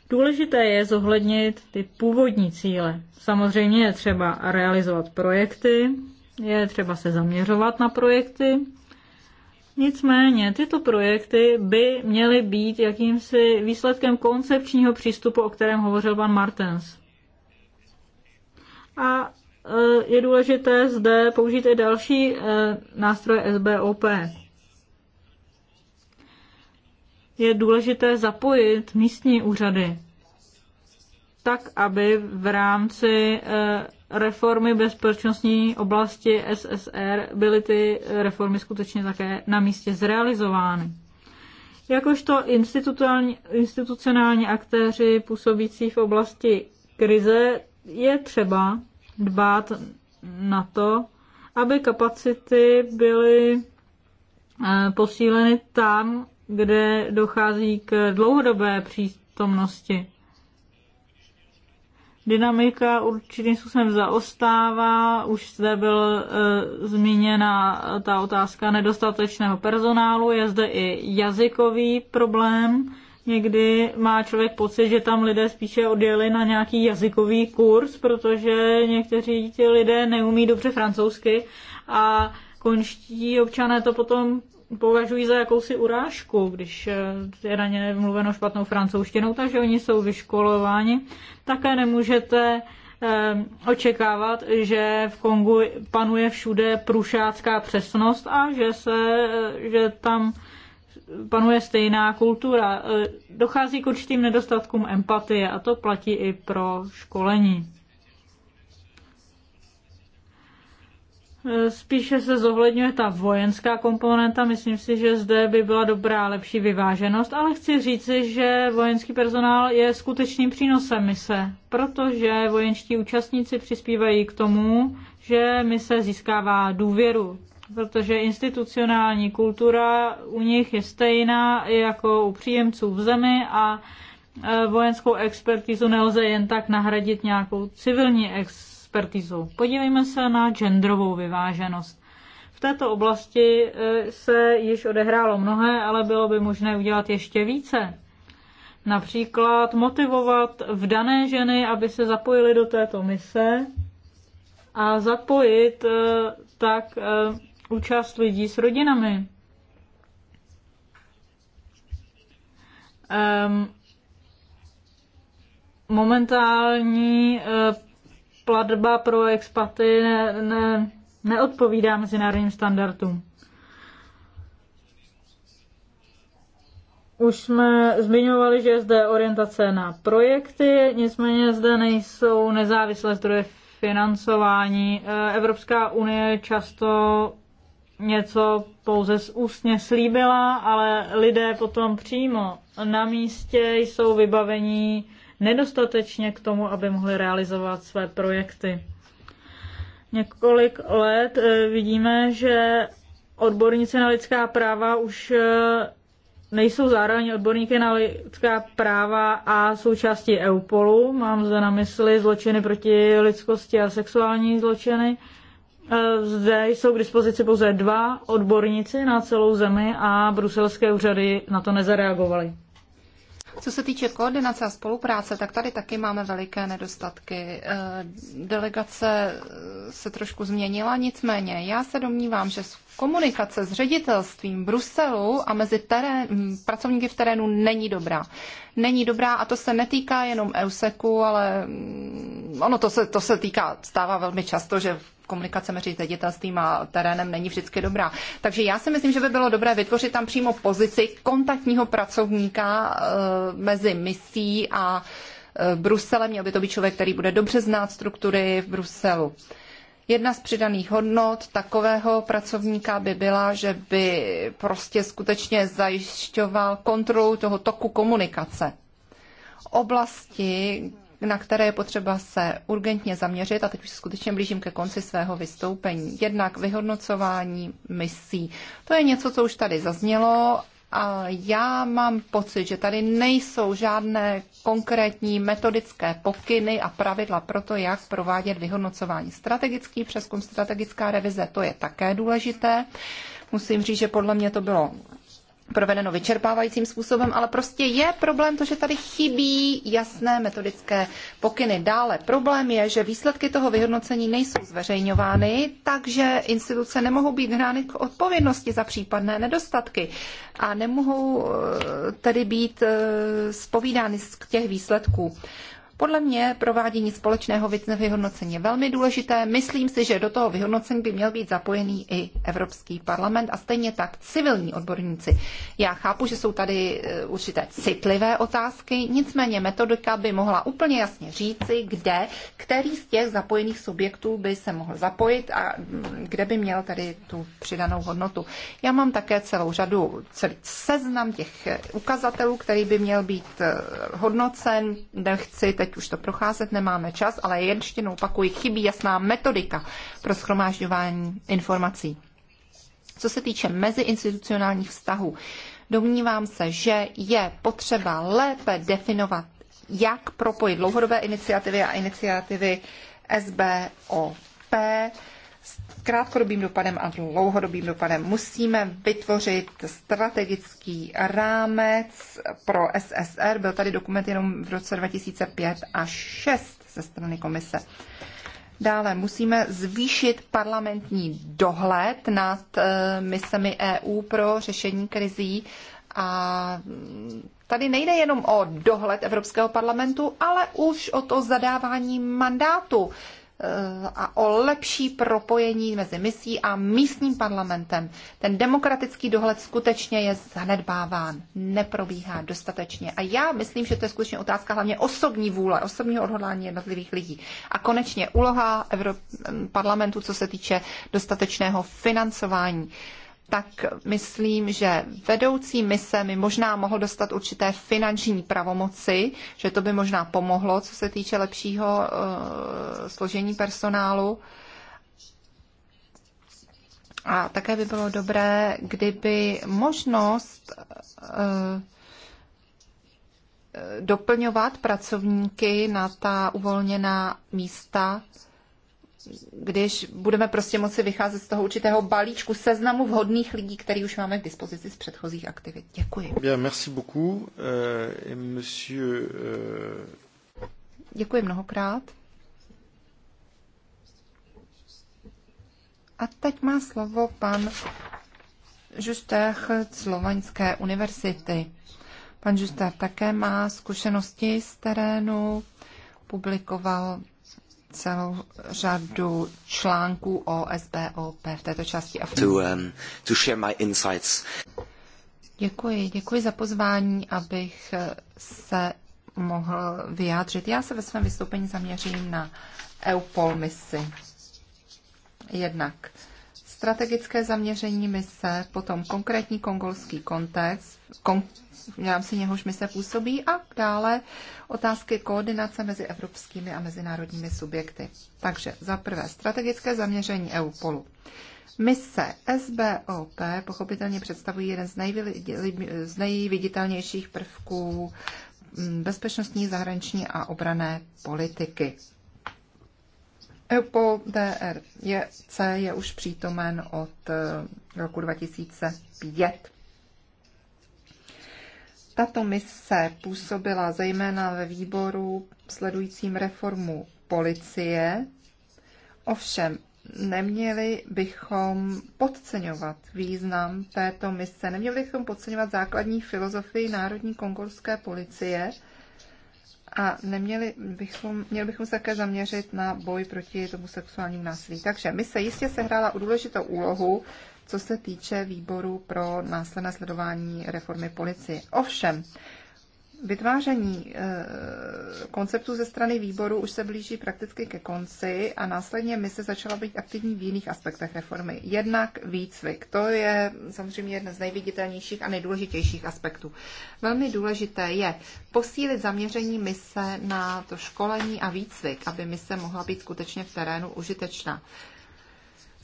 Speaker 4: Důležité je zohlednit ty původní cíle. Samozřejmě je třeba realizovat projekty, je třeba se zaměřovat na projekty, Nicméně tyto projekty by měly být jakýmsi výsledkem koncepčního přístupu, o kterém hovořil pan Martens. A e, je důležité zde použít i další e, nástroje SBOP. Je důležité zapojit místní úřady tak, aby v rámci e, reformy bezpečnostní oblasti SSR byly ty reformy skutečně také na místě zrealizovány. Jakožto institucionální aktéři působící v oblasti krize je třeba dbát na to, aby kapacity byly eh, posíleny tam, kde dochází k dlouhodobé přítomnosti dynamika určitým způsobem zaostává. Už zde byl e, zmíněna ta otázka nedostatečného personálu. Je zde i jazykový problém. Někdy má člověk pocit, že tam lidé spíše odjeli na nějaký jazykový kurz, protože někteří ti lidé neumí dobře francouzsky a konští občané to potom považují za jakousi urážku, když eh, je na ně mluveno špatnou francouzštinou, takže oni jsou vyškolováni. Také nemůžete eh, očekávat, že v Kongu panuje všude prušácká přesnost a že, se, eh, že tam panuje stejná kultura. Dochází k určitým nedostatkům empatie a to platí i pro školení. Spíše se zohledňuje ta vojenská komponenta, myslím si, že zde by byla dobrá lepší vyváženost, ale chci říci, že vojenský personál je skutečným přínosem mise, protože vojenští účastníci přispívají k tomu, že mise získává důvěru, protože institucionální kultura u nich je stejná jako u příjemců v zemi a e, vojenskou expertizu nelze jen tak nahradit nějakou civilní expertizu expertizou. Podívejme se na genderovou vyváženost. V této oblasti eh, se již odehrálo mnohé, ale bylo by možné udělat ještě více. Například motivovat vdané ženy, aby se zapojily do této mise a zapojit eh, tak eh, účast lidí s rodinami. momentální platba pro expaty ne, ne, neodpovídá mezinárodním standardům. Už jsme zmiňovali, že je zde orientace na projekty, nicméně zde nejsou nezávislé zdroje financování. Eh, Evropská unie často něco pouze z ústně slíbila, ale lidé potom přímo na místě jsou vybavení nedostatečně k tomu, aby mohli realizovat své projekty. Několik let eh, vidíme, že odborníci na lidská práva už eh, nejsou zároveň odborníky na lidská práva a součástí EUPOLu. Mám zde na mysli zločiny proti lidskosti a sexuální zločiny. Eh, zde jsou k dispozici pouze dva odborníci na celou zemi a bruselské úřady na to nezareagovaly.
Speaker 2: Co se týče koordinace a spolupráce, tak tady taky máme veliké nedostatky. Eh, delegace eh, se trošku změnila, nicméně já se domnívám, že komunikace s ředitelstvím Bruselu a mezi terén, pracovníky v terénu není dobrá. Není dobrá a to se netýká jenom EUSEKu, ale mm, ono to se, to se týká, stává velmi často, že komunikace mezi ředitelstvím a terénem není vždycky dobrá. Takže já si myslím, že by bylo dobré vytvořit tam přímo pozici kontaktního pracovníka eh, mezi misí a eh, Bruselem. Měl by to být člověk, který bude dobře znát struktury v Bruselu. Jedna z přidaných hodnot takového pracovníka by byla, že by prostě skutečně zajišťoval kontrolu toho toku komunikace. Oblasti, na které je potřeba se urgentně zaměřit, a teď už se skutečně blížím ke konci svého vystoupení. Jednak vyhodnocování misí. To je něco, co už tady zaznělo a já mám pocit, že tady nejsou žádné konkrétní metodické pokyny a pravidla pro to, jak provádět vyhodnocování. Strategický přeskum, strategická revize, to je také důležité. Musím říct, že podle mě to bylo provedeno vyčerpávajícím způsobem, ale prostě je problém to, že tady chybí jasné metodické pokyny. Dále problém je, že výsledky toho vyhodnocení nejsou zveřejňovány, takže instituce nemohou být hrány k odpovědnosti za případné nedostatky a nemohou eh, tedy být spovídány eh, z těch výsledků. Podle mě provádění společného vyhodnocení je velmi důležité. Myslím si, že do toho vyhodnocení by měl být zapojený i Evropský parlament a stejně tak civilní odborníci. Já chápu, že jsou tady e, určité citlivé otázky, nicméně metodika by mohla úplně jasně říci, kde, který z těch zapojených subjektů by se mohl zapojit a mm, kde by měl tady tu přidanou hodnotu. Já mám také celou řadu, celý seznam těch e, ukazatelů, který by měl být e, hodnocen. Nechci teď teď už to procházet nemáme čas, ale jenštinou opakuji, chybí jasná metodika pro schromážďování informací. Co se týče meziinstitucionálních vztahů, domnívám se, že je potřeba lépe definovat, jak propojit dlouhodobé iniciativy a iniciativy SBOP, s krátkodobým dopadem a dlouhodobým dopadem. Musíme vytvořit strategický rámec pro SSR. Byl tady dokument jenom v roce 2005 a 6 ze strany komise. Dále musíme zvýšit parlamentní dohled nad eh, misemi EU pro řešení krizí a tady nejde jenom o dohled Evropského parlamentu, ale už o to zadávání mandátu a o lepší propojení mezi misí a místním parlamentem. Ten demokratický dohled skutečně je zanedbáván, neprobíhá dostatečně. A já myslím, že to je skutečně otázka hlavně osobní vůle, osobního odhodlání jednotlivých lidí. A konečně úloha parlamentu, co se týče dostatečného financování. Uh, tak myslím, že vedoucí mise mi možná mohl dostat určité finanční pravomoci, že to by možná pomohlo, co se týče lepšího uh, složení personálu. A také by bylo dobré, kdyby možnost uh, doplňovat pracovníky na ta uvolněná místa uh, když budeme prostě moci vycházet z toho určitého balíčku seznamu vhodných lidí, který už máme k dispozici z předchozích aktivit. Děkuji.
Speaker 3: Bien, merci beaucoup. Uh, monsieur, uh...
Speaker 2: Děkuji mnohokrát. A teď má slovo pan Žustech z Lovaňské univerzity. Pan Žustech také má zkušenosti z terénu, publikoval celou řadu článků o SBOP v této části Afriky. To, um, to share my insights. Děkuji, děkuji za pozvání, abych eh, se mohl vyjádřit. Já se ve svém vystoupení zaměřím na EUPOL misi. Jednak strategické zaměření mise, potom konkrétní kongolský kontext, kon- v rámci něhož mise působí a dále otázky koordinace mezi evropskými a mezinárodními subjekty. Takže za prvé strategické zaměření EUPOLu. Mise SBOP pochopitelně představují jeden z nejviditelnějších prvků mm, bezpečnostní, zahraniční a obrané politiky. EUPOL DRC je už přítomen od eh, roku 2005. Tato mise působila zejména ve výboru sledujícím reformu policie, ovšem neměli bychom podceňovat význam této mise, neměli bychom podceňovat základní filozofii Národní kongolské policie a neměli bychom, měli bychom se také zaměřit na boj proti tomu sexuálnímu násilí. Takže mise jistě sehrála důležitou úlohu co se týče výboru pro následné sledování reformy policie. Ovšem, Vytváření eh, konceptu ze strany výboru už se blíží prakticky ke konci a následně my se začala být aktivní v jiných aspektech reformy. Jednak výcvik, to je samozřejmě jeden z nejviditelnějších a nejdůležitějších aspektů. Velmi důležité je posílit zaměření mise na to školení a výcvik, aby mise mohla být skutečně v terénu užitečná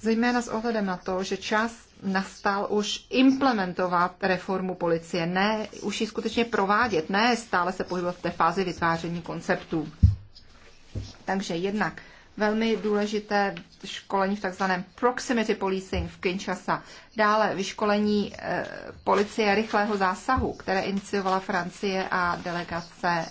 Speaker 2: zejména s ohledem na to, že čas nastal už implementovat reformu policie, ne už ji skutečně provádět, ne stále se pohybovat v té fázi vytváření konceptů. Takže jednak velmi důležité školení v takzvaném proximity policing v Kinshasa. Dále vyškolení e, policie rychlého zásahu, které iniciovala Francie a delegace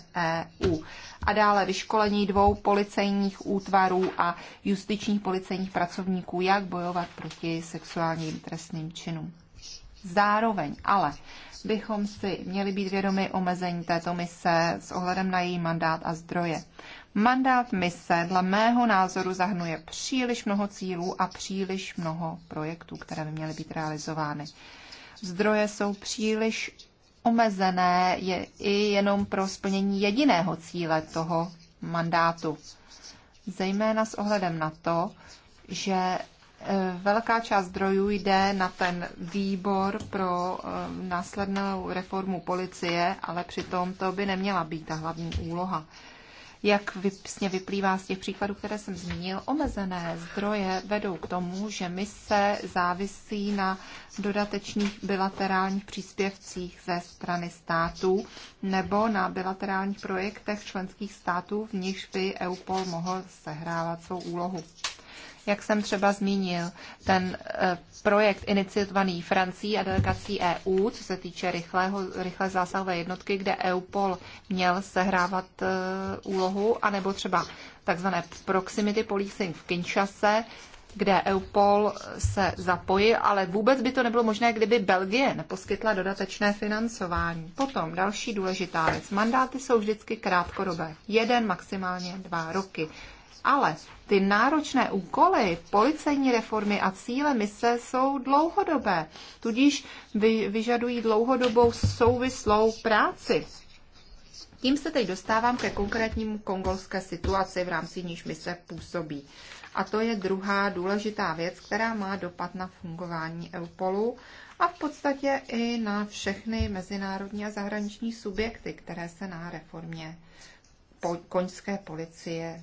Speaker 2: EU a dále vyškolení dvou policejních útvarů a justičních policejních pracovníků, jak bojovat proti sexuálním trestným činům. Zároveň ale bychom si měli být vědomi omezení této mise s ohledem na její mandát a zdroje. Mandát mise dle mého názoru zahrnuje příliš mnoho cílů a příliš mnoho projektů, které by měly být realizovány. Zdroje jsou příliš omezené je i jenom pro splnění jediného cíle toho mandátu. Zejména s ohledem na to, že e, velká část zdrojů jde na ten výbor pro e, následnou reformu policie, ale přitom to by neměla být ta hlavní úloha. Jak přesně vyplývá z těch příkladů, které jsem zmínil, omezené zdroje vedou k tomu, že mise závisí na dodatečných bilaterálních příspěvcích ze strany států nebo na bilaterálních projektech členských států, v nichž by EUPOL mohl sehrávat svou úlohu jak jsem třeba zmínil, ten eh, projekt iniciovaný Francií a delegací EU, co se týče rychlého, rychlé zásahové jednotky, kde EUPOL měl sehrávat eh, úlohu, anebo třeba takzvané proximity policing v Kinshase, kde EUPOL se zapojí, ale vůbec by to nebylo možné, kdyby Belgie neposkytla dodatečné financování. Potom další důležitá věc. Mandáty jsou vždycky krátkodobé. Jeden, maximálně dva roky. Ale ty náročné úkoly policejní reformy a cíle mise jsou dlouhodobé, tudíž vy, vyžadují dlouhodobou souvislou práci. Tím se teď dostávám ke konkrétnímu kongolské situaci, v rámci níž mise působí. A to je druhá důležitá věc, která má dopad na fungování EUPOLu a v podstatě i na všechny mezinárodní a zahraniční subjekty, které se na reformě koňské policie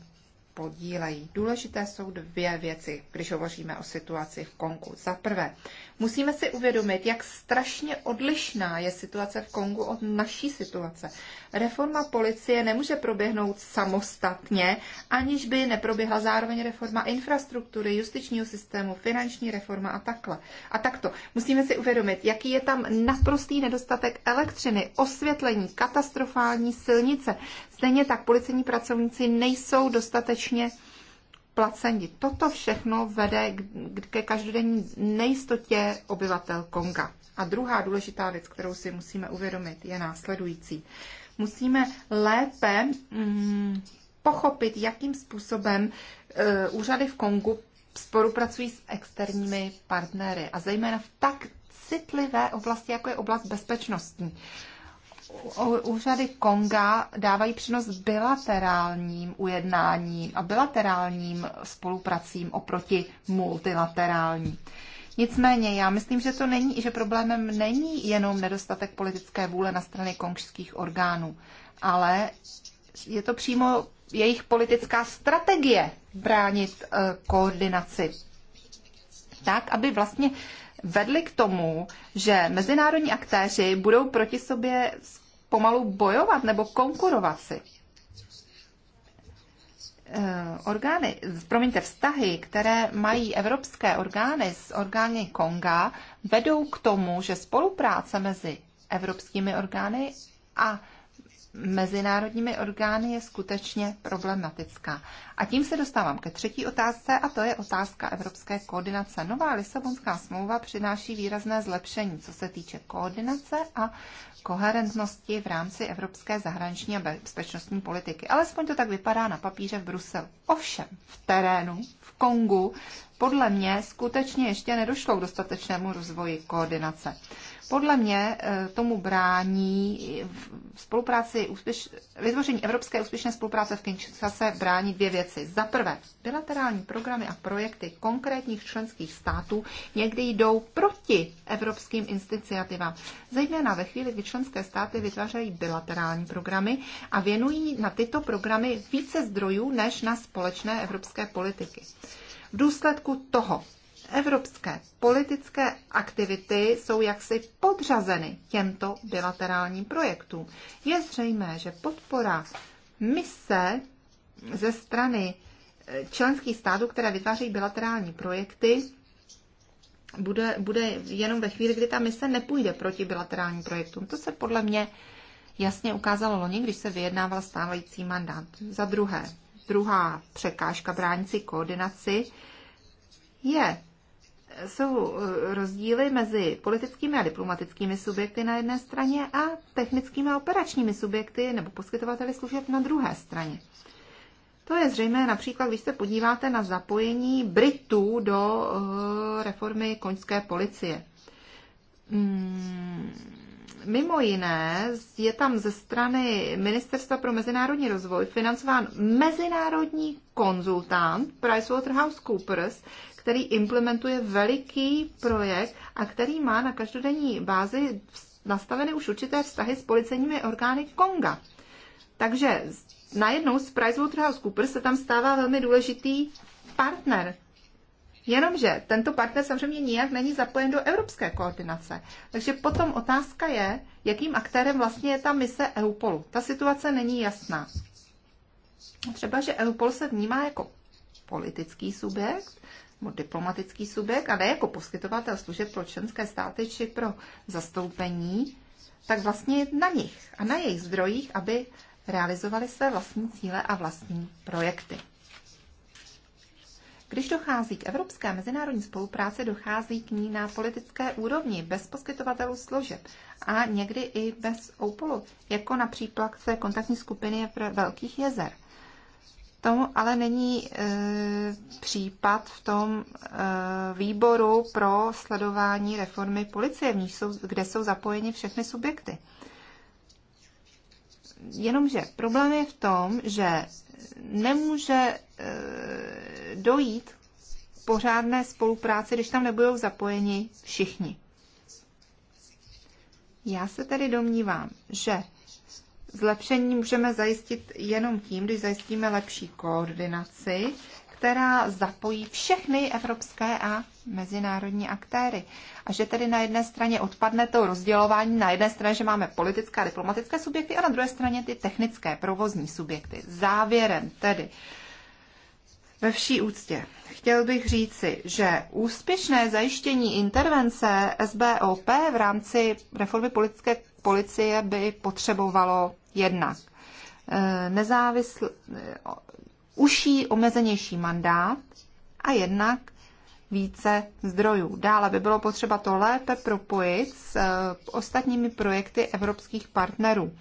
Speaker 2: podílejí. Důležité jsou dvě věci, když hovoříme o situaci v Kongu. Za prvé, musíme si uvědomit, jak strašně odlišná je situace v Kongu od naší situace. Reforma policie nemůže proběhnout samostatně, aniž by neproběhla zároveň reforma infrastruktury, justičního systému, finanční reforma a takhle. A takto. Musíme si uvědomit, jaký je tam naprostý nedostatek elektřiny, osvětlení, katastrofální silnice. Stejně tak policejní pracovníci nejsou dostatečně placeni. Toto všechno vede ke každodenní nejistotě obyvatel Konga. A druhá důležitá věc, kterou si musíme uvědomit, je následující. Musíme lépe mm, pochopit, jakým způsobem e, úřady v Kongu spolupracují s externími partnery a zejména v tak citlivé oblasti, jako je oblast bezpečnostní. E, úřady Konga dávají přednost bilaterálním ujednáním a bilaterálním spolupracím oproti multilaterální. Nicméně já myslím, že to není, že problémem není jenom nedostatek politické vůle na straně kongských orgánů, ale je to přímo jejich politická strategie bránit eh, koordinaci tak, aby vlastně vedly k tomu, že mezinárodní aktéři budou proti sobě pomalu bojovat nebo konkurovat si. Eh, orgány, promiňte, vztahy, které mají evropské orgány s orgány Konga, vedou k tomu, že spolupráce mezi evropskými orgány a mezinárodními orgány je skutečně problematická. A tím se dostávám ke třetí otázce, a to je otázka evropské koordinace. Nová Lisabonská smlouva přináší výrazné zlepšení, co se týče koordinace a koherentnosti v rámci evropské zahraniční a bezpečnostní politiky. Alespoň to tak vypadá na papíře v Bruselu. Ovšem, v terénu, v Kongu, podle mě skutečně ještě nedošlo k dostatečnému rozvoji koordinace. Podle mě eh, tomu brání v spolupráci úspěš, vytvoření evropské úspěšné spolupráce v Kinshase brání dvě věci. Za prvé, bilaterální programy a projekty konkrétních členských států někdy jdou proti evropským iniciativám, zejména ve chvíli, kdy členské státy vytvářejí bilaterální programy a věnují na tyto programy více zdrojů než na společné evropské politiky. V důsledku toho evropské politické aktivity jsou jaksi podřazeny těmto bilaterálním projektům. Je zřejmé, že podpora mise ze strany eh, členských států, které vytvářejí bilaterální projekty, bude, bude jenom ve chvíli, kdy ta mise nepůjde proti bilaterálním projektům. To se podle mě jasně ukázalo loni, když se vyjednával stávající mandát. Za druhé, druhá překážka bránící koordinaci je jsou eh, rozdíly mezi politickými a diplomatickými subjekty na jedné straně a technickými a operačními subjekty nebo poskytovateli služeb na druhé straně. To je zřejmé například, když se podíváte na zapojení Britů do eh, reformy koňské policie. Hmm, mimo jiné je tam ze strany Ministerstva pro mezinárodní rozvoj financován mezinárodní konzultant PricewaterhouseCoopers, který implementuje veliký projekt a který má na každodenní bázi nastaveny už určité vztahy s policejními orgány Konga. Takže najednou z PricewaterhouseCoopers se tam stává velmi důležitý partner. Jenomže tento partner samozřejmě nijak není zapojen do evropské koordinace. Takže potom otázka je, jakým aktérem vlastně je ta mise EUPOLu. Ta situace není jasná. Třeba, že EUPOL se vnímá jako politický subjekt, diplomatický subjekt a ne jako poskytovatel služeb pro členské státy či pro zastoupení, tak vlastně na nich a na jejich zdrojích, aby realizovali své vlastní cíle a vlastní projekty. Když dochází k evropské mezinárodní spolupráci, dochází k ní na politické úrovni, bez poskytovatelů složeb a někdy i bez oupolu, jako například se kontaktní skupiny v Velkých jezer – Tomu ale není e, případ v tom e, výboru pro sledování reformy policie, v níž jsou, kde jsou zapojeni všechny subjekty. Jenomže problém je v tom, že nemůže e, dojít k pořádné spolupráci, když tam nebudou zapojeni všichni. Já se tedy domnívám, že Zlepšení můžeme zajistit jenom tím, když zajistíme lepší koordinaci, která zapojí všechny evropské a mezinárodní aktéry. A že tedy na jedné straně odpadne to rozdělování, na jedné straně, že máme politické a diplomatické subjekty a na druhé straně ty technické provozní subjekty. Závěrem tedy ve vší úctě. Chtěl bych říci, že úspěšné zajištění intervence SBOP v rámci reformy politické policie by potřebovalo jednak eh, nezávisl, eh, uší omezenější mandát a jednak více zdrojů. Dále by bylo potřeba to lépe propojit s eh, ostatními projekty evropských partnerů.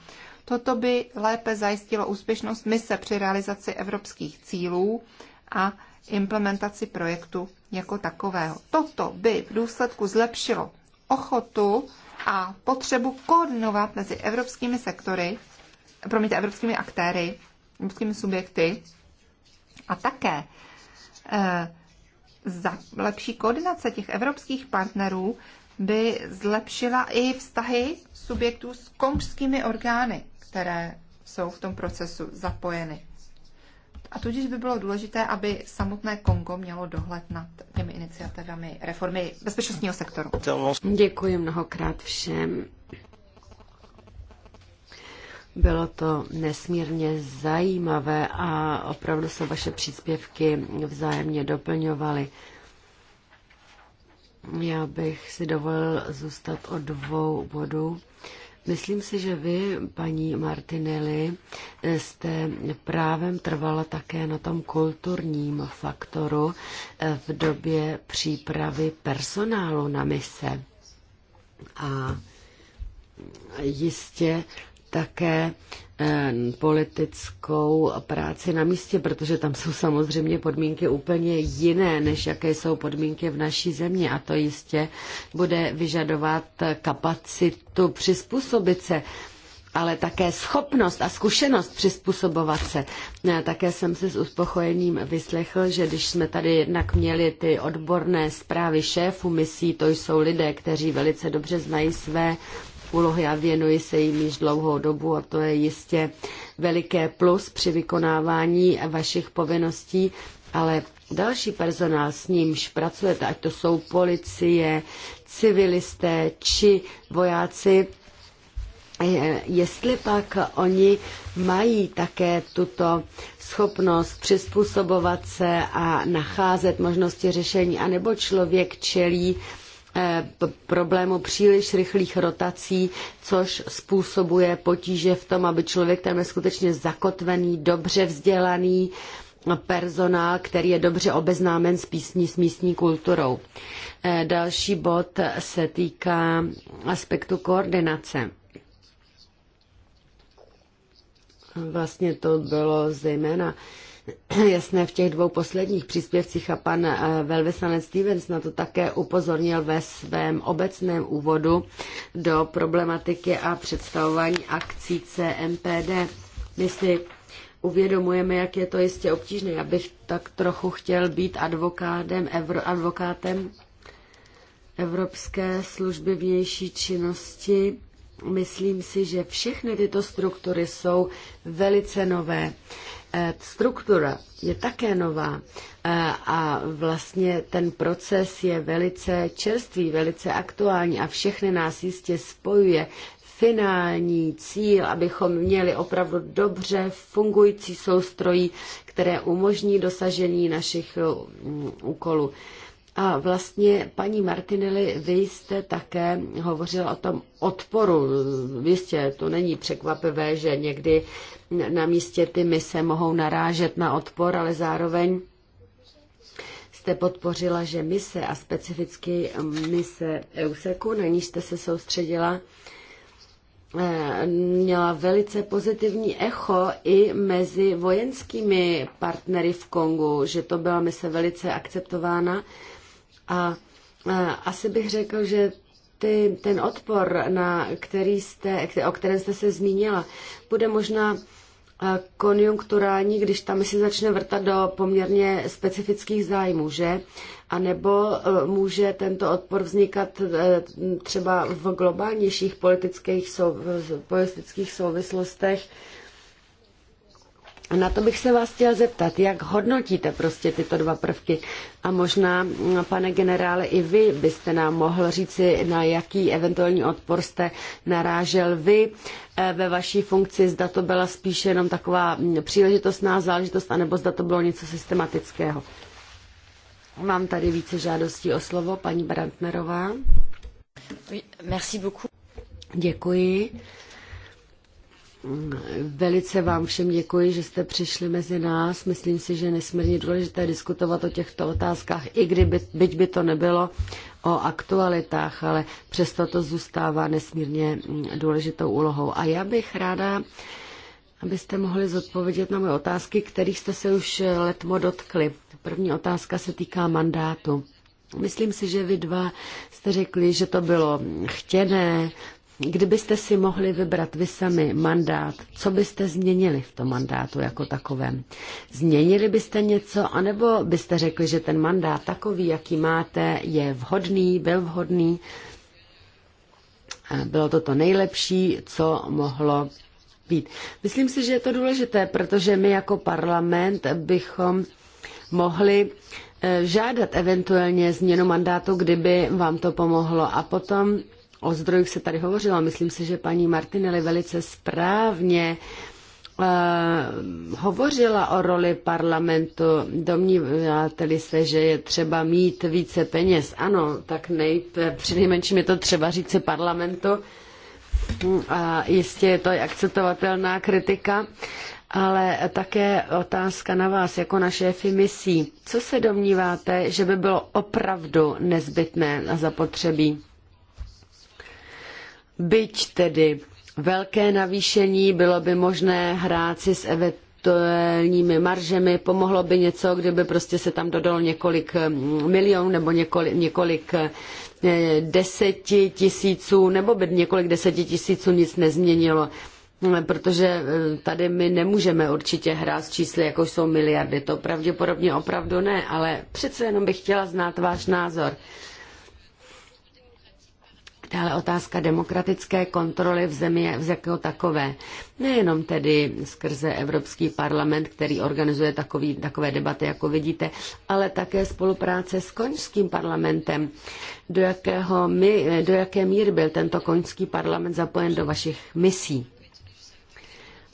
Speaker 2: Toto by lépe zajistilo úspěšnost mise při realizaci evropských cílů a implementaci projektu jako takového. Toto by v důsledku zlepšilo ochotu a potřebu koordinovat mezi evropskými sektory, promiňte, evropskými aktéry, evropskými subjekty a také eh, za lepší koordinace těch evropských partnerů by zlepšila i vztahy subjektů s končskými orgány, které jsou v tom procesu zapojeny. A tudíž by bylo důležité, aby samotné Kongo mělo dohled nad těmi iniciativami reformy bezpečnostního sektoru. Děkuji mnohokrát
Speaker 1: všem. Bylo to nesmírně zajímavé a opravdu se vaše příspěvky vzájemně doplňovaly. Já bych si dovolil zůstat o dvou bodů Myslím si, že vy, paní Martinelli, jste právem trvala také na tom kulturním faktoru eh, v době přípravy personálu na mise. A jistě také eh, politickou práci na místě, protože tam jsou samozřejmě podmínky úplně jiné, než jaké jsou podmínky v naší zemi a to jistě bude vyžadovat kapacitu přizpůsobit se ale také schopnost a zkušenost přizpůsobovat se. Eh, také jsem se s uspokojením vyslechl, že když jsme tady jednak měli ty odborné zprávy šéfů misí, to jsou lidé, kteří velice dobře znají své úlohy a věnuji se jim již dlouhou dobu a to je jistě veliké plus při vykonávání vašich povinností, ale další personál, s nímž pracujete, ať to jsou policie, civilisté či vojáci, jestli pak oni mají také tuto schopnost přizpůsobovat se a nacházet možnosti řešení, anebo člověk čelí Eh, problému příliš rychlých rotací, což způsobuje potíže v tom, aby člověk, který je skutečně zakotvený, dobře vzdělaný, personál, který je dobře obeznámen s, písní, s místní kulturou. Eh, další bod se týká aspektu koordinace. Vlastně to bylo zejména jasné v těch dvou posledních příspěvcích a pan eh, velvyslanec Stevens na to také upozornil ve svém obecném úvodu do problematiky a představování akcí CMPD. My si uvědomujeme, jak je to jistě obtížné. Já bych tak trochu chtěl být advokátem, evro, advokátem Evropské služby vnější činnosti. Myslím si, že všechny tyto struktury jsou velice nové E, struktura je také nová e, a vlastně ten proces je velice čerstvý, velice aktuální a všechny nás jistě spojuje finální cíl, abychom měli opravdu dobře fungující soustrojí, které umožní dosažení našich mm, úkolů. A vlastně, paní Martinelli, vy jste také hovořila o tom odporu. Jistě, to není překvapivé, že někdy na místě ty mise mohou narážet na odpor, ale zároveň jste podpořila, že mise a specificky mise EUSECu, na níž jste se soustředila, eh, měla velice pozitivní echo i mezi vojenskými partnery v Kongu, že to byla mise velice akceptována a asi bych řekl, že ty, ten odpor, na který jste, o kterém jste se zmínila, bude možná konjunkturální, když tam si začne vrtat do poměrně specifických zájmů, že? A nebo může tento odpor vznikat třeba v globálnějších politických, politických souvislostech, na to bych se vás chtěl zeptat, jak hodnotíte prostě tyto dva prvky a možná, mm, pane generále, i vy byste nám mohl říci, na jaký eventuální odpor jste narážel vy eh, ve vaší funkci, zda to byla spíše jenom taková mm, příležitostná záležitost, anebo zda to bylo něco systematického. Mám tady více žádostí o slovo, paní Brandnerová. Merci beaucoup. Děkuji. Velice vám všem děkuji, že jste přišli mezi nás. Myslím si, že je nesmírně důležité diskutovat o těchto otázkách, i kdyby, byť by to nebylo o aktualitách, ale přesto to zůstává nesmírně mm, důležitou úlohou. A já bych ráda, abyste mohli zodpovědět na moje otázky, kterých jste se už eh, letmo dotkli. První otázka se týká mandátu. Myslím si, že vy dva jste řekli, že to bylo chtěné, Kdybyste si mohli vybrat vy sami mandát, co byste změnili v tom mandátu jako takovém? Změnili byste něco, anebo byste řekli, že ten mandát takový, jaký máte, je vhodný, byl vhodný? Eh, bylo to to nejlepší, co mohlo být. Myslím si, že je to důležité, protože my jako parlament bychom mohli eh, žádat eventuálně změnu mandátu, kdyby vám to pomohlo. A potom O zdrojích se tady hovořilo. Myslím si, že paní Martinelli velice správně eh, hovořila o roli parlamentu. Domníváte-li se, že je třeba mít více peněz? Ano, tak nejp, přinejmenším je to třeba říci parlamentu. Mm, a jistě je to i akceptovatelná kritika, ale také otázka na vás jako na šéfy misí. Co se domníváte, že by bylo opravdu nezbytné a zapotřebí? Byť tedy velké navýšení, bylo by možné hrát si s eventuálními maržemi, pomohlo by něco, kdyby prostě se tam dodalo několik eh, milionů nebo několik, několik eh, deseti tisíců, nebo by několik deseti tisíců nic nezměnilo. Eh, protože tady my nemůžeme určitě hrát s čísly, jako jsou miliardy. To pravděpodobně opravdu ne, ale přece jenom bych chtěla znát váš názor. Dále otázka demokratické kontroly v zemi jako takové. Nejenom tedy skrze Evropský parlament, který organizuje takový, takové debaty, jako vidíte, ale také spolupráce s koňským parlamentem. Do, jakého my, do jaké míry byl tento koňský parlament zapojen do vašich misí?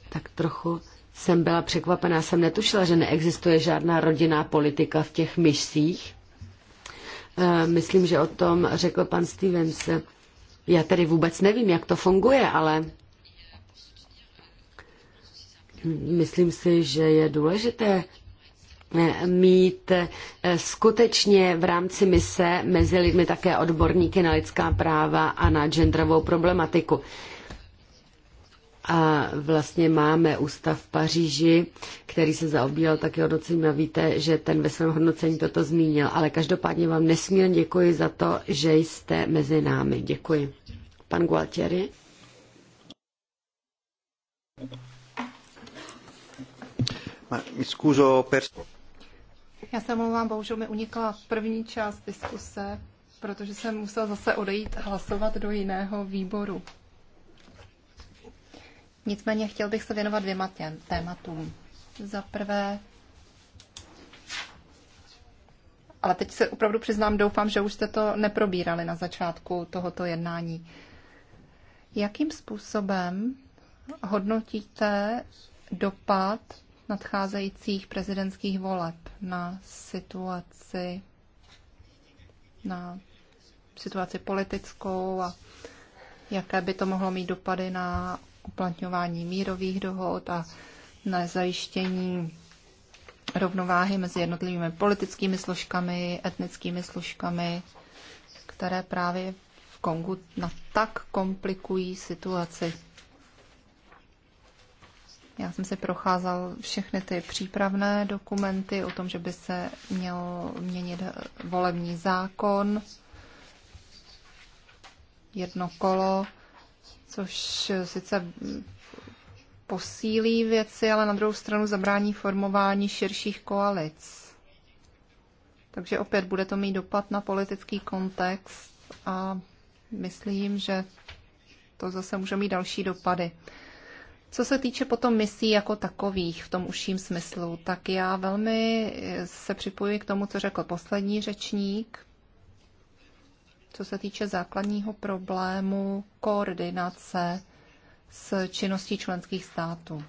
Speaker 1: Tak trochu jsem byla překvapená, jsem netušila, že neexistuje žádná rodinná politika v těch misích. Eh, myslím, že o tom řekl pan Stevens já tedy vůbec nevím, jak to funguje, ale myslím si, že je důležité eh, mít eh, skutečně v rámci mise mezi lidmi také odborníky na lidská práva a na genderovou problematiku a vlastně máme ústav v Paříži, který se zaobíral taky hodnocením a víte, že ten ve svém hodnocení toto zmínil. Ale každopádně vám nesmírně děkuji za to, že jste mezi námi. Děkuji. Pan Gualtieri.
Speaker 2: Já se omlouvám, bohužel mi unikla první část diskuse, protože jsem musel zase odejít hlasovat do jiného výboru. Nicméně chtěl bych se věnovat dvěma těm, tématům. Za prvé, ale teď se opravdu přiznám, doufám, že už jste to neprobírali na začátku tohoto jednání. Jakým způsobem hodnotíte dopad nadcházejících prezidentských voleb na situaci, na situaci politickou a jaké by to mohlo mít dopady na uplatňování mírových dohod a na zajištění rovnováhy mezi jednotlivými politickými složkami, etnickými složkami, které právě v Kongu na tak komplikují situaci. Já jsem si procházal všechny ty přípravné dokumenty o tom, že by se měl měnit volební zákon, jedno kolo což sice posílí věci, ale na druhou stranu zabrání formování širších koalic. Takže opět bude to mít dopad na politický kontext a myslím, že to zase může mít další dopady. Co se týče potom misí jako takových v tom užším smyslu, tak já velmi se připojuji k tomu, co řekl poslední řečník co se týče základního problému koordinace s činností členských států.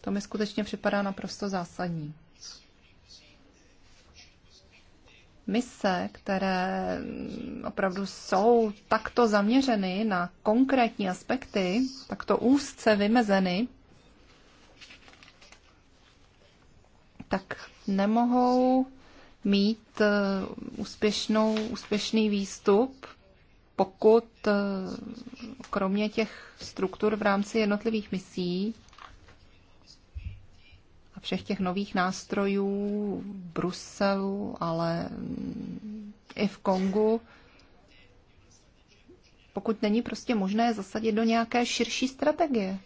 Speaker 2: To mi skutečně připadá naprosto zásadní. Mise, které opravdu jsou takto zaměřeny na konkrétní aspekty, takto úzce vymezeny, tak nemohou mít eh, úspěšnou, úspěšný výstup, pokud eh, kromě těch struktur v rámci jednotlivých misí a všech těch nových nástrojů v Bruselu, ale mm, i v Kongu, pokud není prostě možné zasadit do nějaké širší strategie.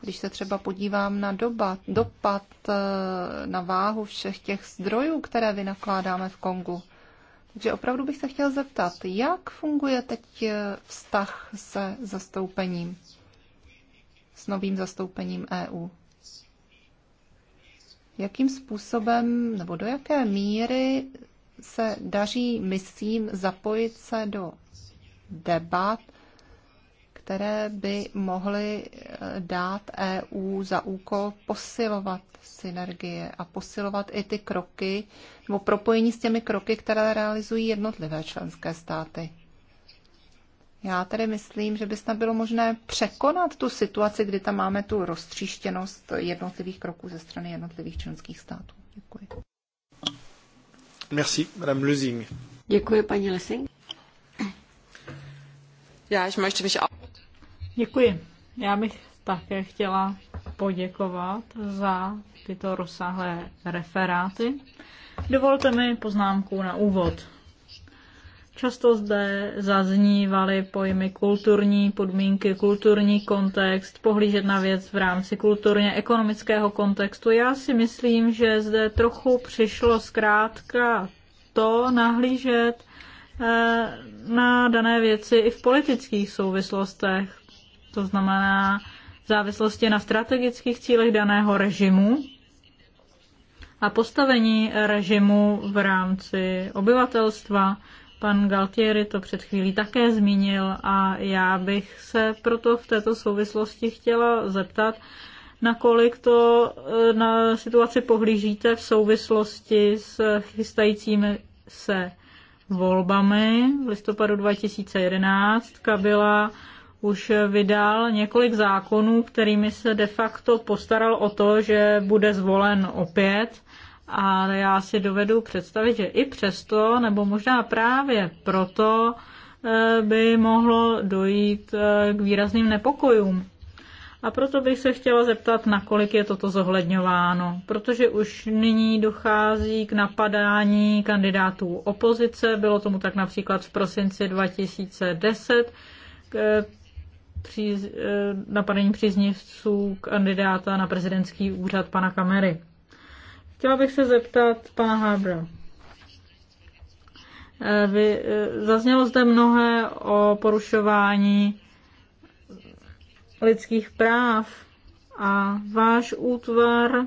Speaker 2: Když se třeba podívám na doba, dopad eh, na váhu všech těch zdrojů, které vynakládáme v Kongu, takže opravdu bych se chtěl zeptat, jak funguje teď eh, vztah se zastoupením, s novým zastoupením EU? Jakým způsobem nebo do jaké míry se daří misím zapojit se do debat které by mohly eh, dát EU za úkol posilovat synergie a posilovat i ty kroky, nebo propojení s těmi kroky, které realizují jednotlivé členské státy. Já tedy myslím, že by snad bylo možné překonat tu situaci, kdy tam máme tu roztříštěnost jednotlivých kroků ze strany jednotlivých členských států. Děkuji.
Speaker 3: Merci, Madame Lusing.
Speaker 2: Děkuji, paní Lesing.
Speaker 4: Já, ještě möchte mich Děkuji. Já bych také chtěla poděkovat za tyto rozsáhlé referáty. Dovolte mi poznámku na úvod. Často zde zaznívaly pojmy kulturní podmínky, kulturní kontext, pohlížet na věc v rámci kulturně-ekonomického kontextu. Já si myslím, že zde trochu přišlo zkrátka to nahlížet eh, na dané věci i v politických souvislostech to znamená v závislosti na strategických cílech daného režimu a postavení režimu v rámci obyvatelstva. Pan Galtieri to před chvílí také zmínil a já bych se proto v této souvislosti chtěla zeptat, nakolik to eh, na situaci pohlížíte v souvislosti s chystajícími se volbami v listopadu 2011. Kabila už vydal několik zákonů, kterými se de facto postaral o to, že bude zvolen opět. A já si dovedu představit, že i přesto, nebo možná právě proto, eh, by mohlo dojít eh, k výrazným nepokojům. A proto bych se chtěla zeptat, nakolik je toto zohledňováno, protože už nyní dochází k napadání kandidátů opozice, bylo tomu tak například v prosinci 2010, příz, eh, napadení příznivců kandidáta na prezidentský úřad pana Kamery. Chtěla bych se zeptat pana Habra. Eh, vy, eh, zaznělo zde mnohé o porušování lidských práv a váš útvar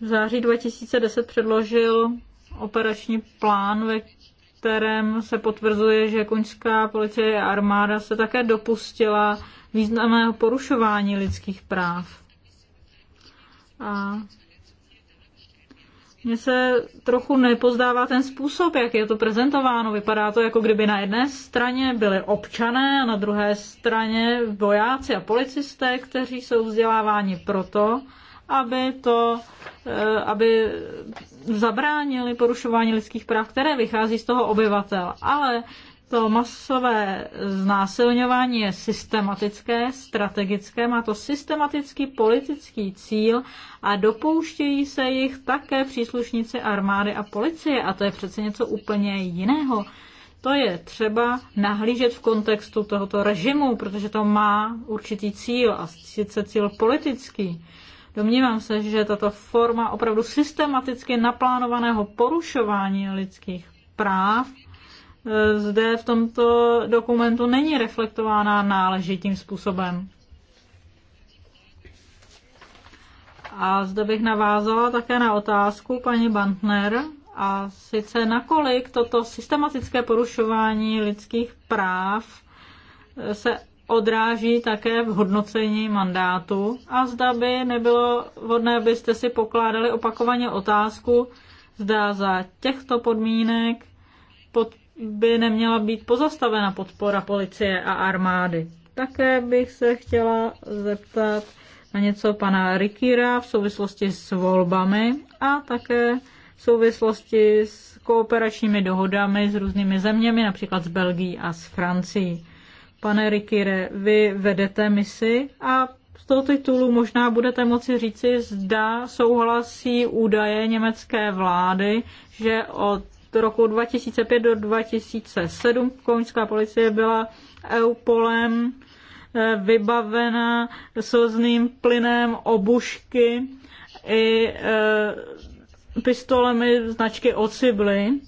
Speaker 4: v září 2010 předložil operační plán, ve kterém se potvrzuje, že koňská policie a armáda se také dopustila významného porušování lidských práv. A mně se trochu nepozdává ten způsob, jak je to prezentováno. Vypadá to, jako kdyby na jedné straně byly občané a na druhé straně vojáci a policisté, kteří jsou vzděláváni proto, aby to eh, aby zabránili porušování lidských práv, které vychází z toho obyvatel. Ale to masové znásilňování je systematické, strategické, má to systematický politický cíl a dopouštějí se jich také příslušníci armády a policie a to je přece něco úplně jiného. To je třeba nahlížet v kontextu tohoto režimu, protože to má určitý cíl a sice cíl politický. Domnívám se, že tato forma opravdu systematicky naplánovaného porušování lidských práv e, zde v tomto dokumentu není reflektována náležitým způsobem. A zde bych navázala také na otázku paní Bantner, a sice nakolik toto systematické porušování lidských práv e, se odráží také v hodnocení mandátu a zda by nebylo vhodné, abyste si pokládali opakovaně otázku, zda za těchto podmínek pod, by neměla být pozastavena podpora policie a armády. Také bych se chtěla zeptat na něco pana Rikýra v souvislosti s volbami a také v souvislosti s kooperačními dohodami s různými zeměmi, například s Belgií a s Francií. Pane Rikire, vy vedete misi a z toho titulu možná budete moci říci, zda souhlasí údaje německé vlády, že od roku 2005 do 2007 koňská policie byla Eupolem eh, vybavena slzným plynem, obušky i eh, pistolemi značky Ocibly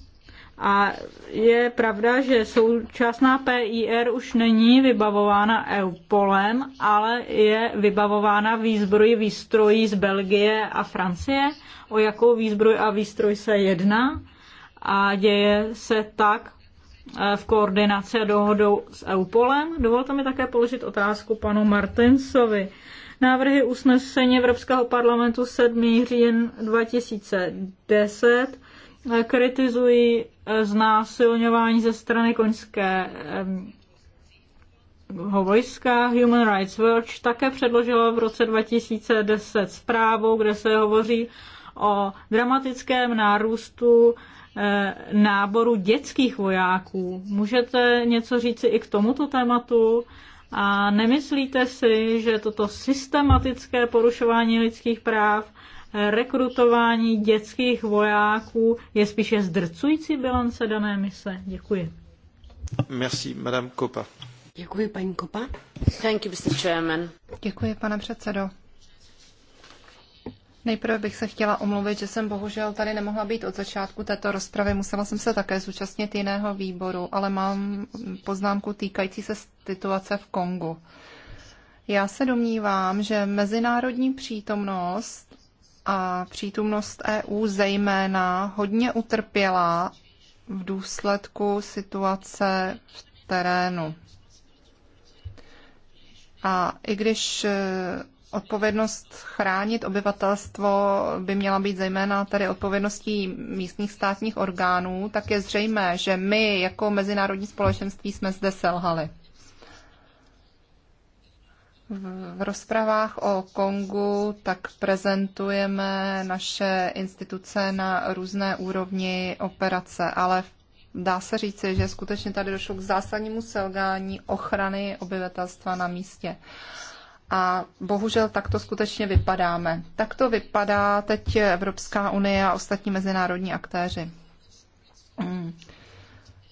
Speaker 4: a je pravda, že současná PIR už není vybavována EUPOLem, ale je vybavována výzbroji výstrojí z Belgie a Francie. O jakou výzbroj a výstroj se jedná? A děje se tak eh, v koordinaci a dohodou s EUPOLem. Dovolte mi také položit otázku panu Martinsovi. Návrhy usnesení Evropského parlamentu 7. říjen 2010 Eh, kritizují eh, znásilňování ze strany koňské ehm, vojska Human Rights Watch také předložila v roce 2010 zprávu, kde se hovoří o dramatickém nárůstu eh, náboru dětských vojáků. Můžete něco říci i k tomuto tématu? A nemyslíte si, že toto systematické porušování lidských práv rekrutování dětských vojáků je spíše zdrcující bilance dané mise? Děkuji.
Speaker 3: Merci, Madame Kopa.
Speaker 2: Děkuji, paní Kopa. Thank you, Mr. Chairman. Děkuji, pane předsedo. Nejprve bych se chtěla omluvit, že jsem bohužel tady nemohla být od začátku této rozpravy. Musela jsem se také zúčastnit jiného výboru, ale mám poznámku týkající se situace v Kongu. Já se domnívám, že mezinárodní přítomnost a přítomnost EU zejména hodně utrpěla v důsledku situace v terénu. A i když e, odpovědnost chránit obyvatelstvo by měla být zejména tady odpovědností místních státních orgánů, tak je zřejmé, že my jako mezinárodní společenství jsme zde selhali. V rozpravách o Kongu tak prezentujeme naše instituce na různé úrovni operace, ale dá se říci, že skutečně tady došlo k zásadnímu selgání ochrany obyvatelstva na místě. A bohužel takto skutečně vypadáme. Tak to vypadá teď Evropská unie a ostatní mezinárodní aktéři. Hmm.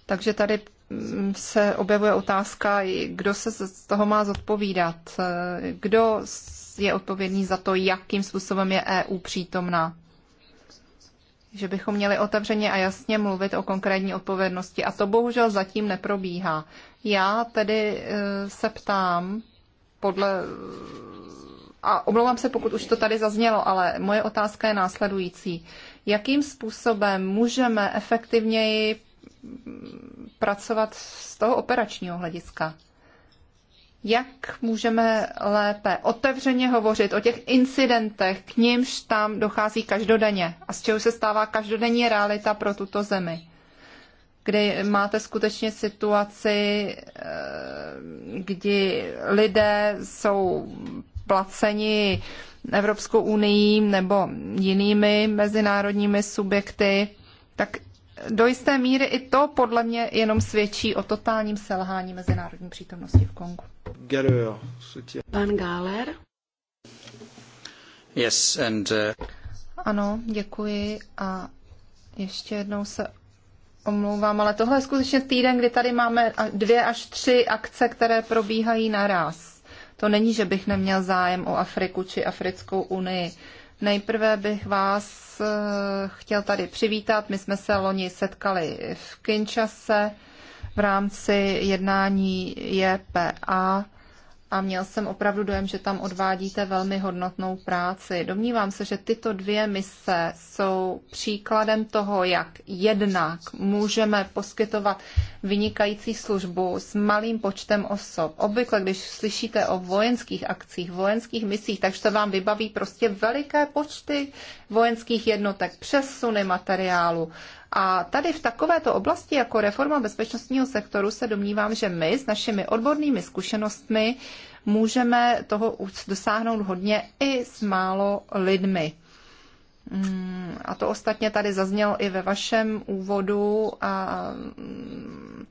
Speaker 2: Takže tady se objevuje otázka, kdo se z toho má zodpovídat, kdo je odpovědný za to, jakým způsobem je EU přítomná. Že bychom měli otevřeně a jasně mluvit o konkrétní odpovědnosti. A to bohužel zatím neprobíhá. Já tedy e, se ptám, podle. A omlouvám se, pokud už to tady zaznělo, ale moje otázka je následující. Jakým způsobem můžeme efektivněji pracovat z toho operačního hlediska. Jak můžeme lépe otevřeně hovořit o těch incidentech, k nímž tam dochází každodenně a z čeho se stává každodenní realita pro tuto zemi? kdy máte skutečně situaci, eh, kdy lidé jsou placeni Evropskou unii nebo jinými mezinárodními subjekty, tak do jisté míry i to podle mě jenom svědčí o totálním selhání mezinárodní přítomnosti v Kongu. Pan Gáler.
Speaker 3: Yes, and, uh...
Speaker 2: Ano, děkuji a ještě jednou se omlouvám, ale tohle je skutečně týden, kdy tady máme dvě až tři akce, které probíhají naraz. To není, že bych neměl zájem o Afriku či Africkou unii. Nejprve bych vás eh, chtěl tady přivítat. My jsme se loni setkali v Kinčase v rámci jednání JPA a měl jsem opravdu dojem, že tam odvádíte velmi hodnotnou práci. Domnívám se, že tyto dvě mise jsou příkladem toho, jak jednak můžeme poskytovat vynikající službu s malým počtem osob. Obvykle, když slyšíte o vojenských akcích, vojenských misích, takže to vám vybaví prostě veliké počty vojenských jednotek, přesuny materiálu, a tady v takovéto oblasti jako reforma bezpečnostního sektoru se domnívám, že my s našimi odbornými zkušenostmi můžeme toho dosáhnout hodně i s málo lidmi. Mm, a to ostatně tady zaznělo i ve vašem úvodu a mm,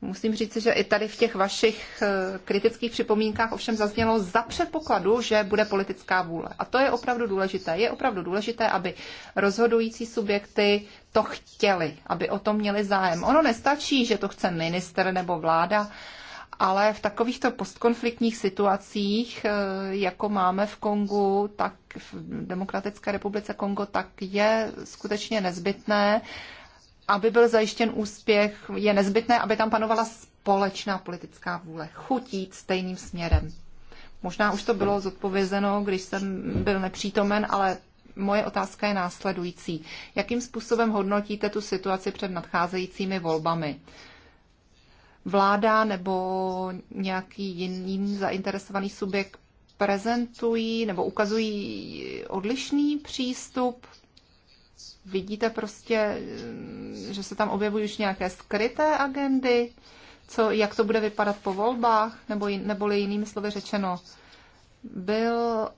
Speaker 2: Musím říct, že i tady v těch vašich eh, kritických připomínkách ovšem zaznělo za předpokladu, že bude politická vůle. A to je opravdu důležité. Je opravdu důležité, aby rozhodující subjekty to chtěli, aby o tom měli zájem. Ono nestačí, že to chce minister nebo vláda, ale v takovýchto postkonfliktních situacích, eh, jako máme v Kongu, tak v Demokratické republice Kongo, tak je skutečně nezbytné, aby byl zajištěn úspěch, je nezbytné, aby tam panovala společná politická vůle, chutít stejným směrem. Možná už to bylo zodpovězeno, když jsem byl nepřítomen, ale moje otázka je následující. Jakým způsobem hodnotíte tu situaci před nadcházejícími volbami? Vláda nebo nějaký jiný zainteresovaný subjekt prezentují nebo ukazují odlišný přístup vidíte prostě, mm, že se tam objevují už nějaké skryté agendy, co, jak to bude vypadat po volbách, nebo, neboli jinými slovy řečeno, byl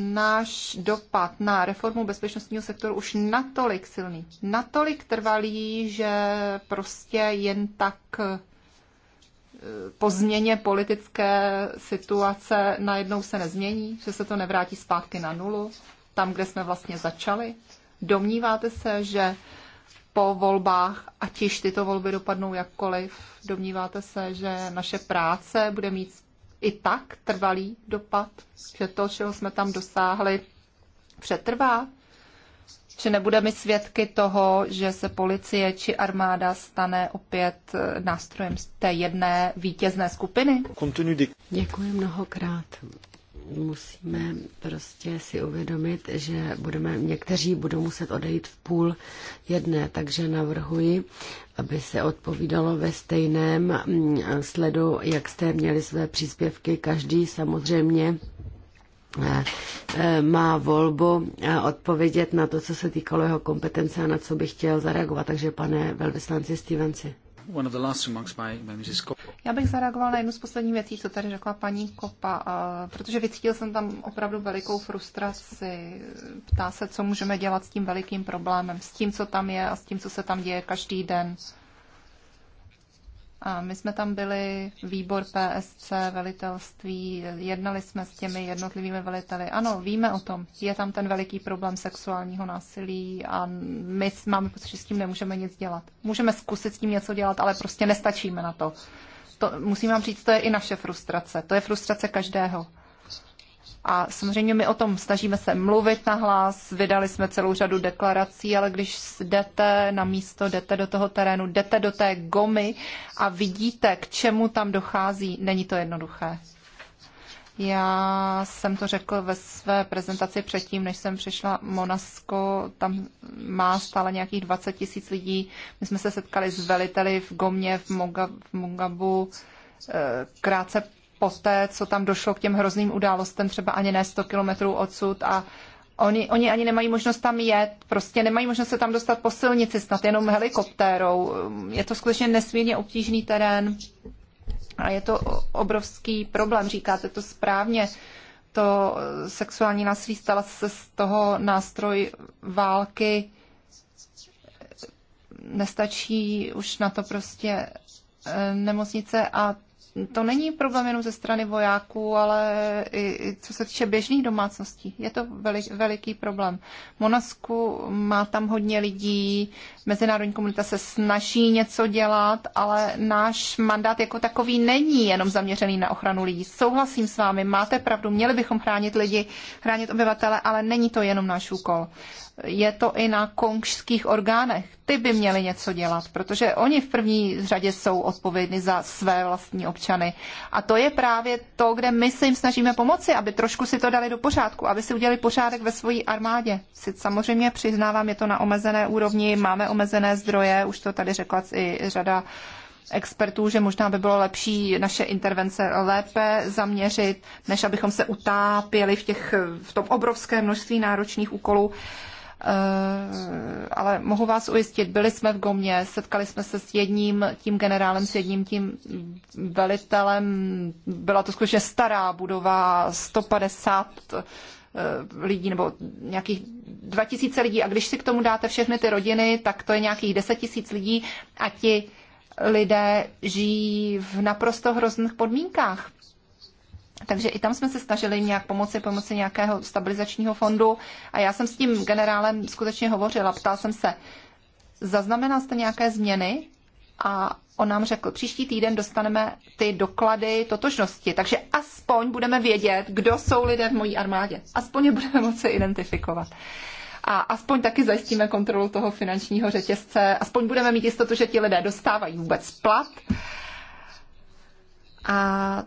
Speaker 2: náš dopad na reformu bezpečnostního sektoru už natolik silný, natolik trvalý, že prostě jen tak eh, po změně politické situace najednou se nezmění, že se to nevrátí zpátky na nulu, tam, kde jsme vlastně začali. Domníváte se, že po volbách, ať již tyto volby dopadnou jakkoliv, domníváte se, že naše práce bude mít i tak trvalý dopad, že to, čeho jsme tam dosáhli, přetrvá? Že nebudeme svědky toho, že se policie či armáda stane opět eh, nástrojem té jedné vítězné skupiny? Děkuji mnohokrát
Speaker 1: musíme prostě si uvědomit, že budeme, někteří budou muset odejít v půl jedné, takže navrhuji, aby se odpovídalo ve stejném mm, sledu, jak jste měli své příspěvky. Každý samozřejmě eh, eh, má volbu eh, odpovědět na to, co se týkalo jeho kompetence a na co by chtěl zareagovat. Takže pane velvyslanci Stevensi.
Speaker 2: Já bych zareagoval na jednu z posledních věcí, co tady řekla paní Kopa, protože vycítil jsem tam opravdu velikou frustraci. Ptá se, co můžeme dělat s tím velikým problémem, s tím, co tam je a s tím, co se tam děje každý den. A my jsme tam byli, výbor PSC, velitelství, jednali jsme s těmi jednotlivými veliteli. Ano, víme o tom. Je tam ten veliký problém sexuálního násilí a my máme pocit, že s tím nemůžeme nic dělat. Můžeme zkusit s tím něco dělat, ale prostě nestačíme na to. to musím vám říct, to je i naše frustrace. To je frustrace každého. A samozřejmě my o tom snažíme se mluvit na hlas, vydali jsme celou řadu deklarací, ale když jdete na místo, jdete do toho terénu, jdete do té gomy a vidíte, k čemu tam dochází, není to jednoduché. Já jsem to řekl ve své prezentaci předtím, než jsem přišla Monasko, tam má stále nějakých 20 tisíc lidí. My jsme se setkali s veliteli v Gomě, v, Moga, v Mugabu, eh, krátce poté, co tam došlo k těm hrozným událostem, třeba ani ne 100 kilometrů odsud a Oni, oni ani nemají možnost tam jet, prostě nemají možnost se tam dostat po silnici, snad jenom helikoptérou. Je to skutečně nesmírně obtížný terén a je to obrovský problém, říkáte to správně. To sexuální násilí stala se z toho nástroj války. Nestačí už na to prostě eh, nemocnice a to není problém jenom ze strany vojáků, ale i, i co se týče běžných domácností. Je to velik, veliký problém. Monasku má tam hodně lidí, mezinárodní komunita se snaží něco dělat, ale náš mandát jako takový není jenom zaměřený na ochranu lidí. Souhlasím s vámi, máte pravdu, měli bychom chránit lidi, chránit obyvatele, ale není to jenom náš úkol je to i na konžských orgánech. Ty by měly něco dělat, protože oni v první řadě jsou odpovědní za své vlastní občany. A to je právě to, kde my se jim snažíme pomoci, aby trošku si to dali do pořádku, aby si udělali pořádek ve své armádě. Si samozřejmě přiznávám, je to na omezené úrovni, máme omezené zdroje, už to tady řekla i řada expertů, že možná by bylo lepší naše intervence lépe zaměřit, než abychom se utápěli v, těch, v tom obrovském množství náročných úkolů. Eh, ale mohu vás ujistit, byli jsme v Gomě, setkali jsme se s jedním tím generálem, s jedním tím velitelem. Byla to skutečně stará budova, 150 eh, lidí nebo nějakých 2000 lidí. A když si k tomu dáte všechny ty rodiny, tak to je nějakých 10 tisíc lidí a ti lidé žijí v naprosto hrozných podmínkách. Takže i tam jsme se snažili nějak pomoci, pomoci nějakého stabilizačního fondu. A já jsem s tím generálem skutečně hovořila, ptal jsem se, zaznamenal jste nějaké změny? A on nám řekl, příští týden dostaneme ty doklady totožnosti, takže aspoň budeme vědět, kdo jsou lidé v mojí armádě. Aspoň je budeme moci identifikovat. A aspoň taky zajistíme kontrolu toho finančního řetězce, aspoň budeme mít jistotu, že ti lidé dostávají vůbec plat. A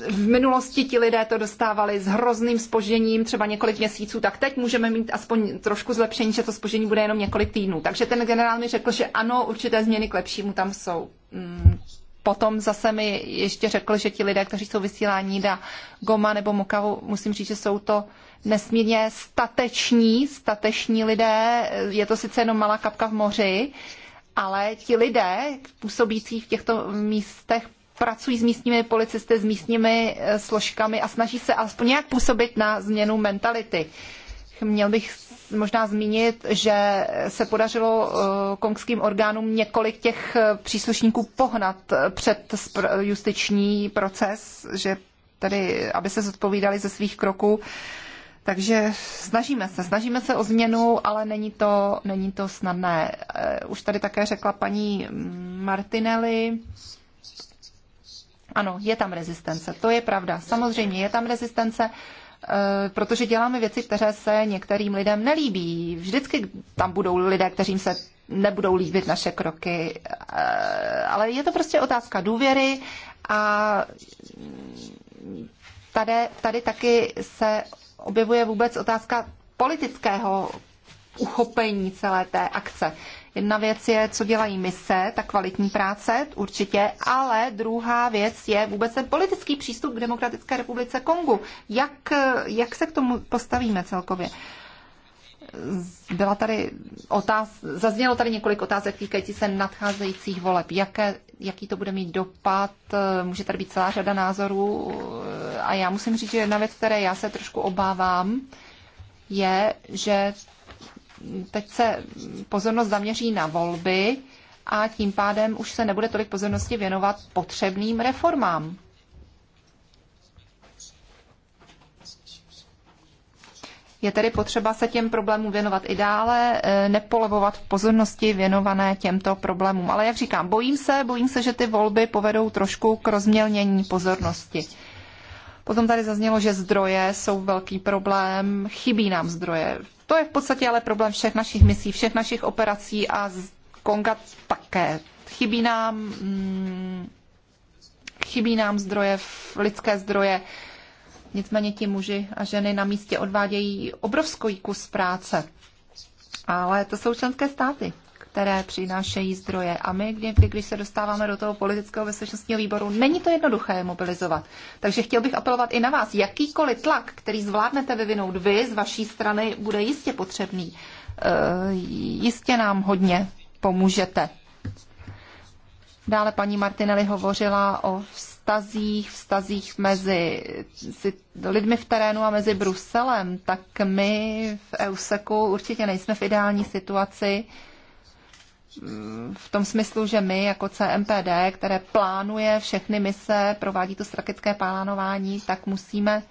Speaker 2: v minulosti ti lidé to dostávali s hrozným spožením, třeba několik měsíců, tak teď můžeme mít aspoň trošku zlepšení, že to spožení bude jenom několik týdnů. Takže ten generál mi řekl, že ano, určité změny k lepšímu tam jsou. Mm, potom zase mi ještě řekl, že ti lidé, kteří jsou vysílání da Goma nebo Mokavu, musím říct, že jsou to nesmírně stateční, stateční lidé. Je to sice jenom malá kapka v moři, ale ti lidé působící v těchto místech pracují s místními policisty, s místními eh, složkami a snaží se alespoň nějak působit na změnu mentality. Měl bych možná zmínit, že se podařilo eh, kongským orgánům několik těch eh, příslušníků pohnat před justiční proces, že tedy, aby se zodpovídali ze svých kroků. Takže snažíme se, snažíme se o změnu, ale není to, není to snadné. Už tady také řekla paní Martinelli, ano, je tam rezistence, to je pravda. Samozřejmě je tam rezistence, eh, protože děláme věci, které se některým lidem nelíbí. Vždycky tam budou lidé, kterým se nebudou líbit naše kroky. Eh, ale je to prostě otázka důvěry a tady, tady taky se objevuje vůbec otázka politického uchopení celé té akce. Jedna věc je, co dělají mise, ta kvalitní práce, určitě, ale druhá věc je vůbec ten politický přístup k Demokratické republice Kongu. Jak, jak se k tomu postavíme celkově? Byla tady otáz, zaznělo tady několik otázek týkající se nadcházejících voleb. Jaké, jaký to bude mít dopad? Může tady být celá řada názorů. A já musím říct, že jedna věc, které já se trošku obávám, je, že teď se pozornost zaměří na volby a tím pádem už se nebude tolik pozornosti věnovat potřebným reformám. Je tedy potřeba se těm problémům věnovat i dále, e, nepolevovat v pozornosti věnované těmto problémům. Ale jak říkám, bojím se, bojím se, že ty volby povedou trošku k rozmělnění pozornosti. Potom tady zaznělo, že zdroje jsou velký problém, chybí nám zdroje. To je v podstatě ale problém všech našich misí, všech našich operací a z Konga také. Chybí nám, mm, chybí nám zdroje, lidské zdroje. Nicméně ti muži a ženy na místě odvádějí obrovský kus práce. Ale to jsou členské státy které přinášejí zdroje. A my, někdy, když se dostáváme do toho politického bezpečnostního výboru, není to jednoduché mobilizovat. Takže chtěl bych apelovat i na vás. Jakýkoliv tlak, který zvládnete vyvinout vy z vaší strany, bude jistě potřebný. E, jistě nám hodně pomůžete. Dále paní Martinelli hovořila o vztazích, vztazích mezi lidmi v terénu a mezi Bruselem, tak my v EUSEKu určitě nejsme v ideální situaci v tom smyslu, že my jako CMPD, které plánuje všechny mise, provádí to strategické plánování, tak musíme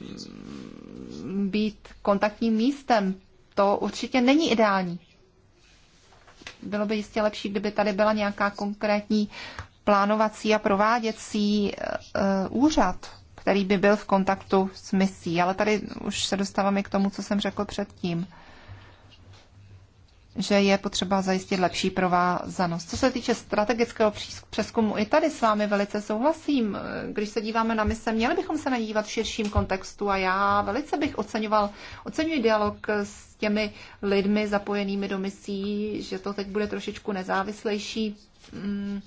Speaker 3: mm,
Speaker 2: být kontaktním místem. To určitě není ideální. Bylo by jistě lepší, kdyby tady byla nějaká konkrétní plánovací a prováděcí eh, úřad, který by byl v kontaktu s misí. Ale tady už se dostáváme k tomu, co jsem řekl předtím že je potřeba zajistit lepší provázanost. Co se týče strategického přeskumu, i tady s vámi velice souhlasím. Když se díváme na mise, měli bychom se nadívat v širším kontextu a já velice bych oceňoval, oceňuji dialog s těmi lidmi zapojenými do misí, že to teď bude trošičku nezávislejší. Mm.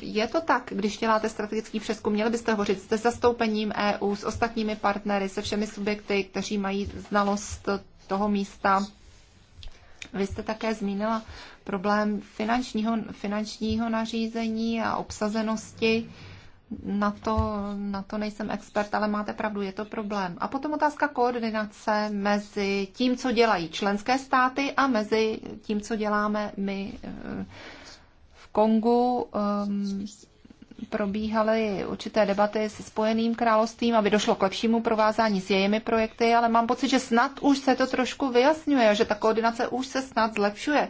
Speaker 2: Je to tak, když děláte strategický přeskum, měli byste hovořit se zastoupením EU, s ostatními partnery, se všemi subjekty, kteří mají znalost toho místa, vy jste také zmínila problém finančního, finančního nařízení a obsazenosti. Na to, na to nejsem expert, ale máte pravdu, je to problém. A potom otázka koordinace mezi tím, co dělají členské státy a mezi tím, co děláme my eh, v Kongu. Um, probíhaly určité debaty se Spojeným královstvím, aby došlo k lepšímu provázání s jejimi projekty, ale mám pocit, že snad už se to trošku vyjasňuje, že ta koordinace už se snad zlepšuje.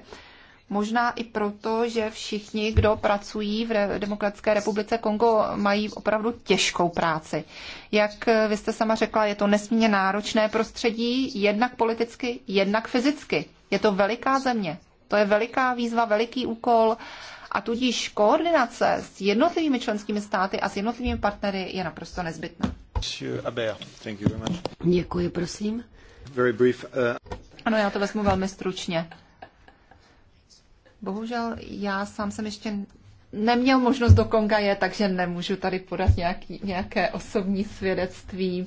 Speaker 2: Možná i proto, že všichni, kdo pracují v Demokratické republice Kongo, mají opravdu těžkou práci. Jak vy jste sama řekla, je to nesmírně náročné prostředí, jednak politicky, jednak fyzicky. Je to veliká země. To je veliká výzva, veliký úkol a tudíž koordinace s jednotlivými členskými státy a s jednotlivými partnery je naprosto nezbytná.
Speaker 1: Děkuji, prosím. Uh,
Speaker 2: ano, já to vezmu velmi stručně. Bohužel já sám jsem ještě neměl možnost do Konga je, takže nemůžu tady podat nějaký, nějaké osobní svědectví.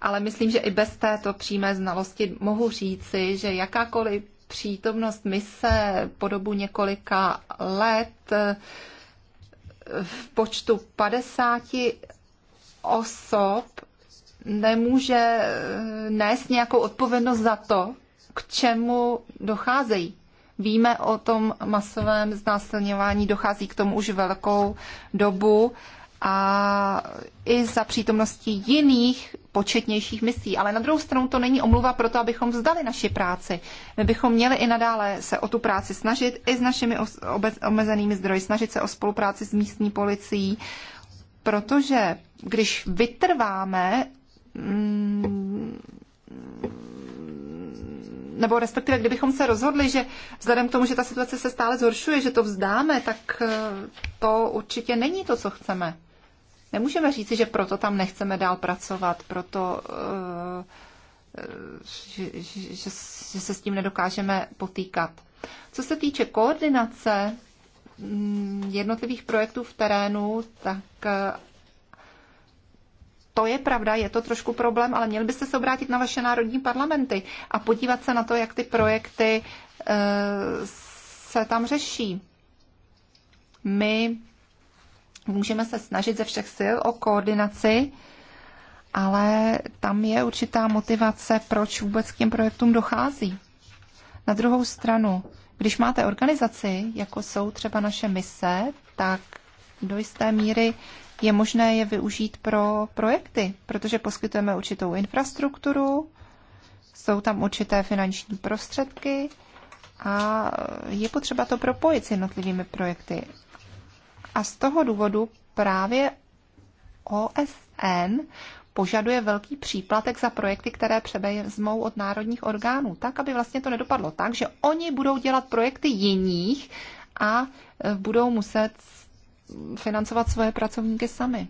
Speaker 2: Ale myslím, že i bez této přímé znalosti mohu říci, že jakákoliv přítomnost mise po dobu několika let v počtu 50 osob nemůže eh, nést nějakou odpovědnost za to, k čemu docházejí. Víme o tom masovém znásilňování, dochází k tomu už velkou dobu a i za přítomnosti jiných početnějších misí. Ale na druhou stranu to není omluva pro to, abychom vzdali naši práci. My bychom měli i nadále se o tu práci snažit, i s našimi omezenými zdroji, snažit se o spolupráci s místní policií, protože když vytrváme, mm, nebo respektive kdybychom se rozhodli, že vzhledem k tomu, že ta situace se stále zhoršuje, že to vzdáme, tak eh, to určitě není to, co chceme. Nemůžeme říci, že proto tam nechceme dál pracovat, proto, eh, eh, že, že, že se s tím nedokážeme potýkat. Co se týče koordinace mm, jednotlivých projektů v terénu, tak eh, to je pravda, je to trošku problém, ale měli byste se obrátit na vaše národní parlamenty a podívat se na to, jak ty projekty se tam řeší. My Můžeme se snažit ze všech sil o koordinaci, ale tam je určitá motivace, proč vůbec k těm projektům dochází. Na druhou stranu, když máte organizaci, jako jsou třeba naše mise, tak do jisté míry je možné je využít pro projekty, protože poskytujeme určitou infrastrukturu, jsou tam určité finanční prostředky a je potřeba to propojit s jednotlivými projekty. A z toho důvodu právě OSN požaduje velký příplatek za projekty, které převezmou od národních orgánů, tak, aby vlastně to nedopadlo tak, že oni budou dělat projekty jiných a e, budou muset financovat svoje pracovníky sami.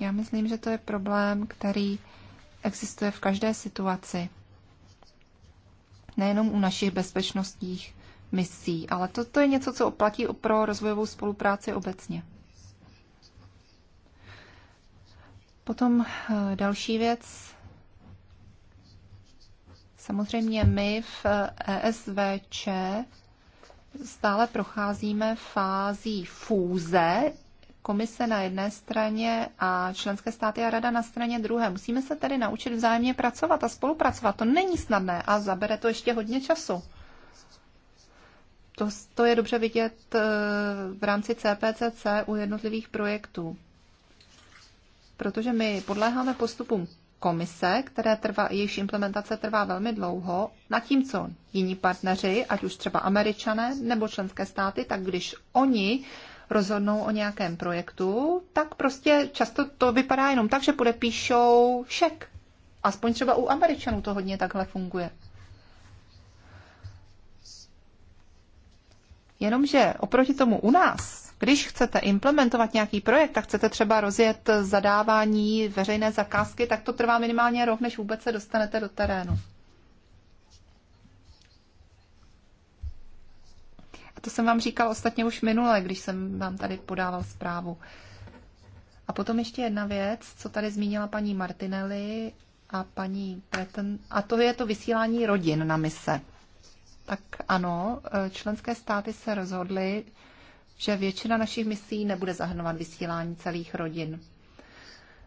Speaker 2: Já myslím, že to je problém, který existuje v každé situaci. Nejenom u našich bezpečnostních misí, ale to, to je něco, co platí pro rozvojovou spolupráci obecně. Potom eh, další věc. Samozřejmě my v ESVČ eh, e stále procházíme fází fůze, komise na jedné straně a členské státy a rada na straně druhé. Musíme se tedy naučit vzájemně pracovat a spolupracovat. To není snadné a zabere to ještě hodně času. To, to je dobře vidět eh, v rámci CPCC u jednotlivých projektů, protože my podléháme postupům komise, které trvá, jejíž implementace trvá velmi dlouho, na tím, co jiní partneři, ať už třeba američané nebo členské státy, tak když oni rozhodnou o nějakém projektu, tak prostě často to vypadá jenom tak, že podepíšou šek. Aspoň třeba u američanů to hodně takhle funguje. Jenomže oproti tomu u nás, když chcete implementovat nějaký projekt, tak chcete třeba rozjet zadávání veřejné zakázky, tak to trvá minimálně rok, než vůbec se dostanete do terénu. A to jsem vám říkal ostatně už minule, když jsem vám tady podával zprávu. A potom ještě jedna věc, co tady zmínila paní Martinelli a paní Preten, a to je to vysílání rodin na mise tak ano, e, členské státy se rozhodly, že většina našich misí nebude zahrnovat vysílání celých rodin.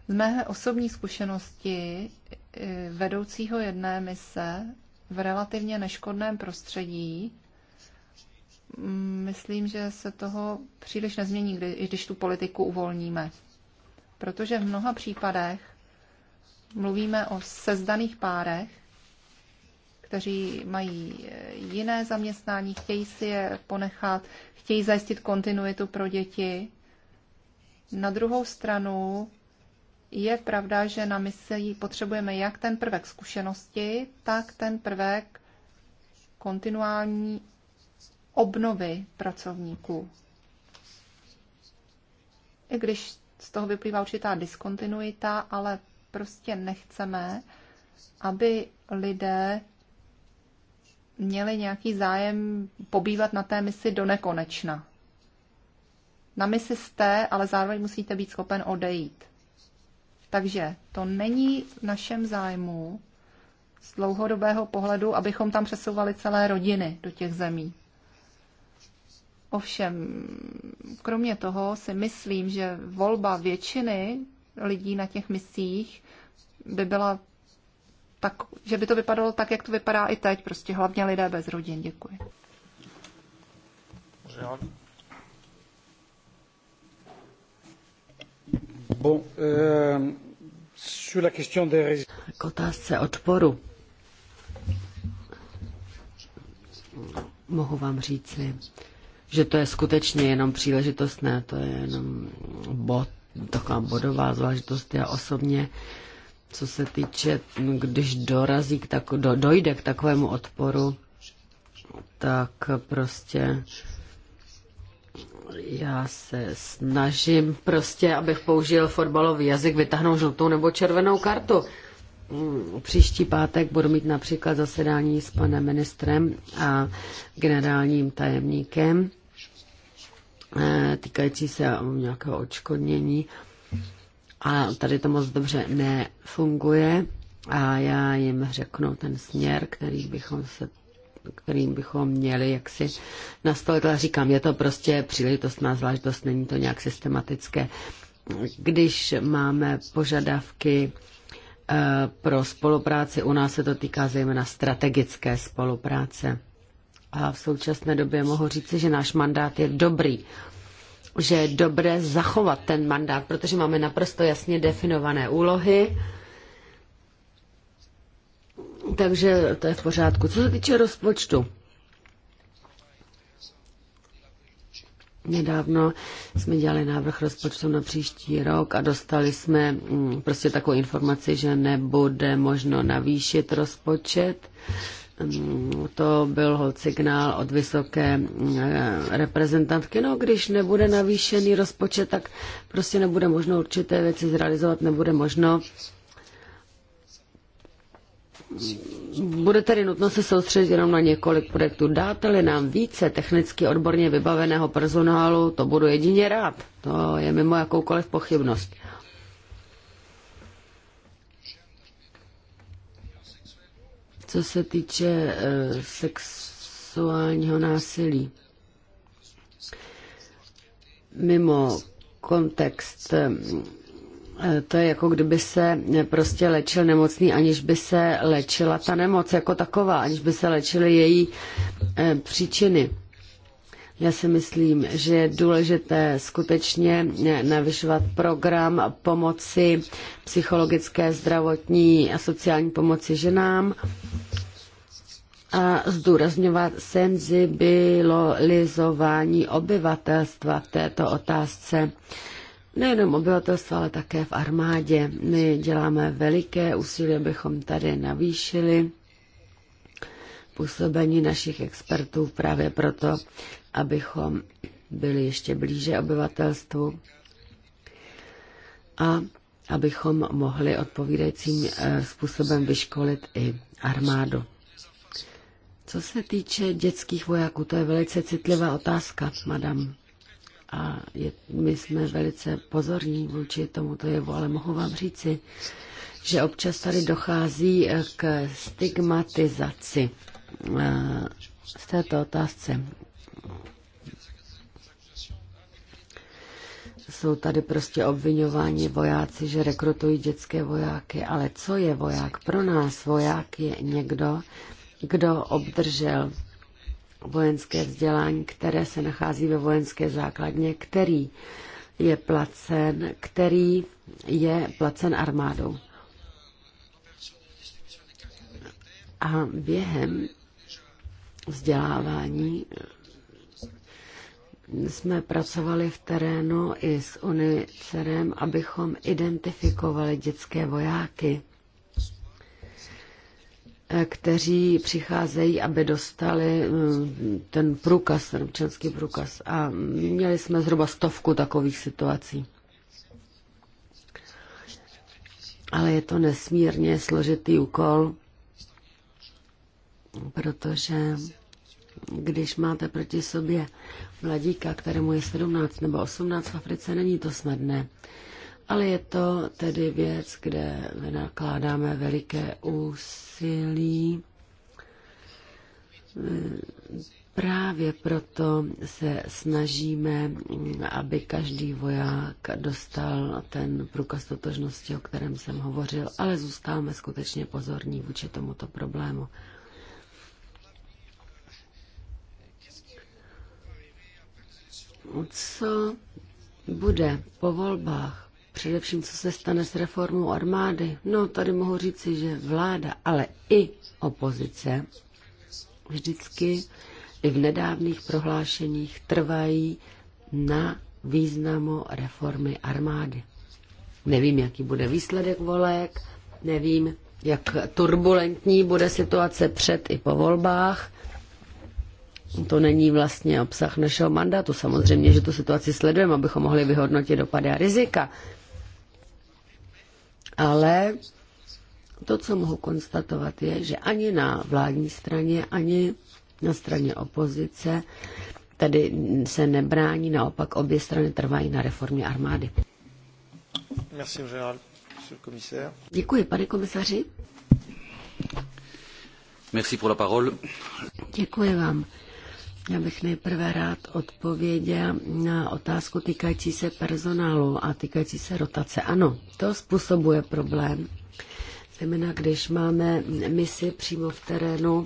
Speaker 2: Z mé osobní zkušenosti e, vedoucího jedné mise v relativně neškodném prostředí, mm, myslím, že se toho příliš nezmění, když tu politiku uvolníme. Protože v mnoha případech mluvíme o sezdaných párech, kteří mají eh, jiné zaměstnání, chtějí si je ponechat, chtějí zajistit kontinuitu pro děti. Na druhou stranu je pravda, že na misi potřebujeme jak ten prvek zkušenosti, tak ten prvek kontinuální obnovy pracovníků. I když z toho vyplývá určitá diskontinuita, ale prostě nechceme, aby lidé měli nějaký zájem pobývat na té misi do nekonečna. Na misi jste, ale zároveň musíte být schopen odejít. Takže to není v našem zájmu z dlouhodobého pohledu, abychom tam přesouvali celé rodiny do těch zemí. Ovšem, kromě toho si myslím, že volba většiny lidí na těch misích by byla tak, že by to vypadalo tak, jak to vypadá i teď, prostě hlavně lidé bez rodin. Děkuji.
Speaker 3: Euh, K
Speaker 1: otázce odporu. Mohu vám říci, že to je skutečně jenom příležitostné, to je jenom bod, taková bodová záležitost. Já osobně uh, co se týče, no, když dorazí k tako, do, dojde k takovému odporu, tak prostě já se snažím prostě, abych použil fotbalový jazyk, vytáhnout žlutou nebo červenou kartu. Mm, příští pátek budu mít například zasedání s panem ministrem a generálním tajemníkem eh, týkající se nějakého očkodnění a tady to moc dobře nefunguje a já jim řeknu ten směr, který bychom se kterým bychom měli jaksi nastavit, ale říkám, je to prostě příležitostná zvláštnost, není to nějak systematické. Když máme požadavky eh, pro spolupráci, u nás se to týká zejména strategické spolupráce. A v současné době mohu říci, že náš mandát je dobrý že je dobré zachovat ten mandát, protože máme naprosto jasně definované úlohy. Takže to je v pořádku. Co se týče rozpočtu, Nedávno jsme dělali návrh rozpočtu na příští rok a dostali jsme mm, prostě takovou informaci, že nebude možno navýšit rozpočet to byl hod signál od vysoké eh, reprezentantky. No, když nebude navýšený rozpočet, tak prostě nebude možno určité věci zrealizovat, nebude možno. Bude tedy nutno se soustředit jenom na několik projektů. Dáte-li nám více technicky odborně vybaveného personálu, to budu jedině rád. To je mimo jakoukoliv pochybnost. co se týče eh, sexuálního násilí. Mimo kontext eh, eh, to je jako kdyby se prostě léčil nemocný, aniž by se léčila ta nemoc jako taková, aniž by se léčily její příčiny. Já si myslím, že je důležité skutečně navyšovat program pomoci psychologické, zdravotní a sociální pomoci ženám a zdůrazňovat senzibilizování obyvatelstva v této otázce. Nejenom obyvatelstva, ale také v armádě. My děláme veliké úsilí, abychom tady navýšili působení našich expertů právě proto, abychom byli ještě blíže obyvatelstvu a abychom mohli odpovídajícím eh, způsobem vyškolit i armádu. Co se týče dětských vojáků, to je velice citlivá otázka, madam. A je, my jsme velice pozorní vůči tomuto jevu, ale mohu vám říci, že občas tady dochází eh, k stigmatizaci z eh, této otázce jsou tady prostě obvinováni vojáci, že rekrutují dětské vojáky, ale co je voják? Pro nás voják je někdo, kdo obdržel vojenské vzdělání, které se nachází ve vojenské základně, který je placen, který je placen armádou. A během vzdělávání jsme pracovali v terénu i s UNICERem, abychom identifikovali dětské vojáky, kteří přicházejí, aby dostali eh, ten průkaz, ten občanský průkaz. A měli jsme zhruba stovku takových situací. Ale je to nesmírně složitý úkol, protože když máte proti sobě mladíka, kterému je 17 nebo 18 v Africe, není to snadné. Ale je to tedy věc, kde nakládáme veliké úsilí. Právě proto se snažíme, aby každý voják dostal ten průkaz totožnosti, o kterém jsem hovořil, ale zůstáváme skutečně pozorní vůči tomuto problému. co bude po volbách, především co se stane s reformou armády. No, tady mohu říci, že vláda, ale i opozice vždycky i v nedávných prohlášeních trvají na významu reformy armády. Nevím, jaký bude výsledek volek, nevím, jak turbulentní bude situace před i po volbách, to není vlastně obsah našeho mandátu. Samozřejmě, že tu situaci sledujeme, abychom mohli vyhodnotit dopady a rizika. Ale to, co mohu konstatovat, je, že ani na vládní straně, ani na straně opozice tady se nebrání, naopak obě strany trvají na reformě armády. Merci, Děkuji, pane komisaři.
Speaker 3: Merci pour la parole.
Speaker 1: Děkuji vám. Já bych nejprve rád odpověděl na otázku týkající se personálu a týkající se rotace. Ano, to způsobuje problém. Zejména když máme misi přímo v terénu,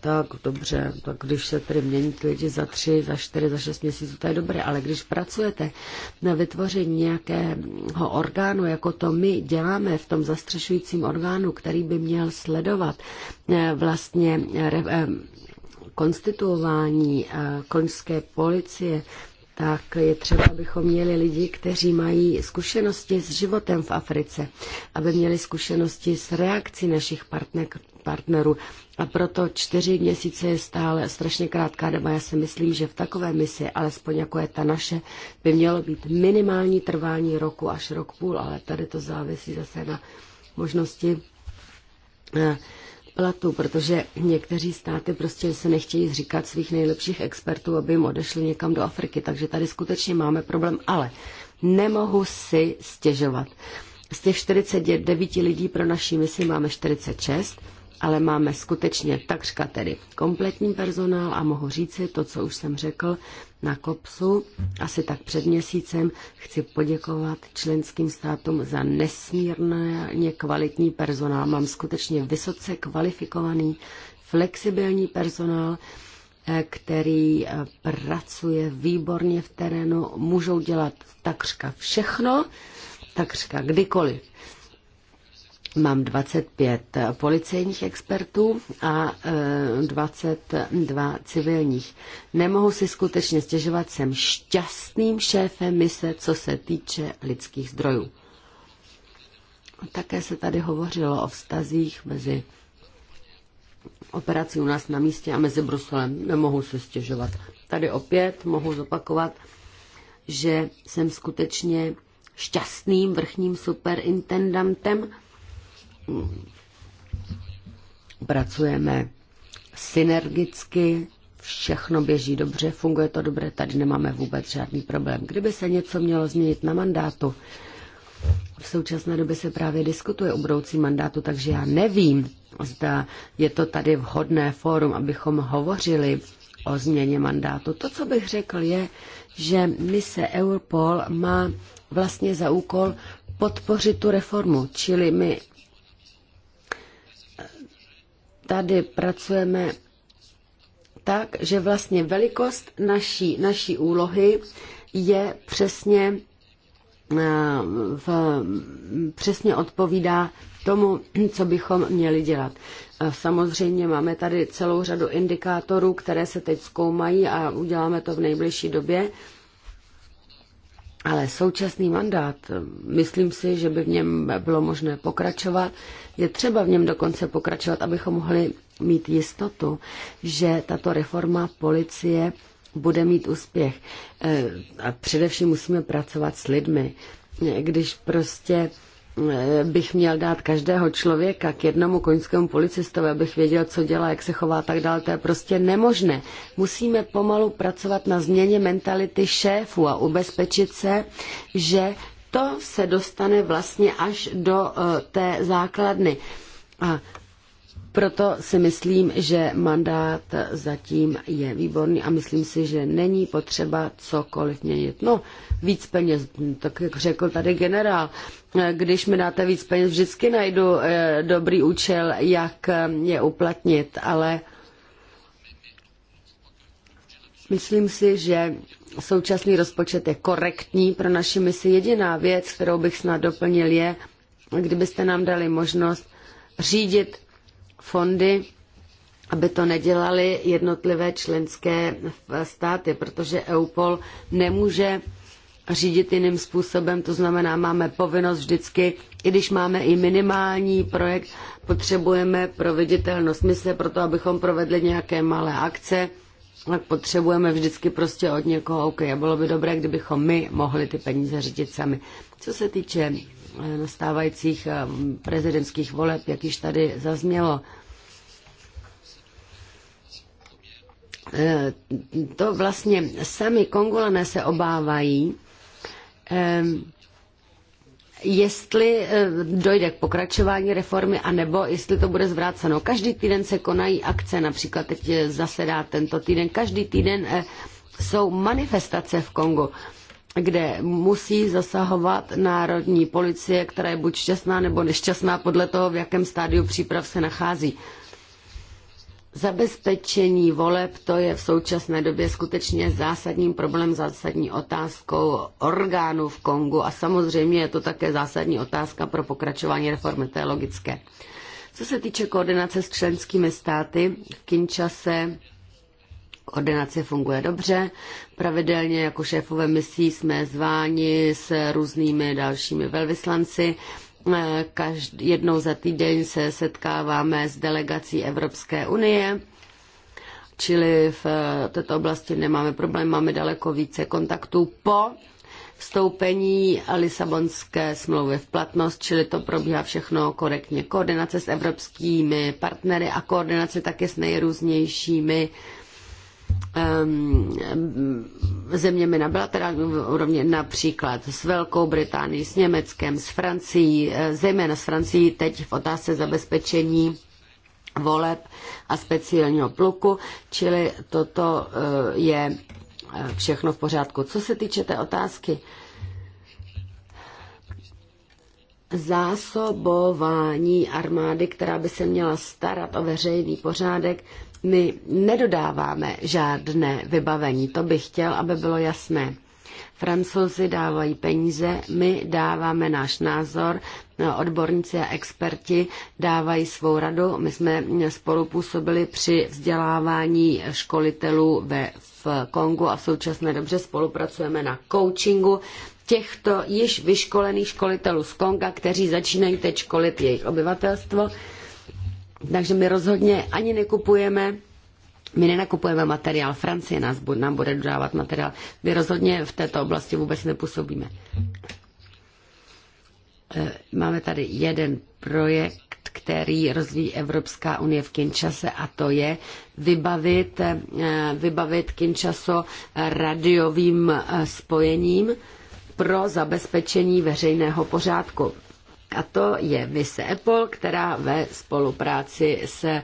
Speaker 1: tak dobře, tak když se tedy mění lidi za tři, za čtyři, za šest měsíců, to je dobré, ale když pracujete na vytvoření nějakého orgánu, jako to my děláme v tom zastřešujícím orgánu, který by měl sledovat eh, vlastně eh, konstituování eh, koňské policie, tak je třeba, abychom měli lidi, kteří mají zkušenosti s životem v Africe, aby měli zkušenosti s reakcí našich partner, partnerů. A proto čtyři měsíce je stále strašně krátká doba. Já si myslím, že v takové misi, alespoň jako je ta naše, by mělo být minimální trvání roku až rok půl, ale tady to závisí zase na možnosti eh, platu, protože někteří státy prostě se nechtějí zříkat svých nejlepších expertů, aby jim odešli někam do Afriky. Takže tady skutečně máme problém, ale nemohu si stěžovat. Z těch 49 lidí pro naší misi máme 46, ale máme skutečně takřka tedy kompletní personál a mohu říci to, co už jsem řekl, na Kopsu asi tak před měsícem. Chci poděkovat členským státům za nesmírně kvalitní personál. Mám skutečně vysoce kvalifikovaný, flexibilní personál, eh, který eh, pracuje výborně v terénu, můžou dělat takřka všechno, takřka kdykoliv. Mám 25 policejních expertů a 22 e, civilních. Nemohu si skutečně stěžovat, jsem šťastným šéfem mise, co se týče lidských zdrojů. Také se tady hovořilo o vztazích mezi operací u nás na místě a mezi Bruselem. Nemohu se stěžovat. Tady opět mohu zopakovat, že jsem skutečně šťastným vrchním superintendantem pracujeme synergicky, všechno běží dobře, funguje to dobře, tady nemáme vůbec žádný problém. Kdyby se něco mělo změnit na mandátu, v současné době se právě diskutuje o budoucí mandátu, takže já nevím, zda je to tady vhodné fórum, abychom hovořili o změně mandátu. To, co bych řekl, je, že mise Europol má vlastně za úkol podpořit tu reformu, čili my tady pracujeme tak, že vlastně velikost naší, naší úlohy je přesně, eh, v, přesně odpovídá tomu, co bychom měli dělat. Samozřejmě máme tady celou řadu indikátorů, které se teď zkoumají a uděláme to v nejbližší době. Ale současný mandát, myslím si, že by v něm bylo možné pokračovat. Je třeba v něm dokonce pokračovat, abychom mohli mít jistotu, že tato reforma policie bude mít úspěch. E, a především musíme pracovat s lidmi. E, když prostě Eh, bych měl dát každého člověka k jednomu koňskému policistovi, abych věděl, co dělá, jak se chová a tak dále, to je prostě nemožné. Musíme pomalu pracovat na změně mentality šéfů a ubezpečit se, že to se dostane vlastně až do eh, té základny. A proto si myslím, že mandát zatím je výborný a myslím si, že není potřeba cokoliv měnit. No, víc peněz, tak jak řekl tady generál, když mi dáte víc peněz, vždycky najdu eh, dobrý účel, jak eh, je uplatnit, ale myslím si, že současný rozpočet je korektní pro naši misi. Jediná věc, kterou bych snad doplnil, je, kdybyste nám dali možnost řídit fondy, aby to nedělali jednotlivé členské státy, protože EUPOL nemůže řídit jiným způsobem, to znamená, máme povinnost vždycky, i když máme i minimální projekt, potřebujeme proveditelnost. My se proto, abychom provedli nějaké malé akce, tak potřebujeme vždycky prostě od někoho, OK, a bylo by dobré, kdybychom my mohli ty peníze řídit sami. Co se týče nastávajících eh, prezidentských voleb, jak již tady zaznělo. Eh, to vlastně sami Kongolané se obávají, eh, jestli dojde k pokračování reformy, anebo jestli to bude zvráceno. Každý týden se konají akce, například teď zasedá tento týden. Každý týden jsou manifestace v Kongu kde musí zasahovat národní policie, která je buď šťastná nebo nešťastná podle toho, v jakém stádiu příprav se nachází. Zabezpečení voleb to je v současné době skutečně zásadním problém, zásadní otázkou orgánů v Kongu a samozřejmě je to také zásadní otázka pro pokračování reformy, teologické. Co se týče koordinace s členskými státy, v Kinčase Koordinace funguje dobře. Pravidelně jako šéfové misí jsme zváni s různými dalšími velvyslanci. Eh, Každý, jednou za týden se setkáváme s delegací Evropské unie, čili v eh, této oblasti nemáme problém, máme daleko více kontaktů po vstoupení Lisabonské smlouvy v platnost, čili to probíhá všechno korektně. Koordinace s evropskými partnery a koordinace také s nejrůznějšími uh, Ehm, zeměmi na bilaterální úrovni, například s Velkou Británií, s Německem, s Francií, eh, zejména s Francií teď v otázce zabezpečení voleb a speciálního pluku, čili toto eh, je eh, všechno v pořádku. Co se týče té otázky, zásobování armády, která by se měla starat o veřejný pořádek, my nedodáváme žádné vybavení, to bych chtěl, aby bylo jasné. Francouzi dávají peníze, my dáváme náš názor, no, odborníci a experti dávají svou radu. My jsme spolupůsobili při vzdělávání školitelů ve, v Kongu a v současné dobře spolupracujeme na coachingu těchto již vyškolených školitelů z Konga, kteří začínají teď školit jejich obyvatelstvo takže my rozhodně ani nekupujeme my nenakupujeme materiál, Francie nás, nám bude dodávat materiál. My rozhodně v této oblasti vůbec nepůsobíme. Eh, máme tady jeden projekt, který rozvíjí Evropská unie v Kinčase a to je vybavit, eh, vybavit Kinčaso radiovým eh, spojením pro zabezpečení veřejného pořádku. A to je mise Apple, která ve spolupráci se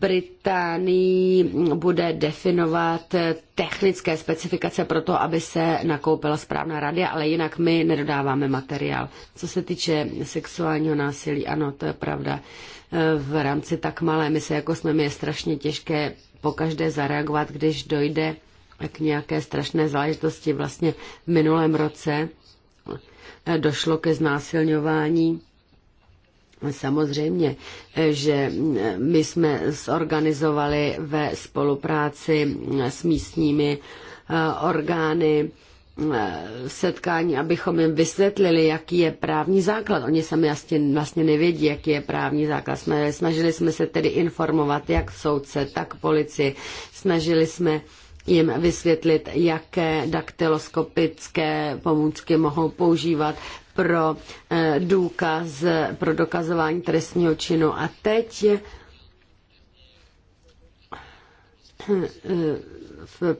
Speaker 1: Británii bude definovat technické specifikace pro to, aby se nakoupila správná radia, ale jinak my nedodáváme materiál. Co se týče sexuálního násilí, ano, to je pravda. V rámci tak malé mise, jako jsme my, je strašně těžké pokaždé zareagovat, když dojde k nějaké strašné záležitosti. Vlastně v minulém roce došlo ke znásilňování. Samozřejmě, že my jsme zorganizovali ve spolupráci s místními eh, orgány eh, setkání, abychom jim vysvětlili, jaký je právní základ. Oni sami jasně, vlastně nevědí, jaký je právní základ. Snažili jsme se tedy informovat jak soudce, tak policii. Snažili jsme jim vysvětlit, jaké daktyloskopické pomůcky mohou používat pro eh, důkaz, pro dokazování trestního činu. A teď eh, eh, v,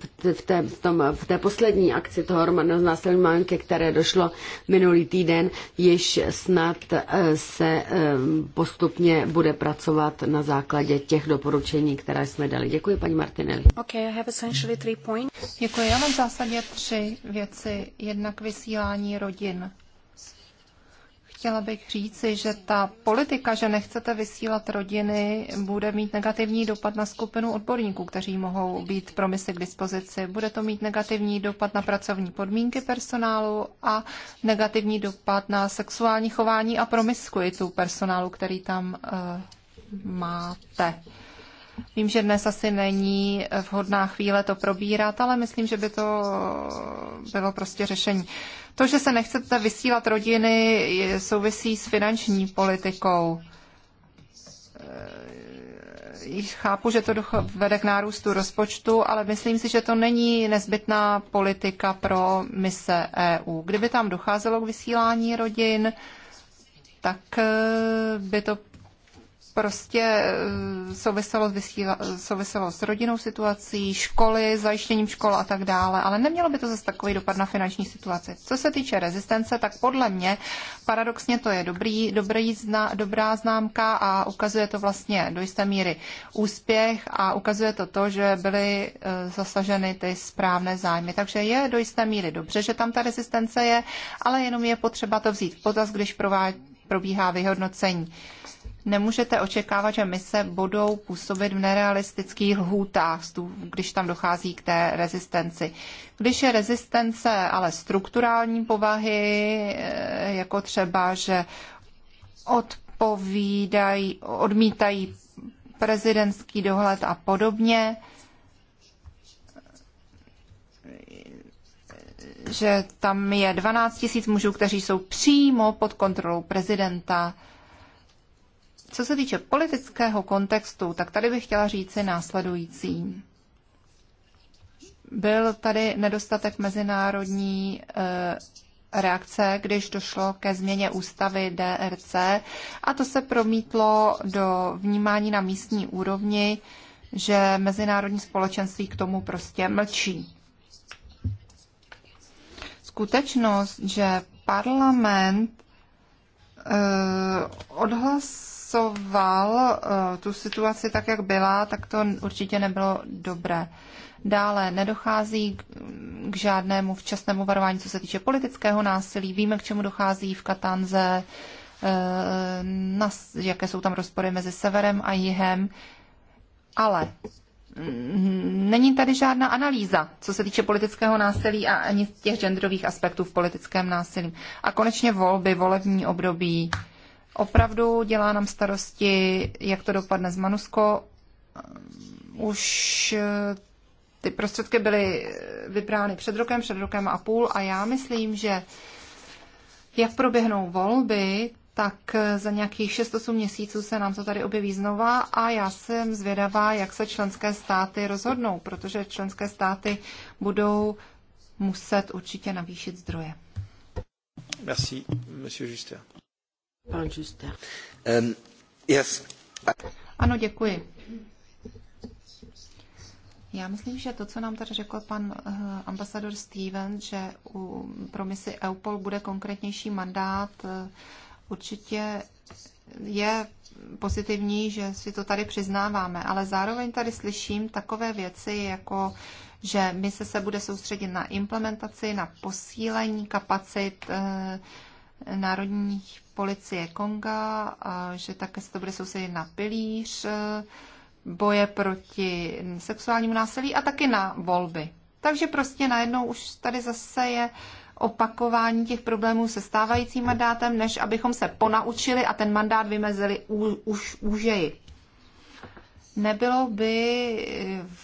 Speaker 1: té, v, tom, v té poslední akci toho hromadného znásilňování, ke které došlo minulý týden, již snad eh, se eh, postupně bude pracovat na základě těch doporučení, které jsme dali. Děkuji, paní Martinelli.
Speaker 2: Okay, I have essentially three points. Děkuji, já mám v zásadě tři věci. Jednak vysílání rodin chtěla bych říci, že ta politika, že nechcete vysílat rodiny, bude mít negativní dopad na skupinu odborníků, kteří mohou být pro misi k dispozici. Bude to mít negativní dopad na pracovní podmínky personálu a negativní dopad na sexuální chování a promiskuitu personálu, který tam uh, máte. Vím, že dnes asi není vhodná chvíle to probírat, ale myslím, že by to bylo prostě řešení. To, že se nechcete vysílat rodiny, souvisí s finanční politikou. Eh, chápu, že to vede k nárůstu rozpočtu, ale myslím si, že to není nezbytná politika pro mise EU. Kdyby tam docházelo k vysílání rodin, tak eh, by to prostě eh, souviselo s, vysíla, souviselo s rodinnou situací, školy, zajištěním škol a tak dále, ale nemělo by to zase takový dopad na finanční situaci. Co se týče rezistence, tak podle mě paradoxně to je dobrý, dobrý zna, dobrá známka a ukazuje to vlastně do jisté míry úspěch a ukazuje to to, že byly eh, zasaženy ty správné zájmy. Takže je do jisté míry dobře, že tam ta rezistence je, ale jenom je potřeba to vzít v potaz, když provádí probíhá vyhodnocení nemůžete očekávat, že mise budou působit v nerealistických lhůtách, když tam dochází k té rezistenci. Když je rezistence ale strukturální povahy, eh, jako třeba, že odpovídají, odmítají prezidentský dohled a podobně, že tam je 12 tisíc mužů, kteří jsou přímo pod kontrolou prezidenta, co se týče politického kontextu, tak tady bych chtěla říci následující. Byl tady nedostatek mezinárodní eh, reakce, když došlo ke změně ústavy DRC a to se promítlo do vnímání na místní úrovni, že mezinárodní společenství k tomu prostě mlčí. Skutečnost, že parlament eh, odhlas popisoval eh, tu situaci tak, jak byla, tak to určitě nebylo dobré. Dále nedochází k žádnému včasnému varování, co se týče politického násilí. Víme, k čemu dochází v Katanze, eh, na, jaké jsou tam rozpory mezi severem a jihem. Ale mm, není tady žádná analýza, co se týče politického násilí a ani těch genderových aspektů v politickém násilí. A konečně volby, volební období. Opravdu dělá nám starosti, jak to dopadne z Manusko. Už eh, ty prostředky byly eh, vybrány před rokem, před rokem a půl a já myslím, že jak proběhnou volby, tak eh, za nějakých 6-8 měsíců se nám to tady objeví znova a já jsem zvědavá, jak se členské státy rozhodnou, protože členské státy budou muset určitě navýšit zdroje.
Speaker 3: Merci, monsieur Justin. Um,
Speaker 2: ano, děkuji. Já myslím, že to, co nám tady řekl pan eh, ambasador Steven, že u, pro misi EUPOL bude konkrétnější mandát, eh, určitě je pozitivní, že si to tady přiznáváme, ale zároveň tady slyším takové věci, jako že mise se bude soustředit na implementaci, na posílení kapacit eh, národní policie Konga, a že také se to bude sousedit na pilíř eh, boje proti sexuálnímu násilí a taky na volby. Takže prostě najednou už tady zase je opakování těch problémů se stávajícím mandátem, než abychom se ponaučili a ten mandát vymezili už úžeji. Nebylo by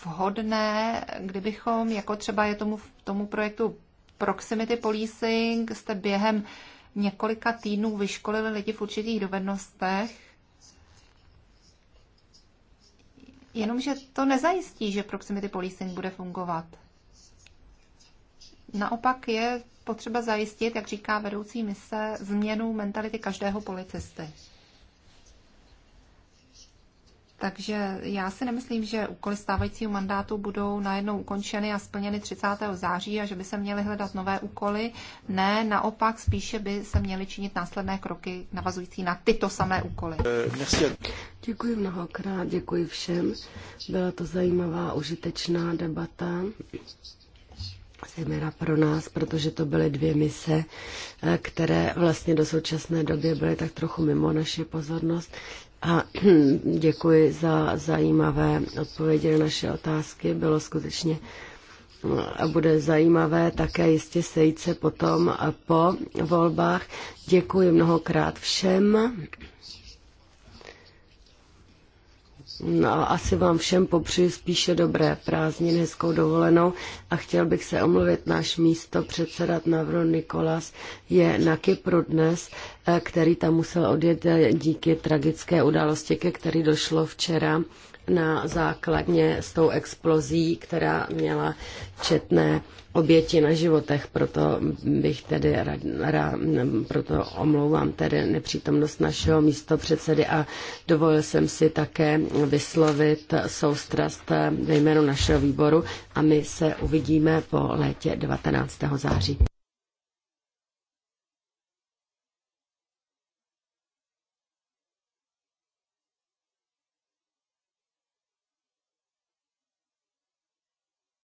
Speaker 2: vhodné, kdybychom, jako třeba je tomu, tomu projektu Proximity Policing, jste během několika týdnů vyškolili lidi v určitých dovednostech, jenomže to nezajistí, že proximity policing bude fungovat. Naopak je potřeba zajistit, jak říká vedoucí mise, změnu mentality každého policisty. Takže já si nemyslím, že úkoly stávajícího mandátu budou najednou ukončeny a splněny 30. září a že by se měly hledat nové úkoly. Ne, naopak spíše by se měly činit následné kroky navazující na tyto samé úkoly. Eh, děkuji mnohokrát,
Speaker 1: děkuji všem. Byla to zajímavá, užitečná debata zejména pro nás, protože to byly dvě mise, eh, které vlastně do současné doby byly tak trochu mimo naši pozornost a děkuji za zajímavé odpovědi na naše otázky. Bylo skutečně a bude zajímavé také jistě sejít se potom po volbách. Děkuji mnohokrát všem. No, asi vám všem popřeji spíše dobré prázdniny, hezkou dovolenou a chtěl bych se omluvit, náš místo předsedat Navro Nikolas je na Kypru dnes, který tam musel odjet díky tragické události, ke které došlo včera na základně s tou explozí, která měla četné oběti na životech, proto bych tedy rád, rád, proto omlouvám tedy nepřítomnost našeho místo předsedy a dovolil jsem si také vyslovit soustrast ve jménu našeho výboru a my se uvidíme po létě 19.
Speaker 3: září.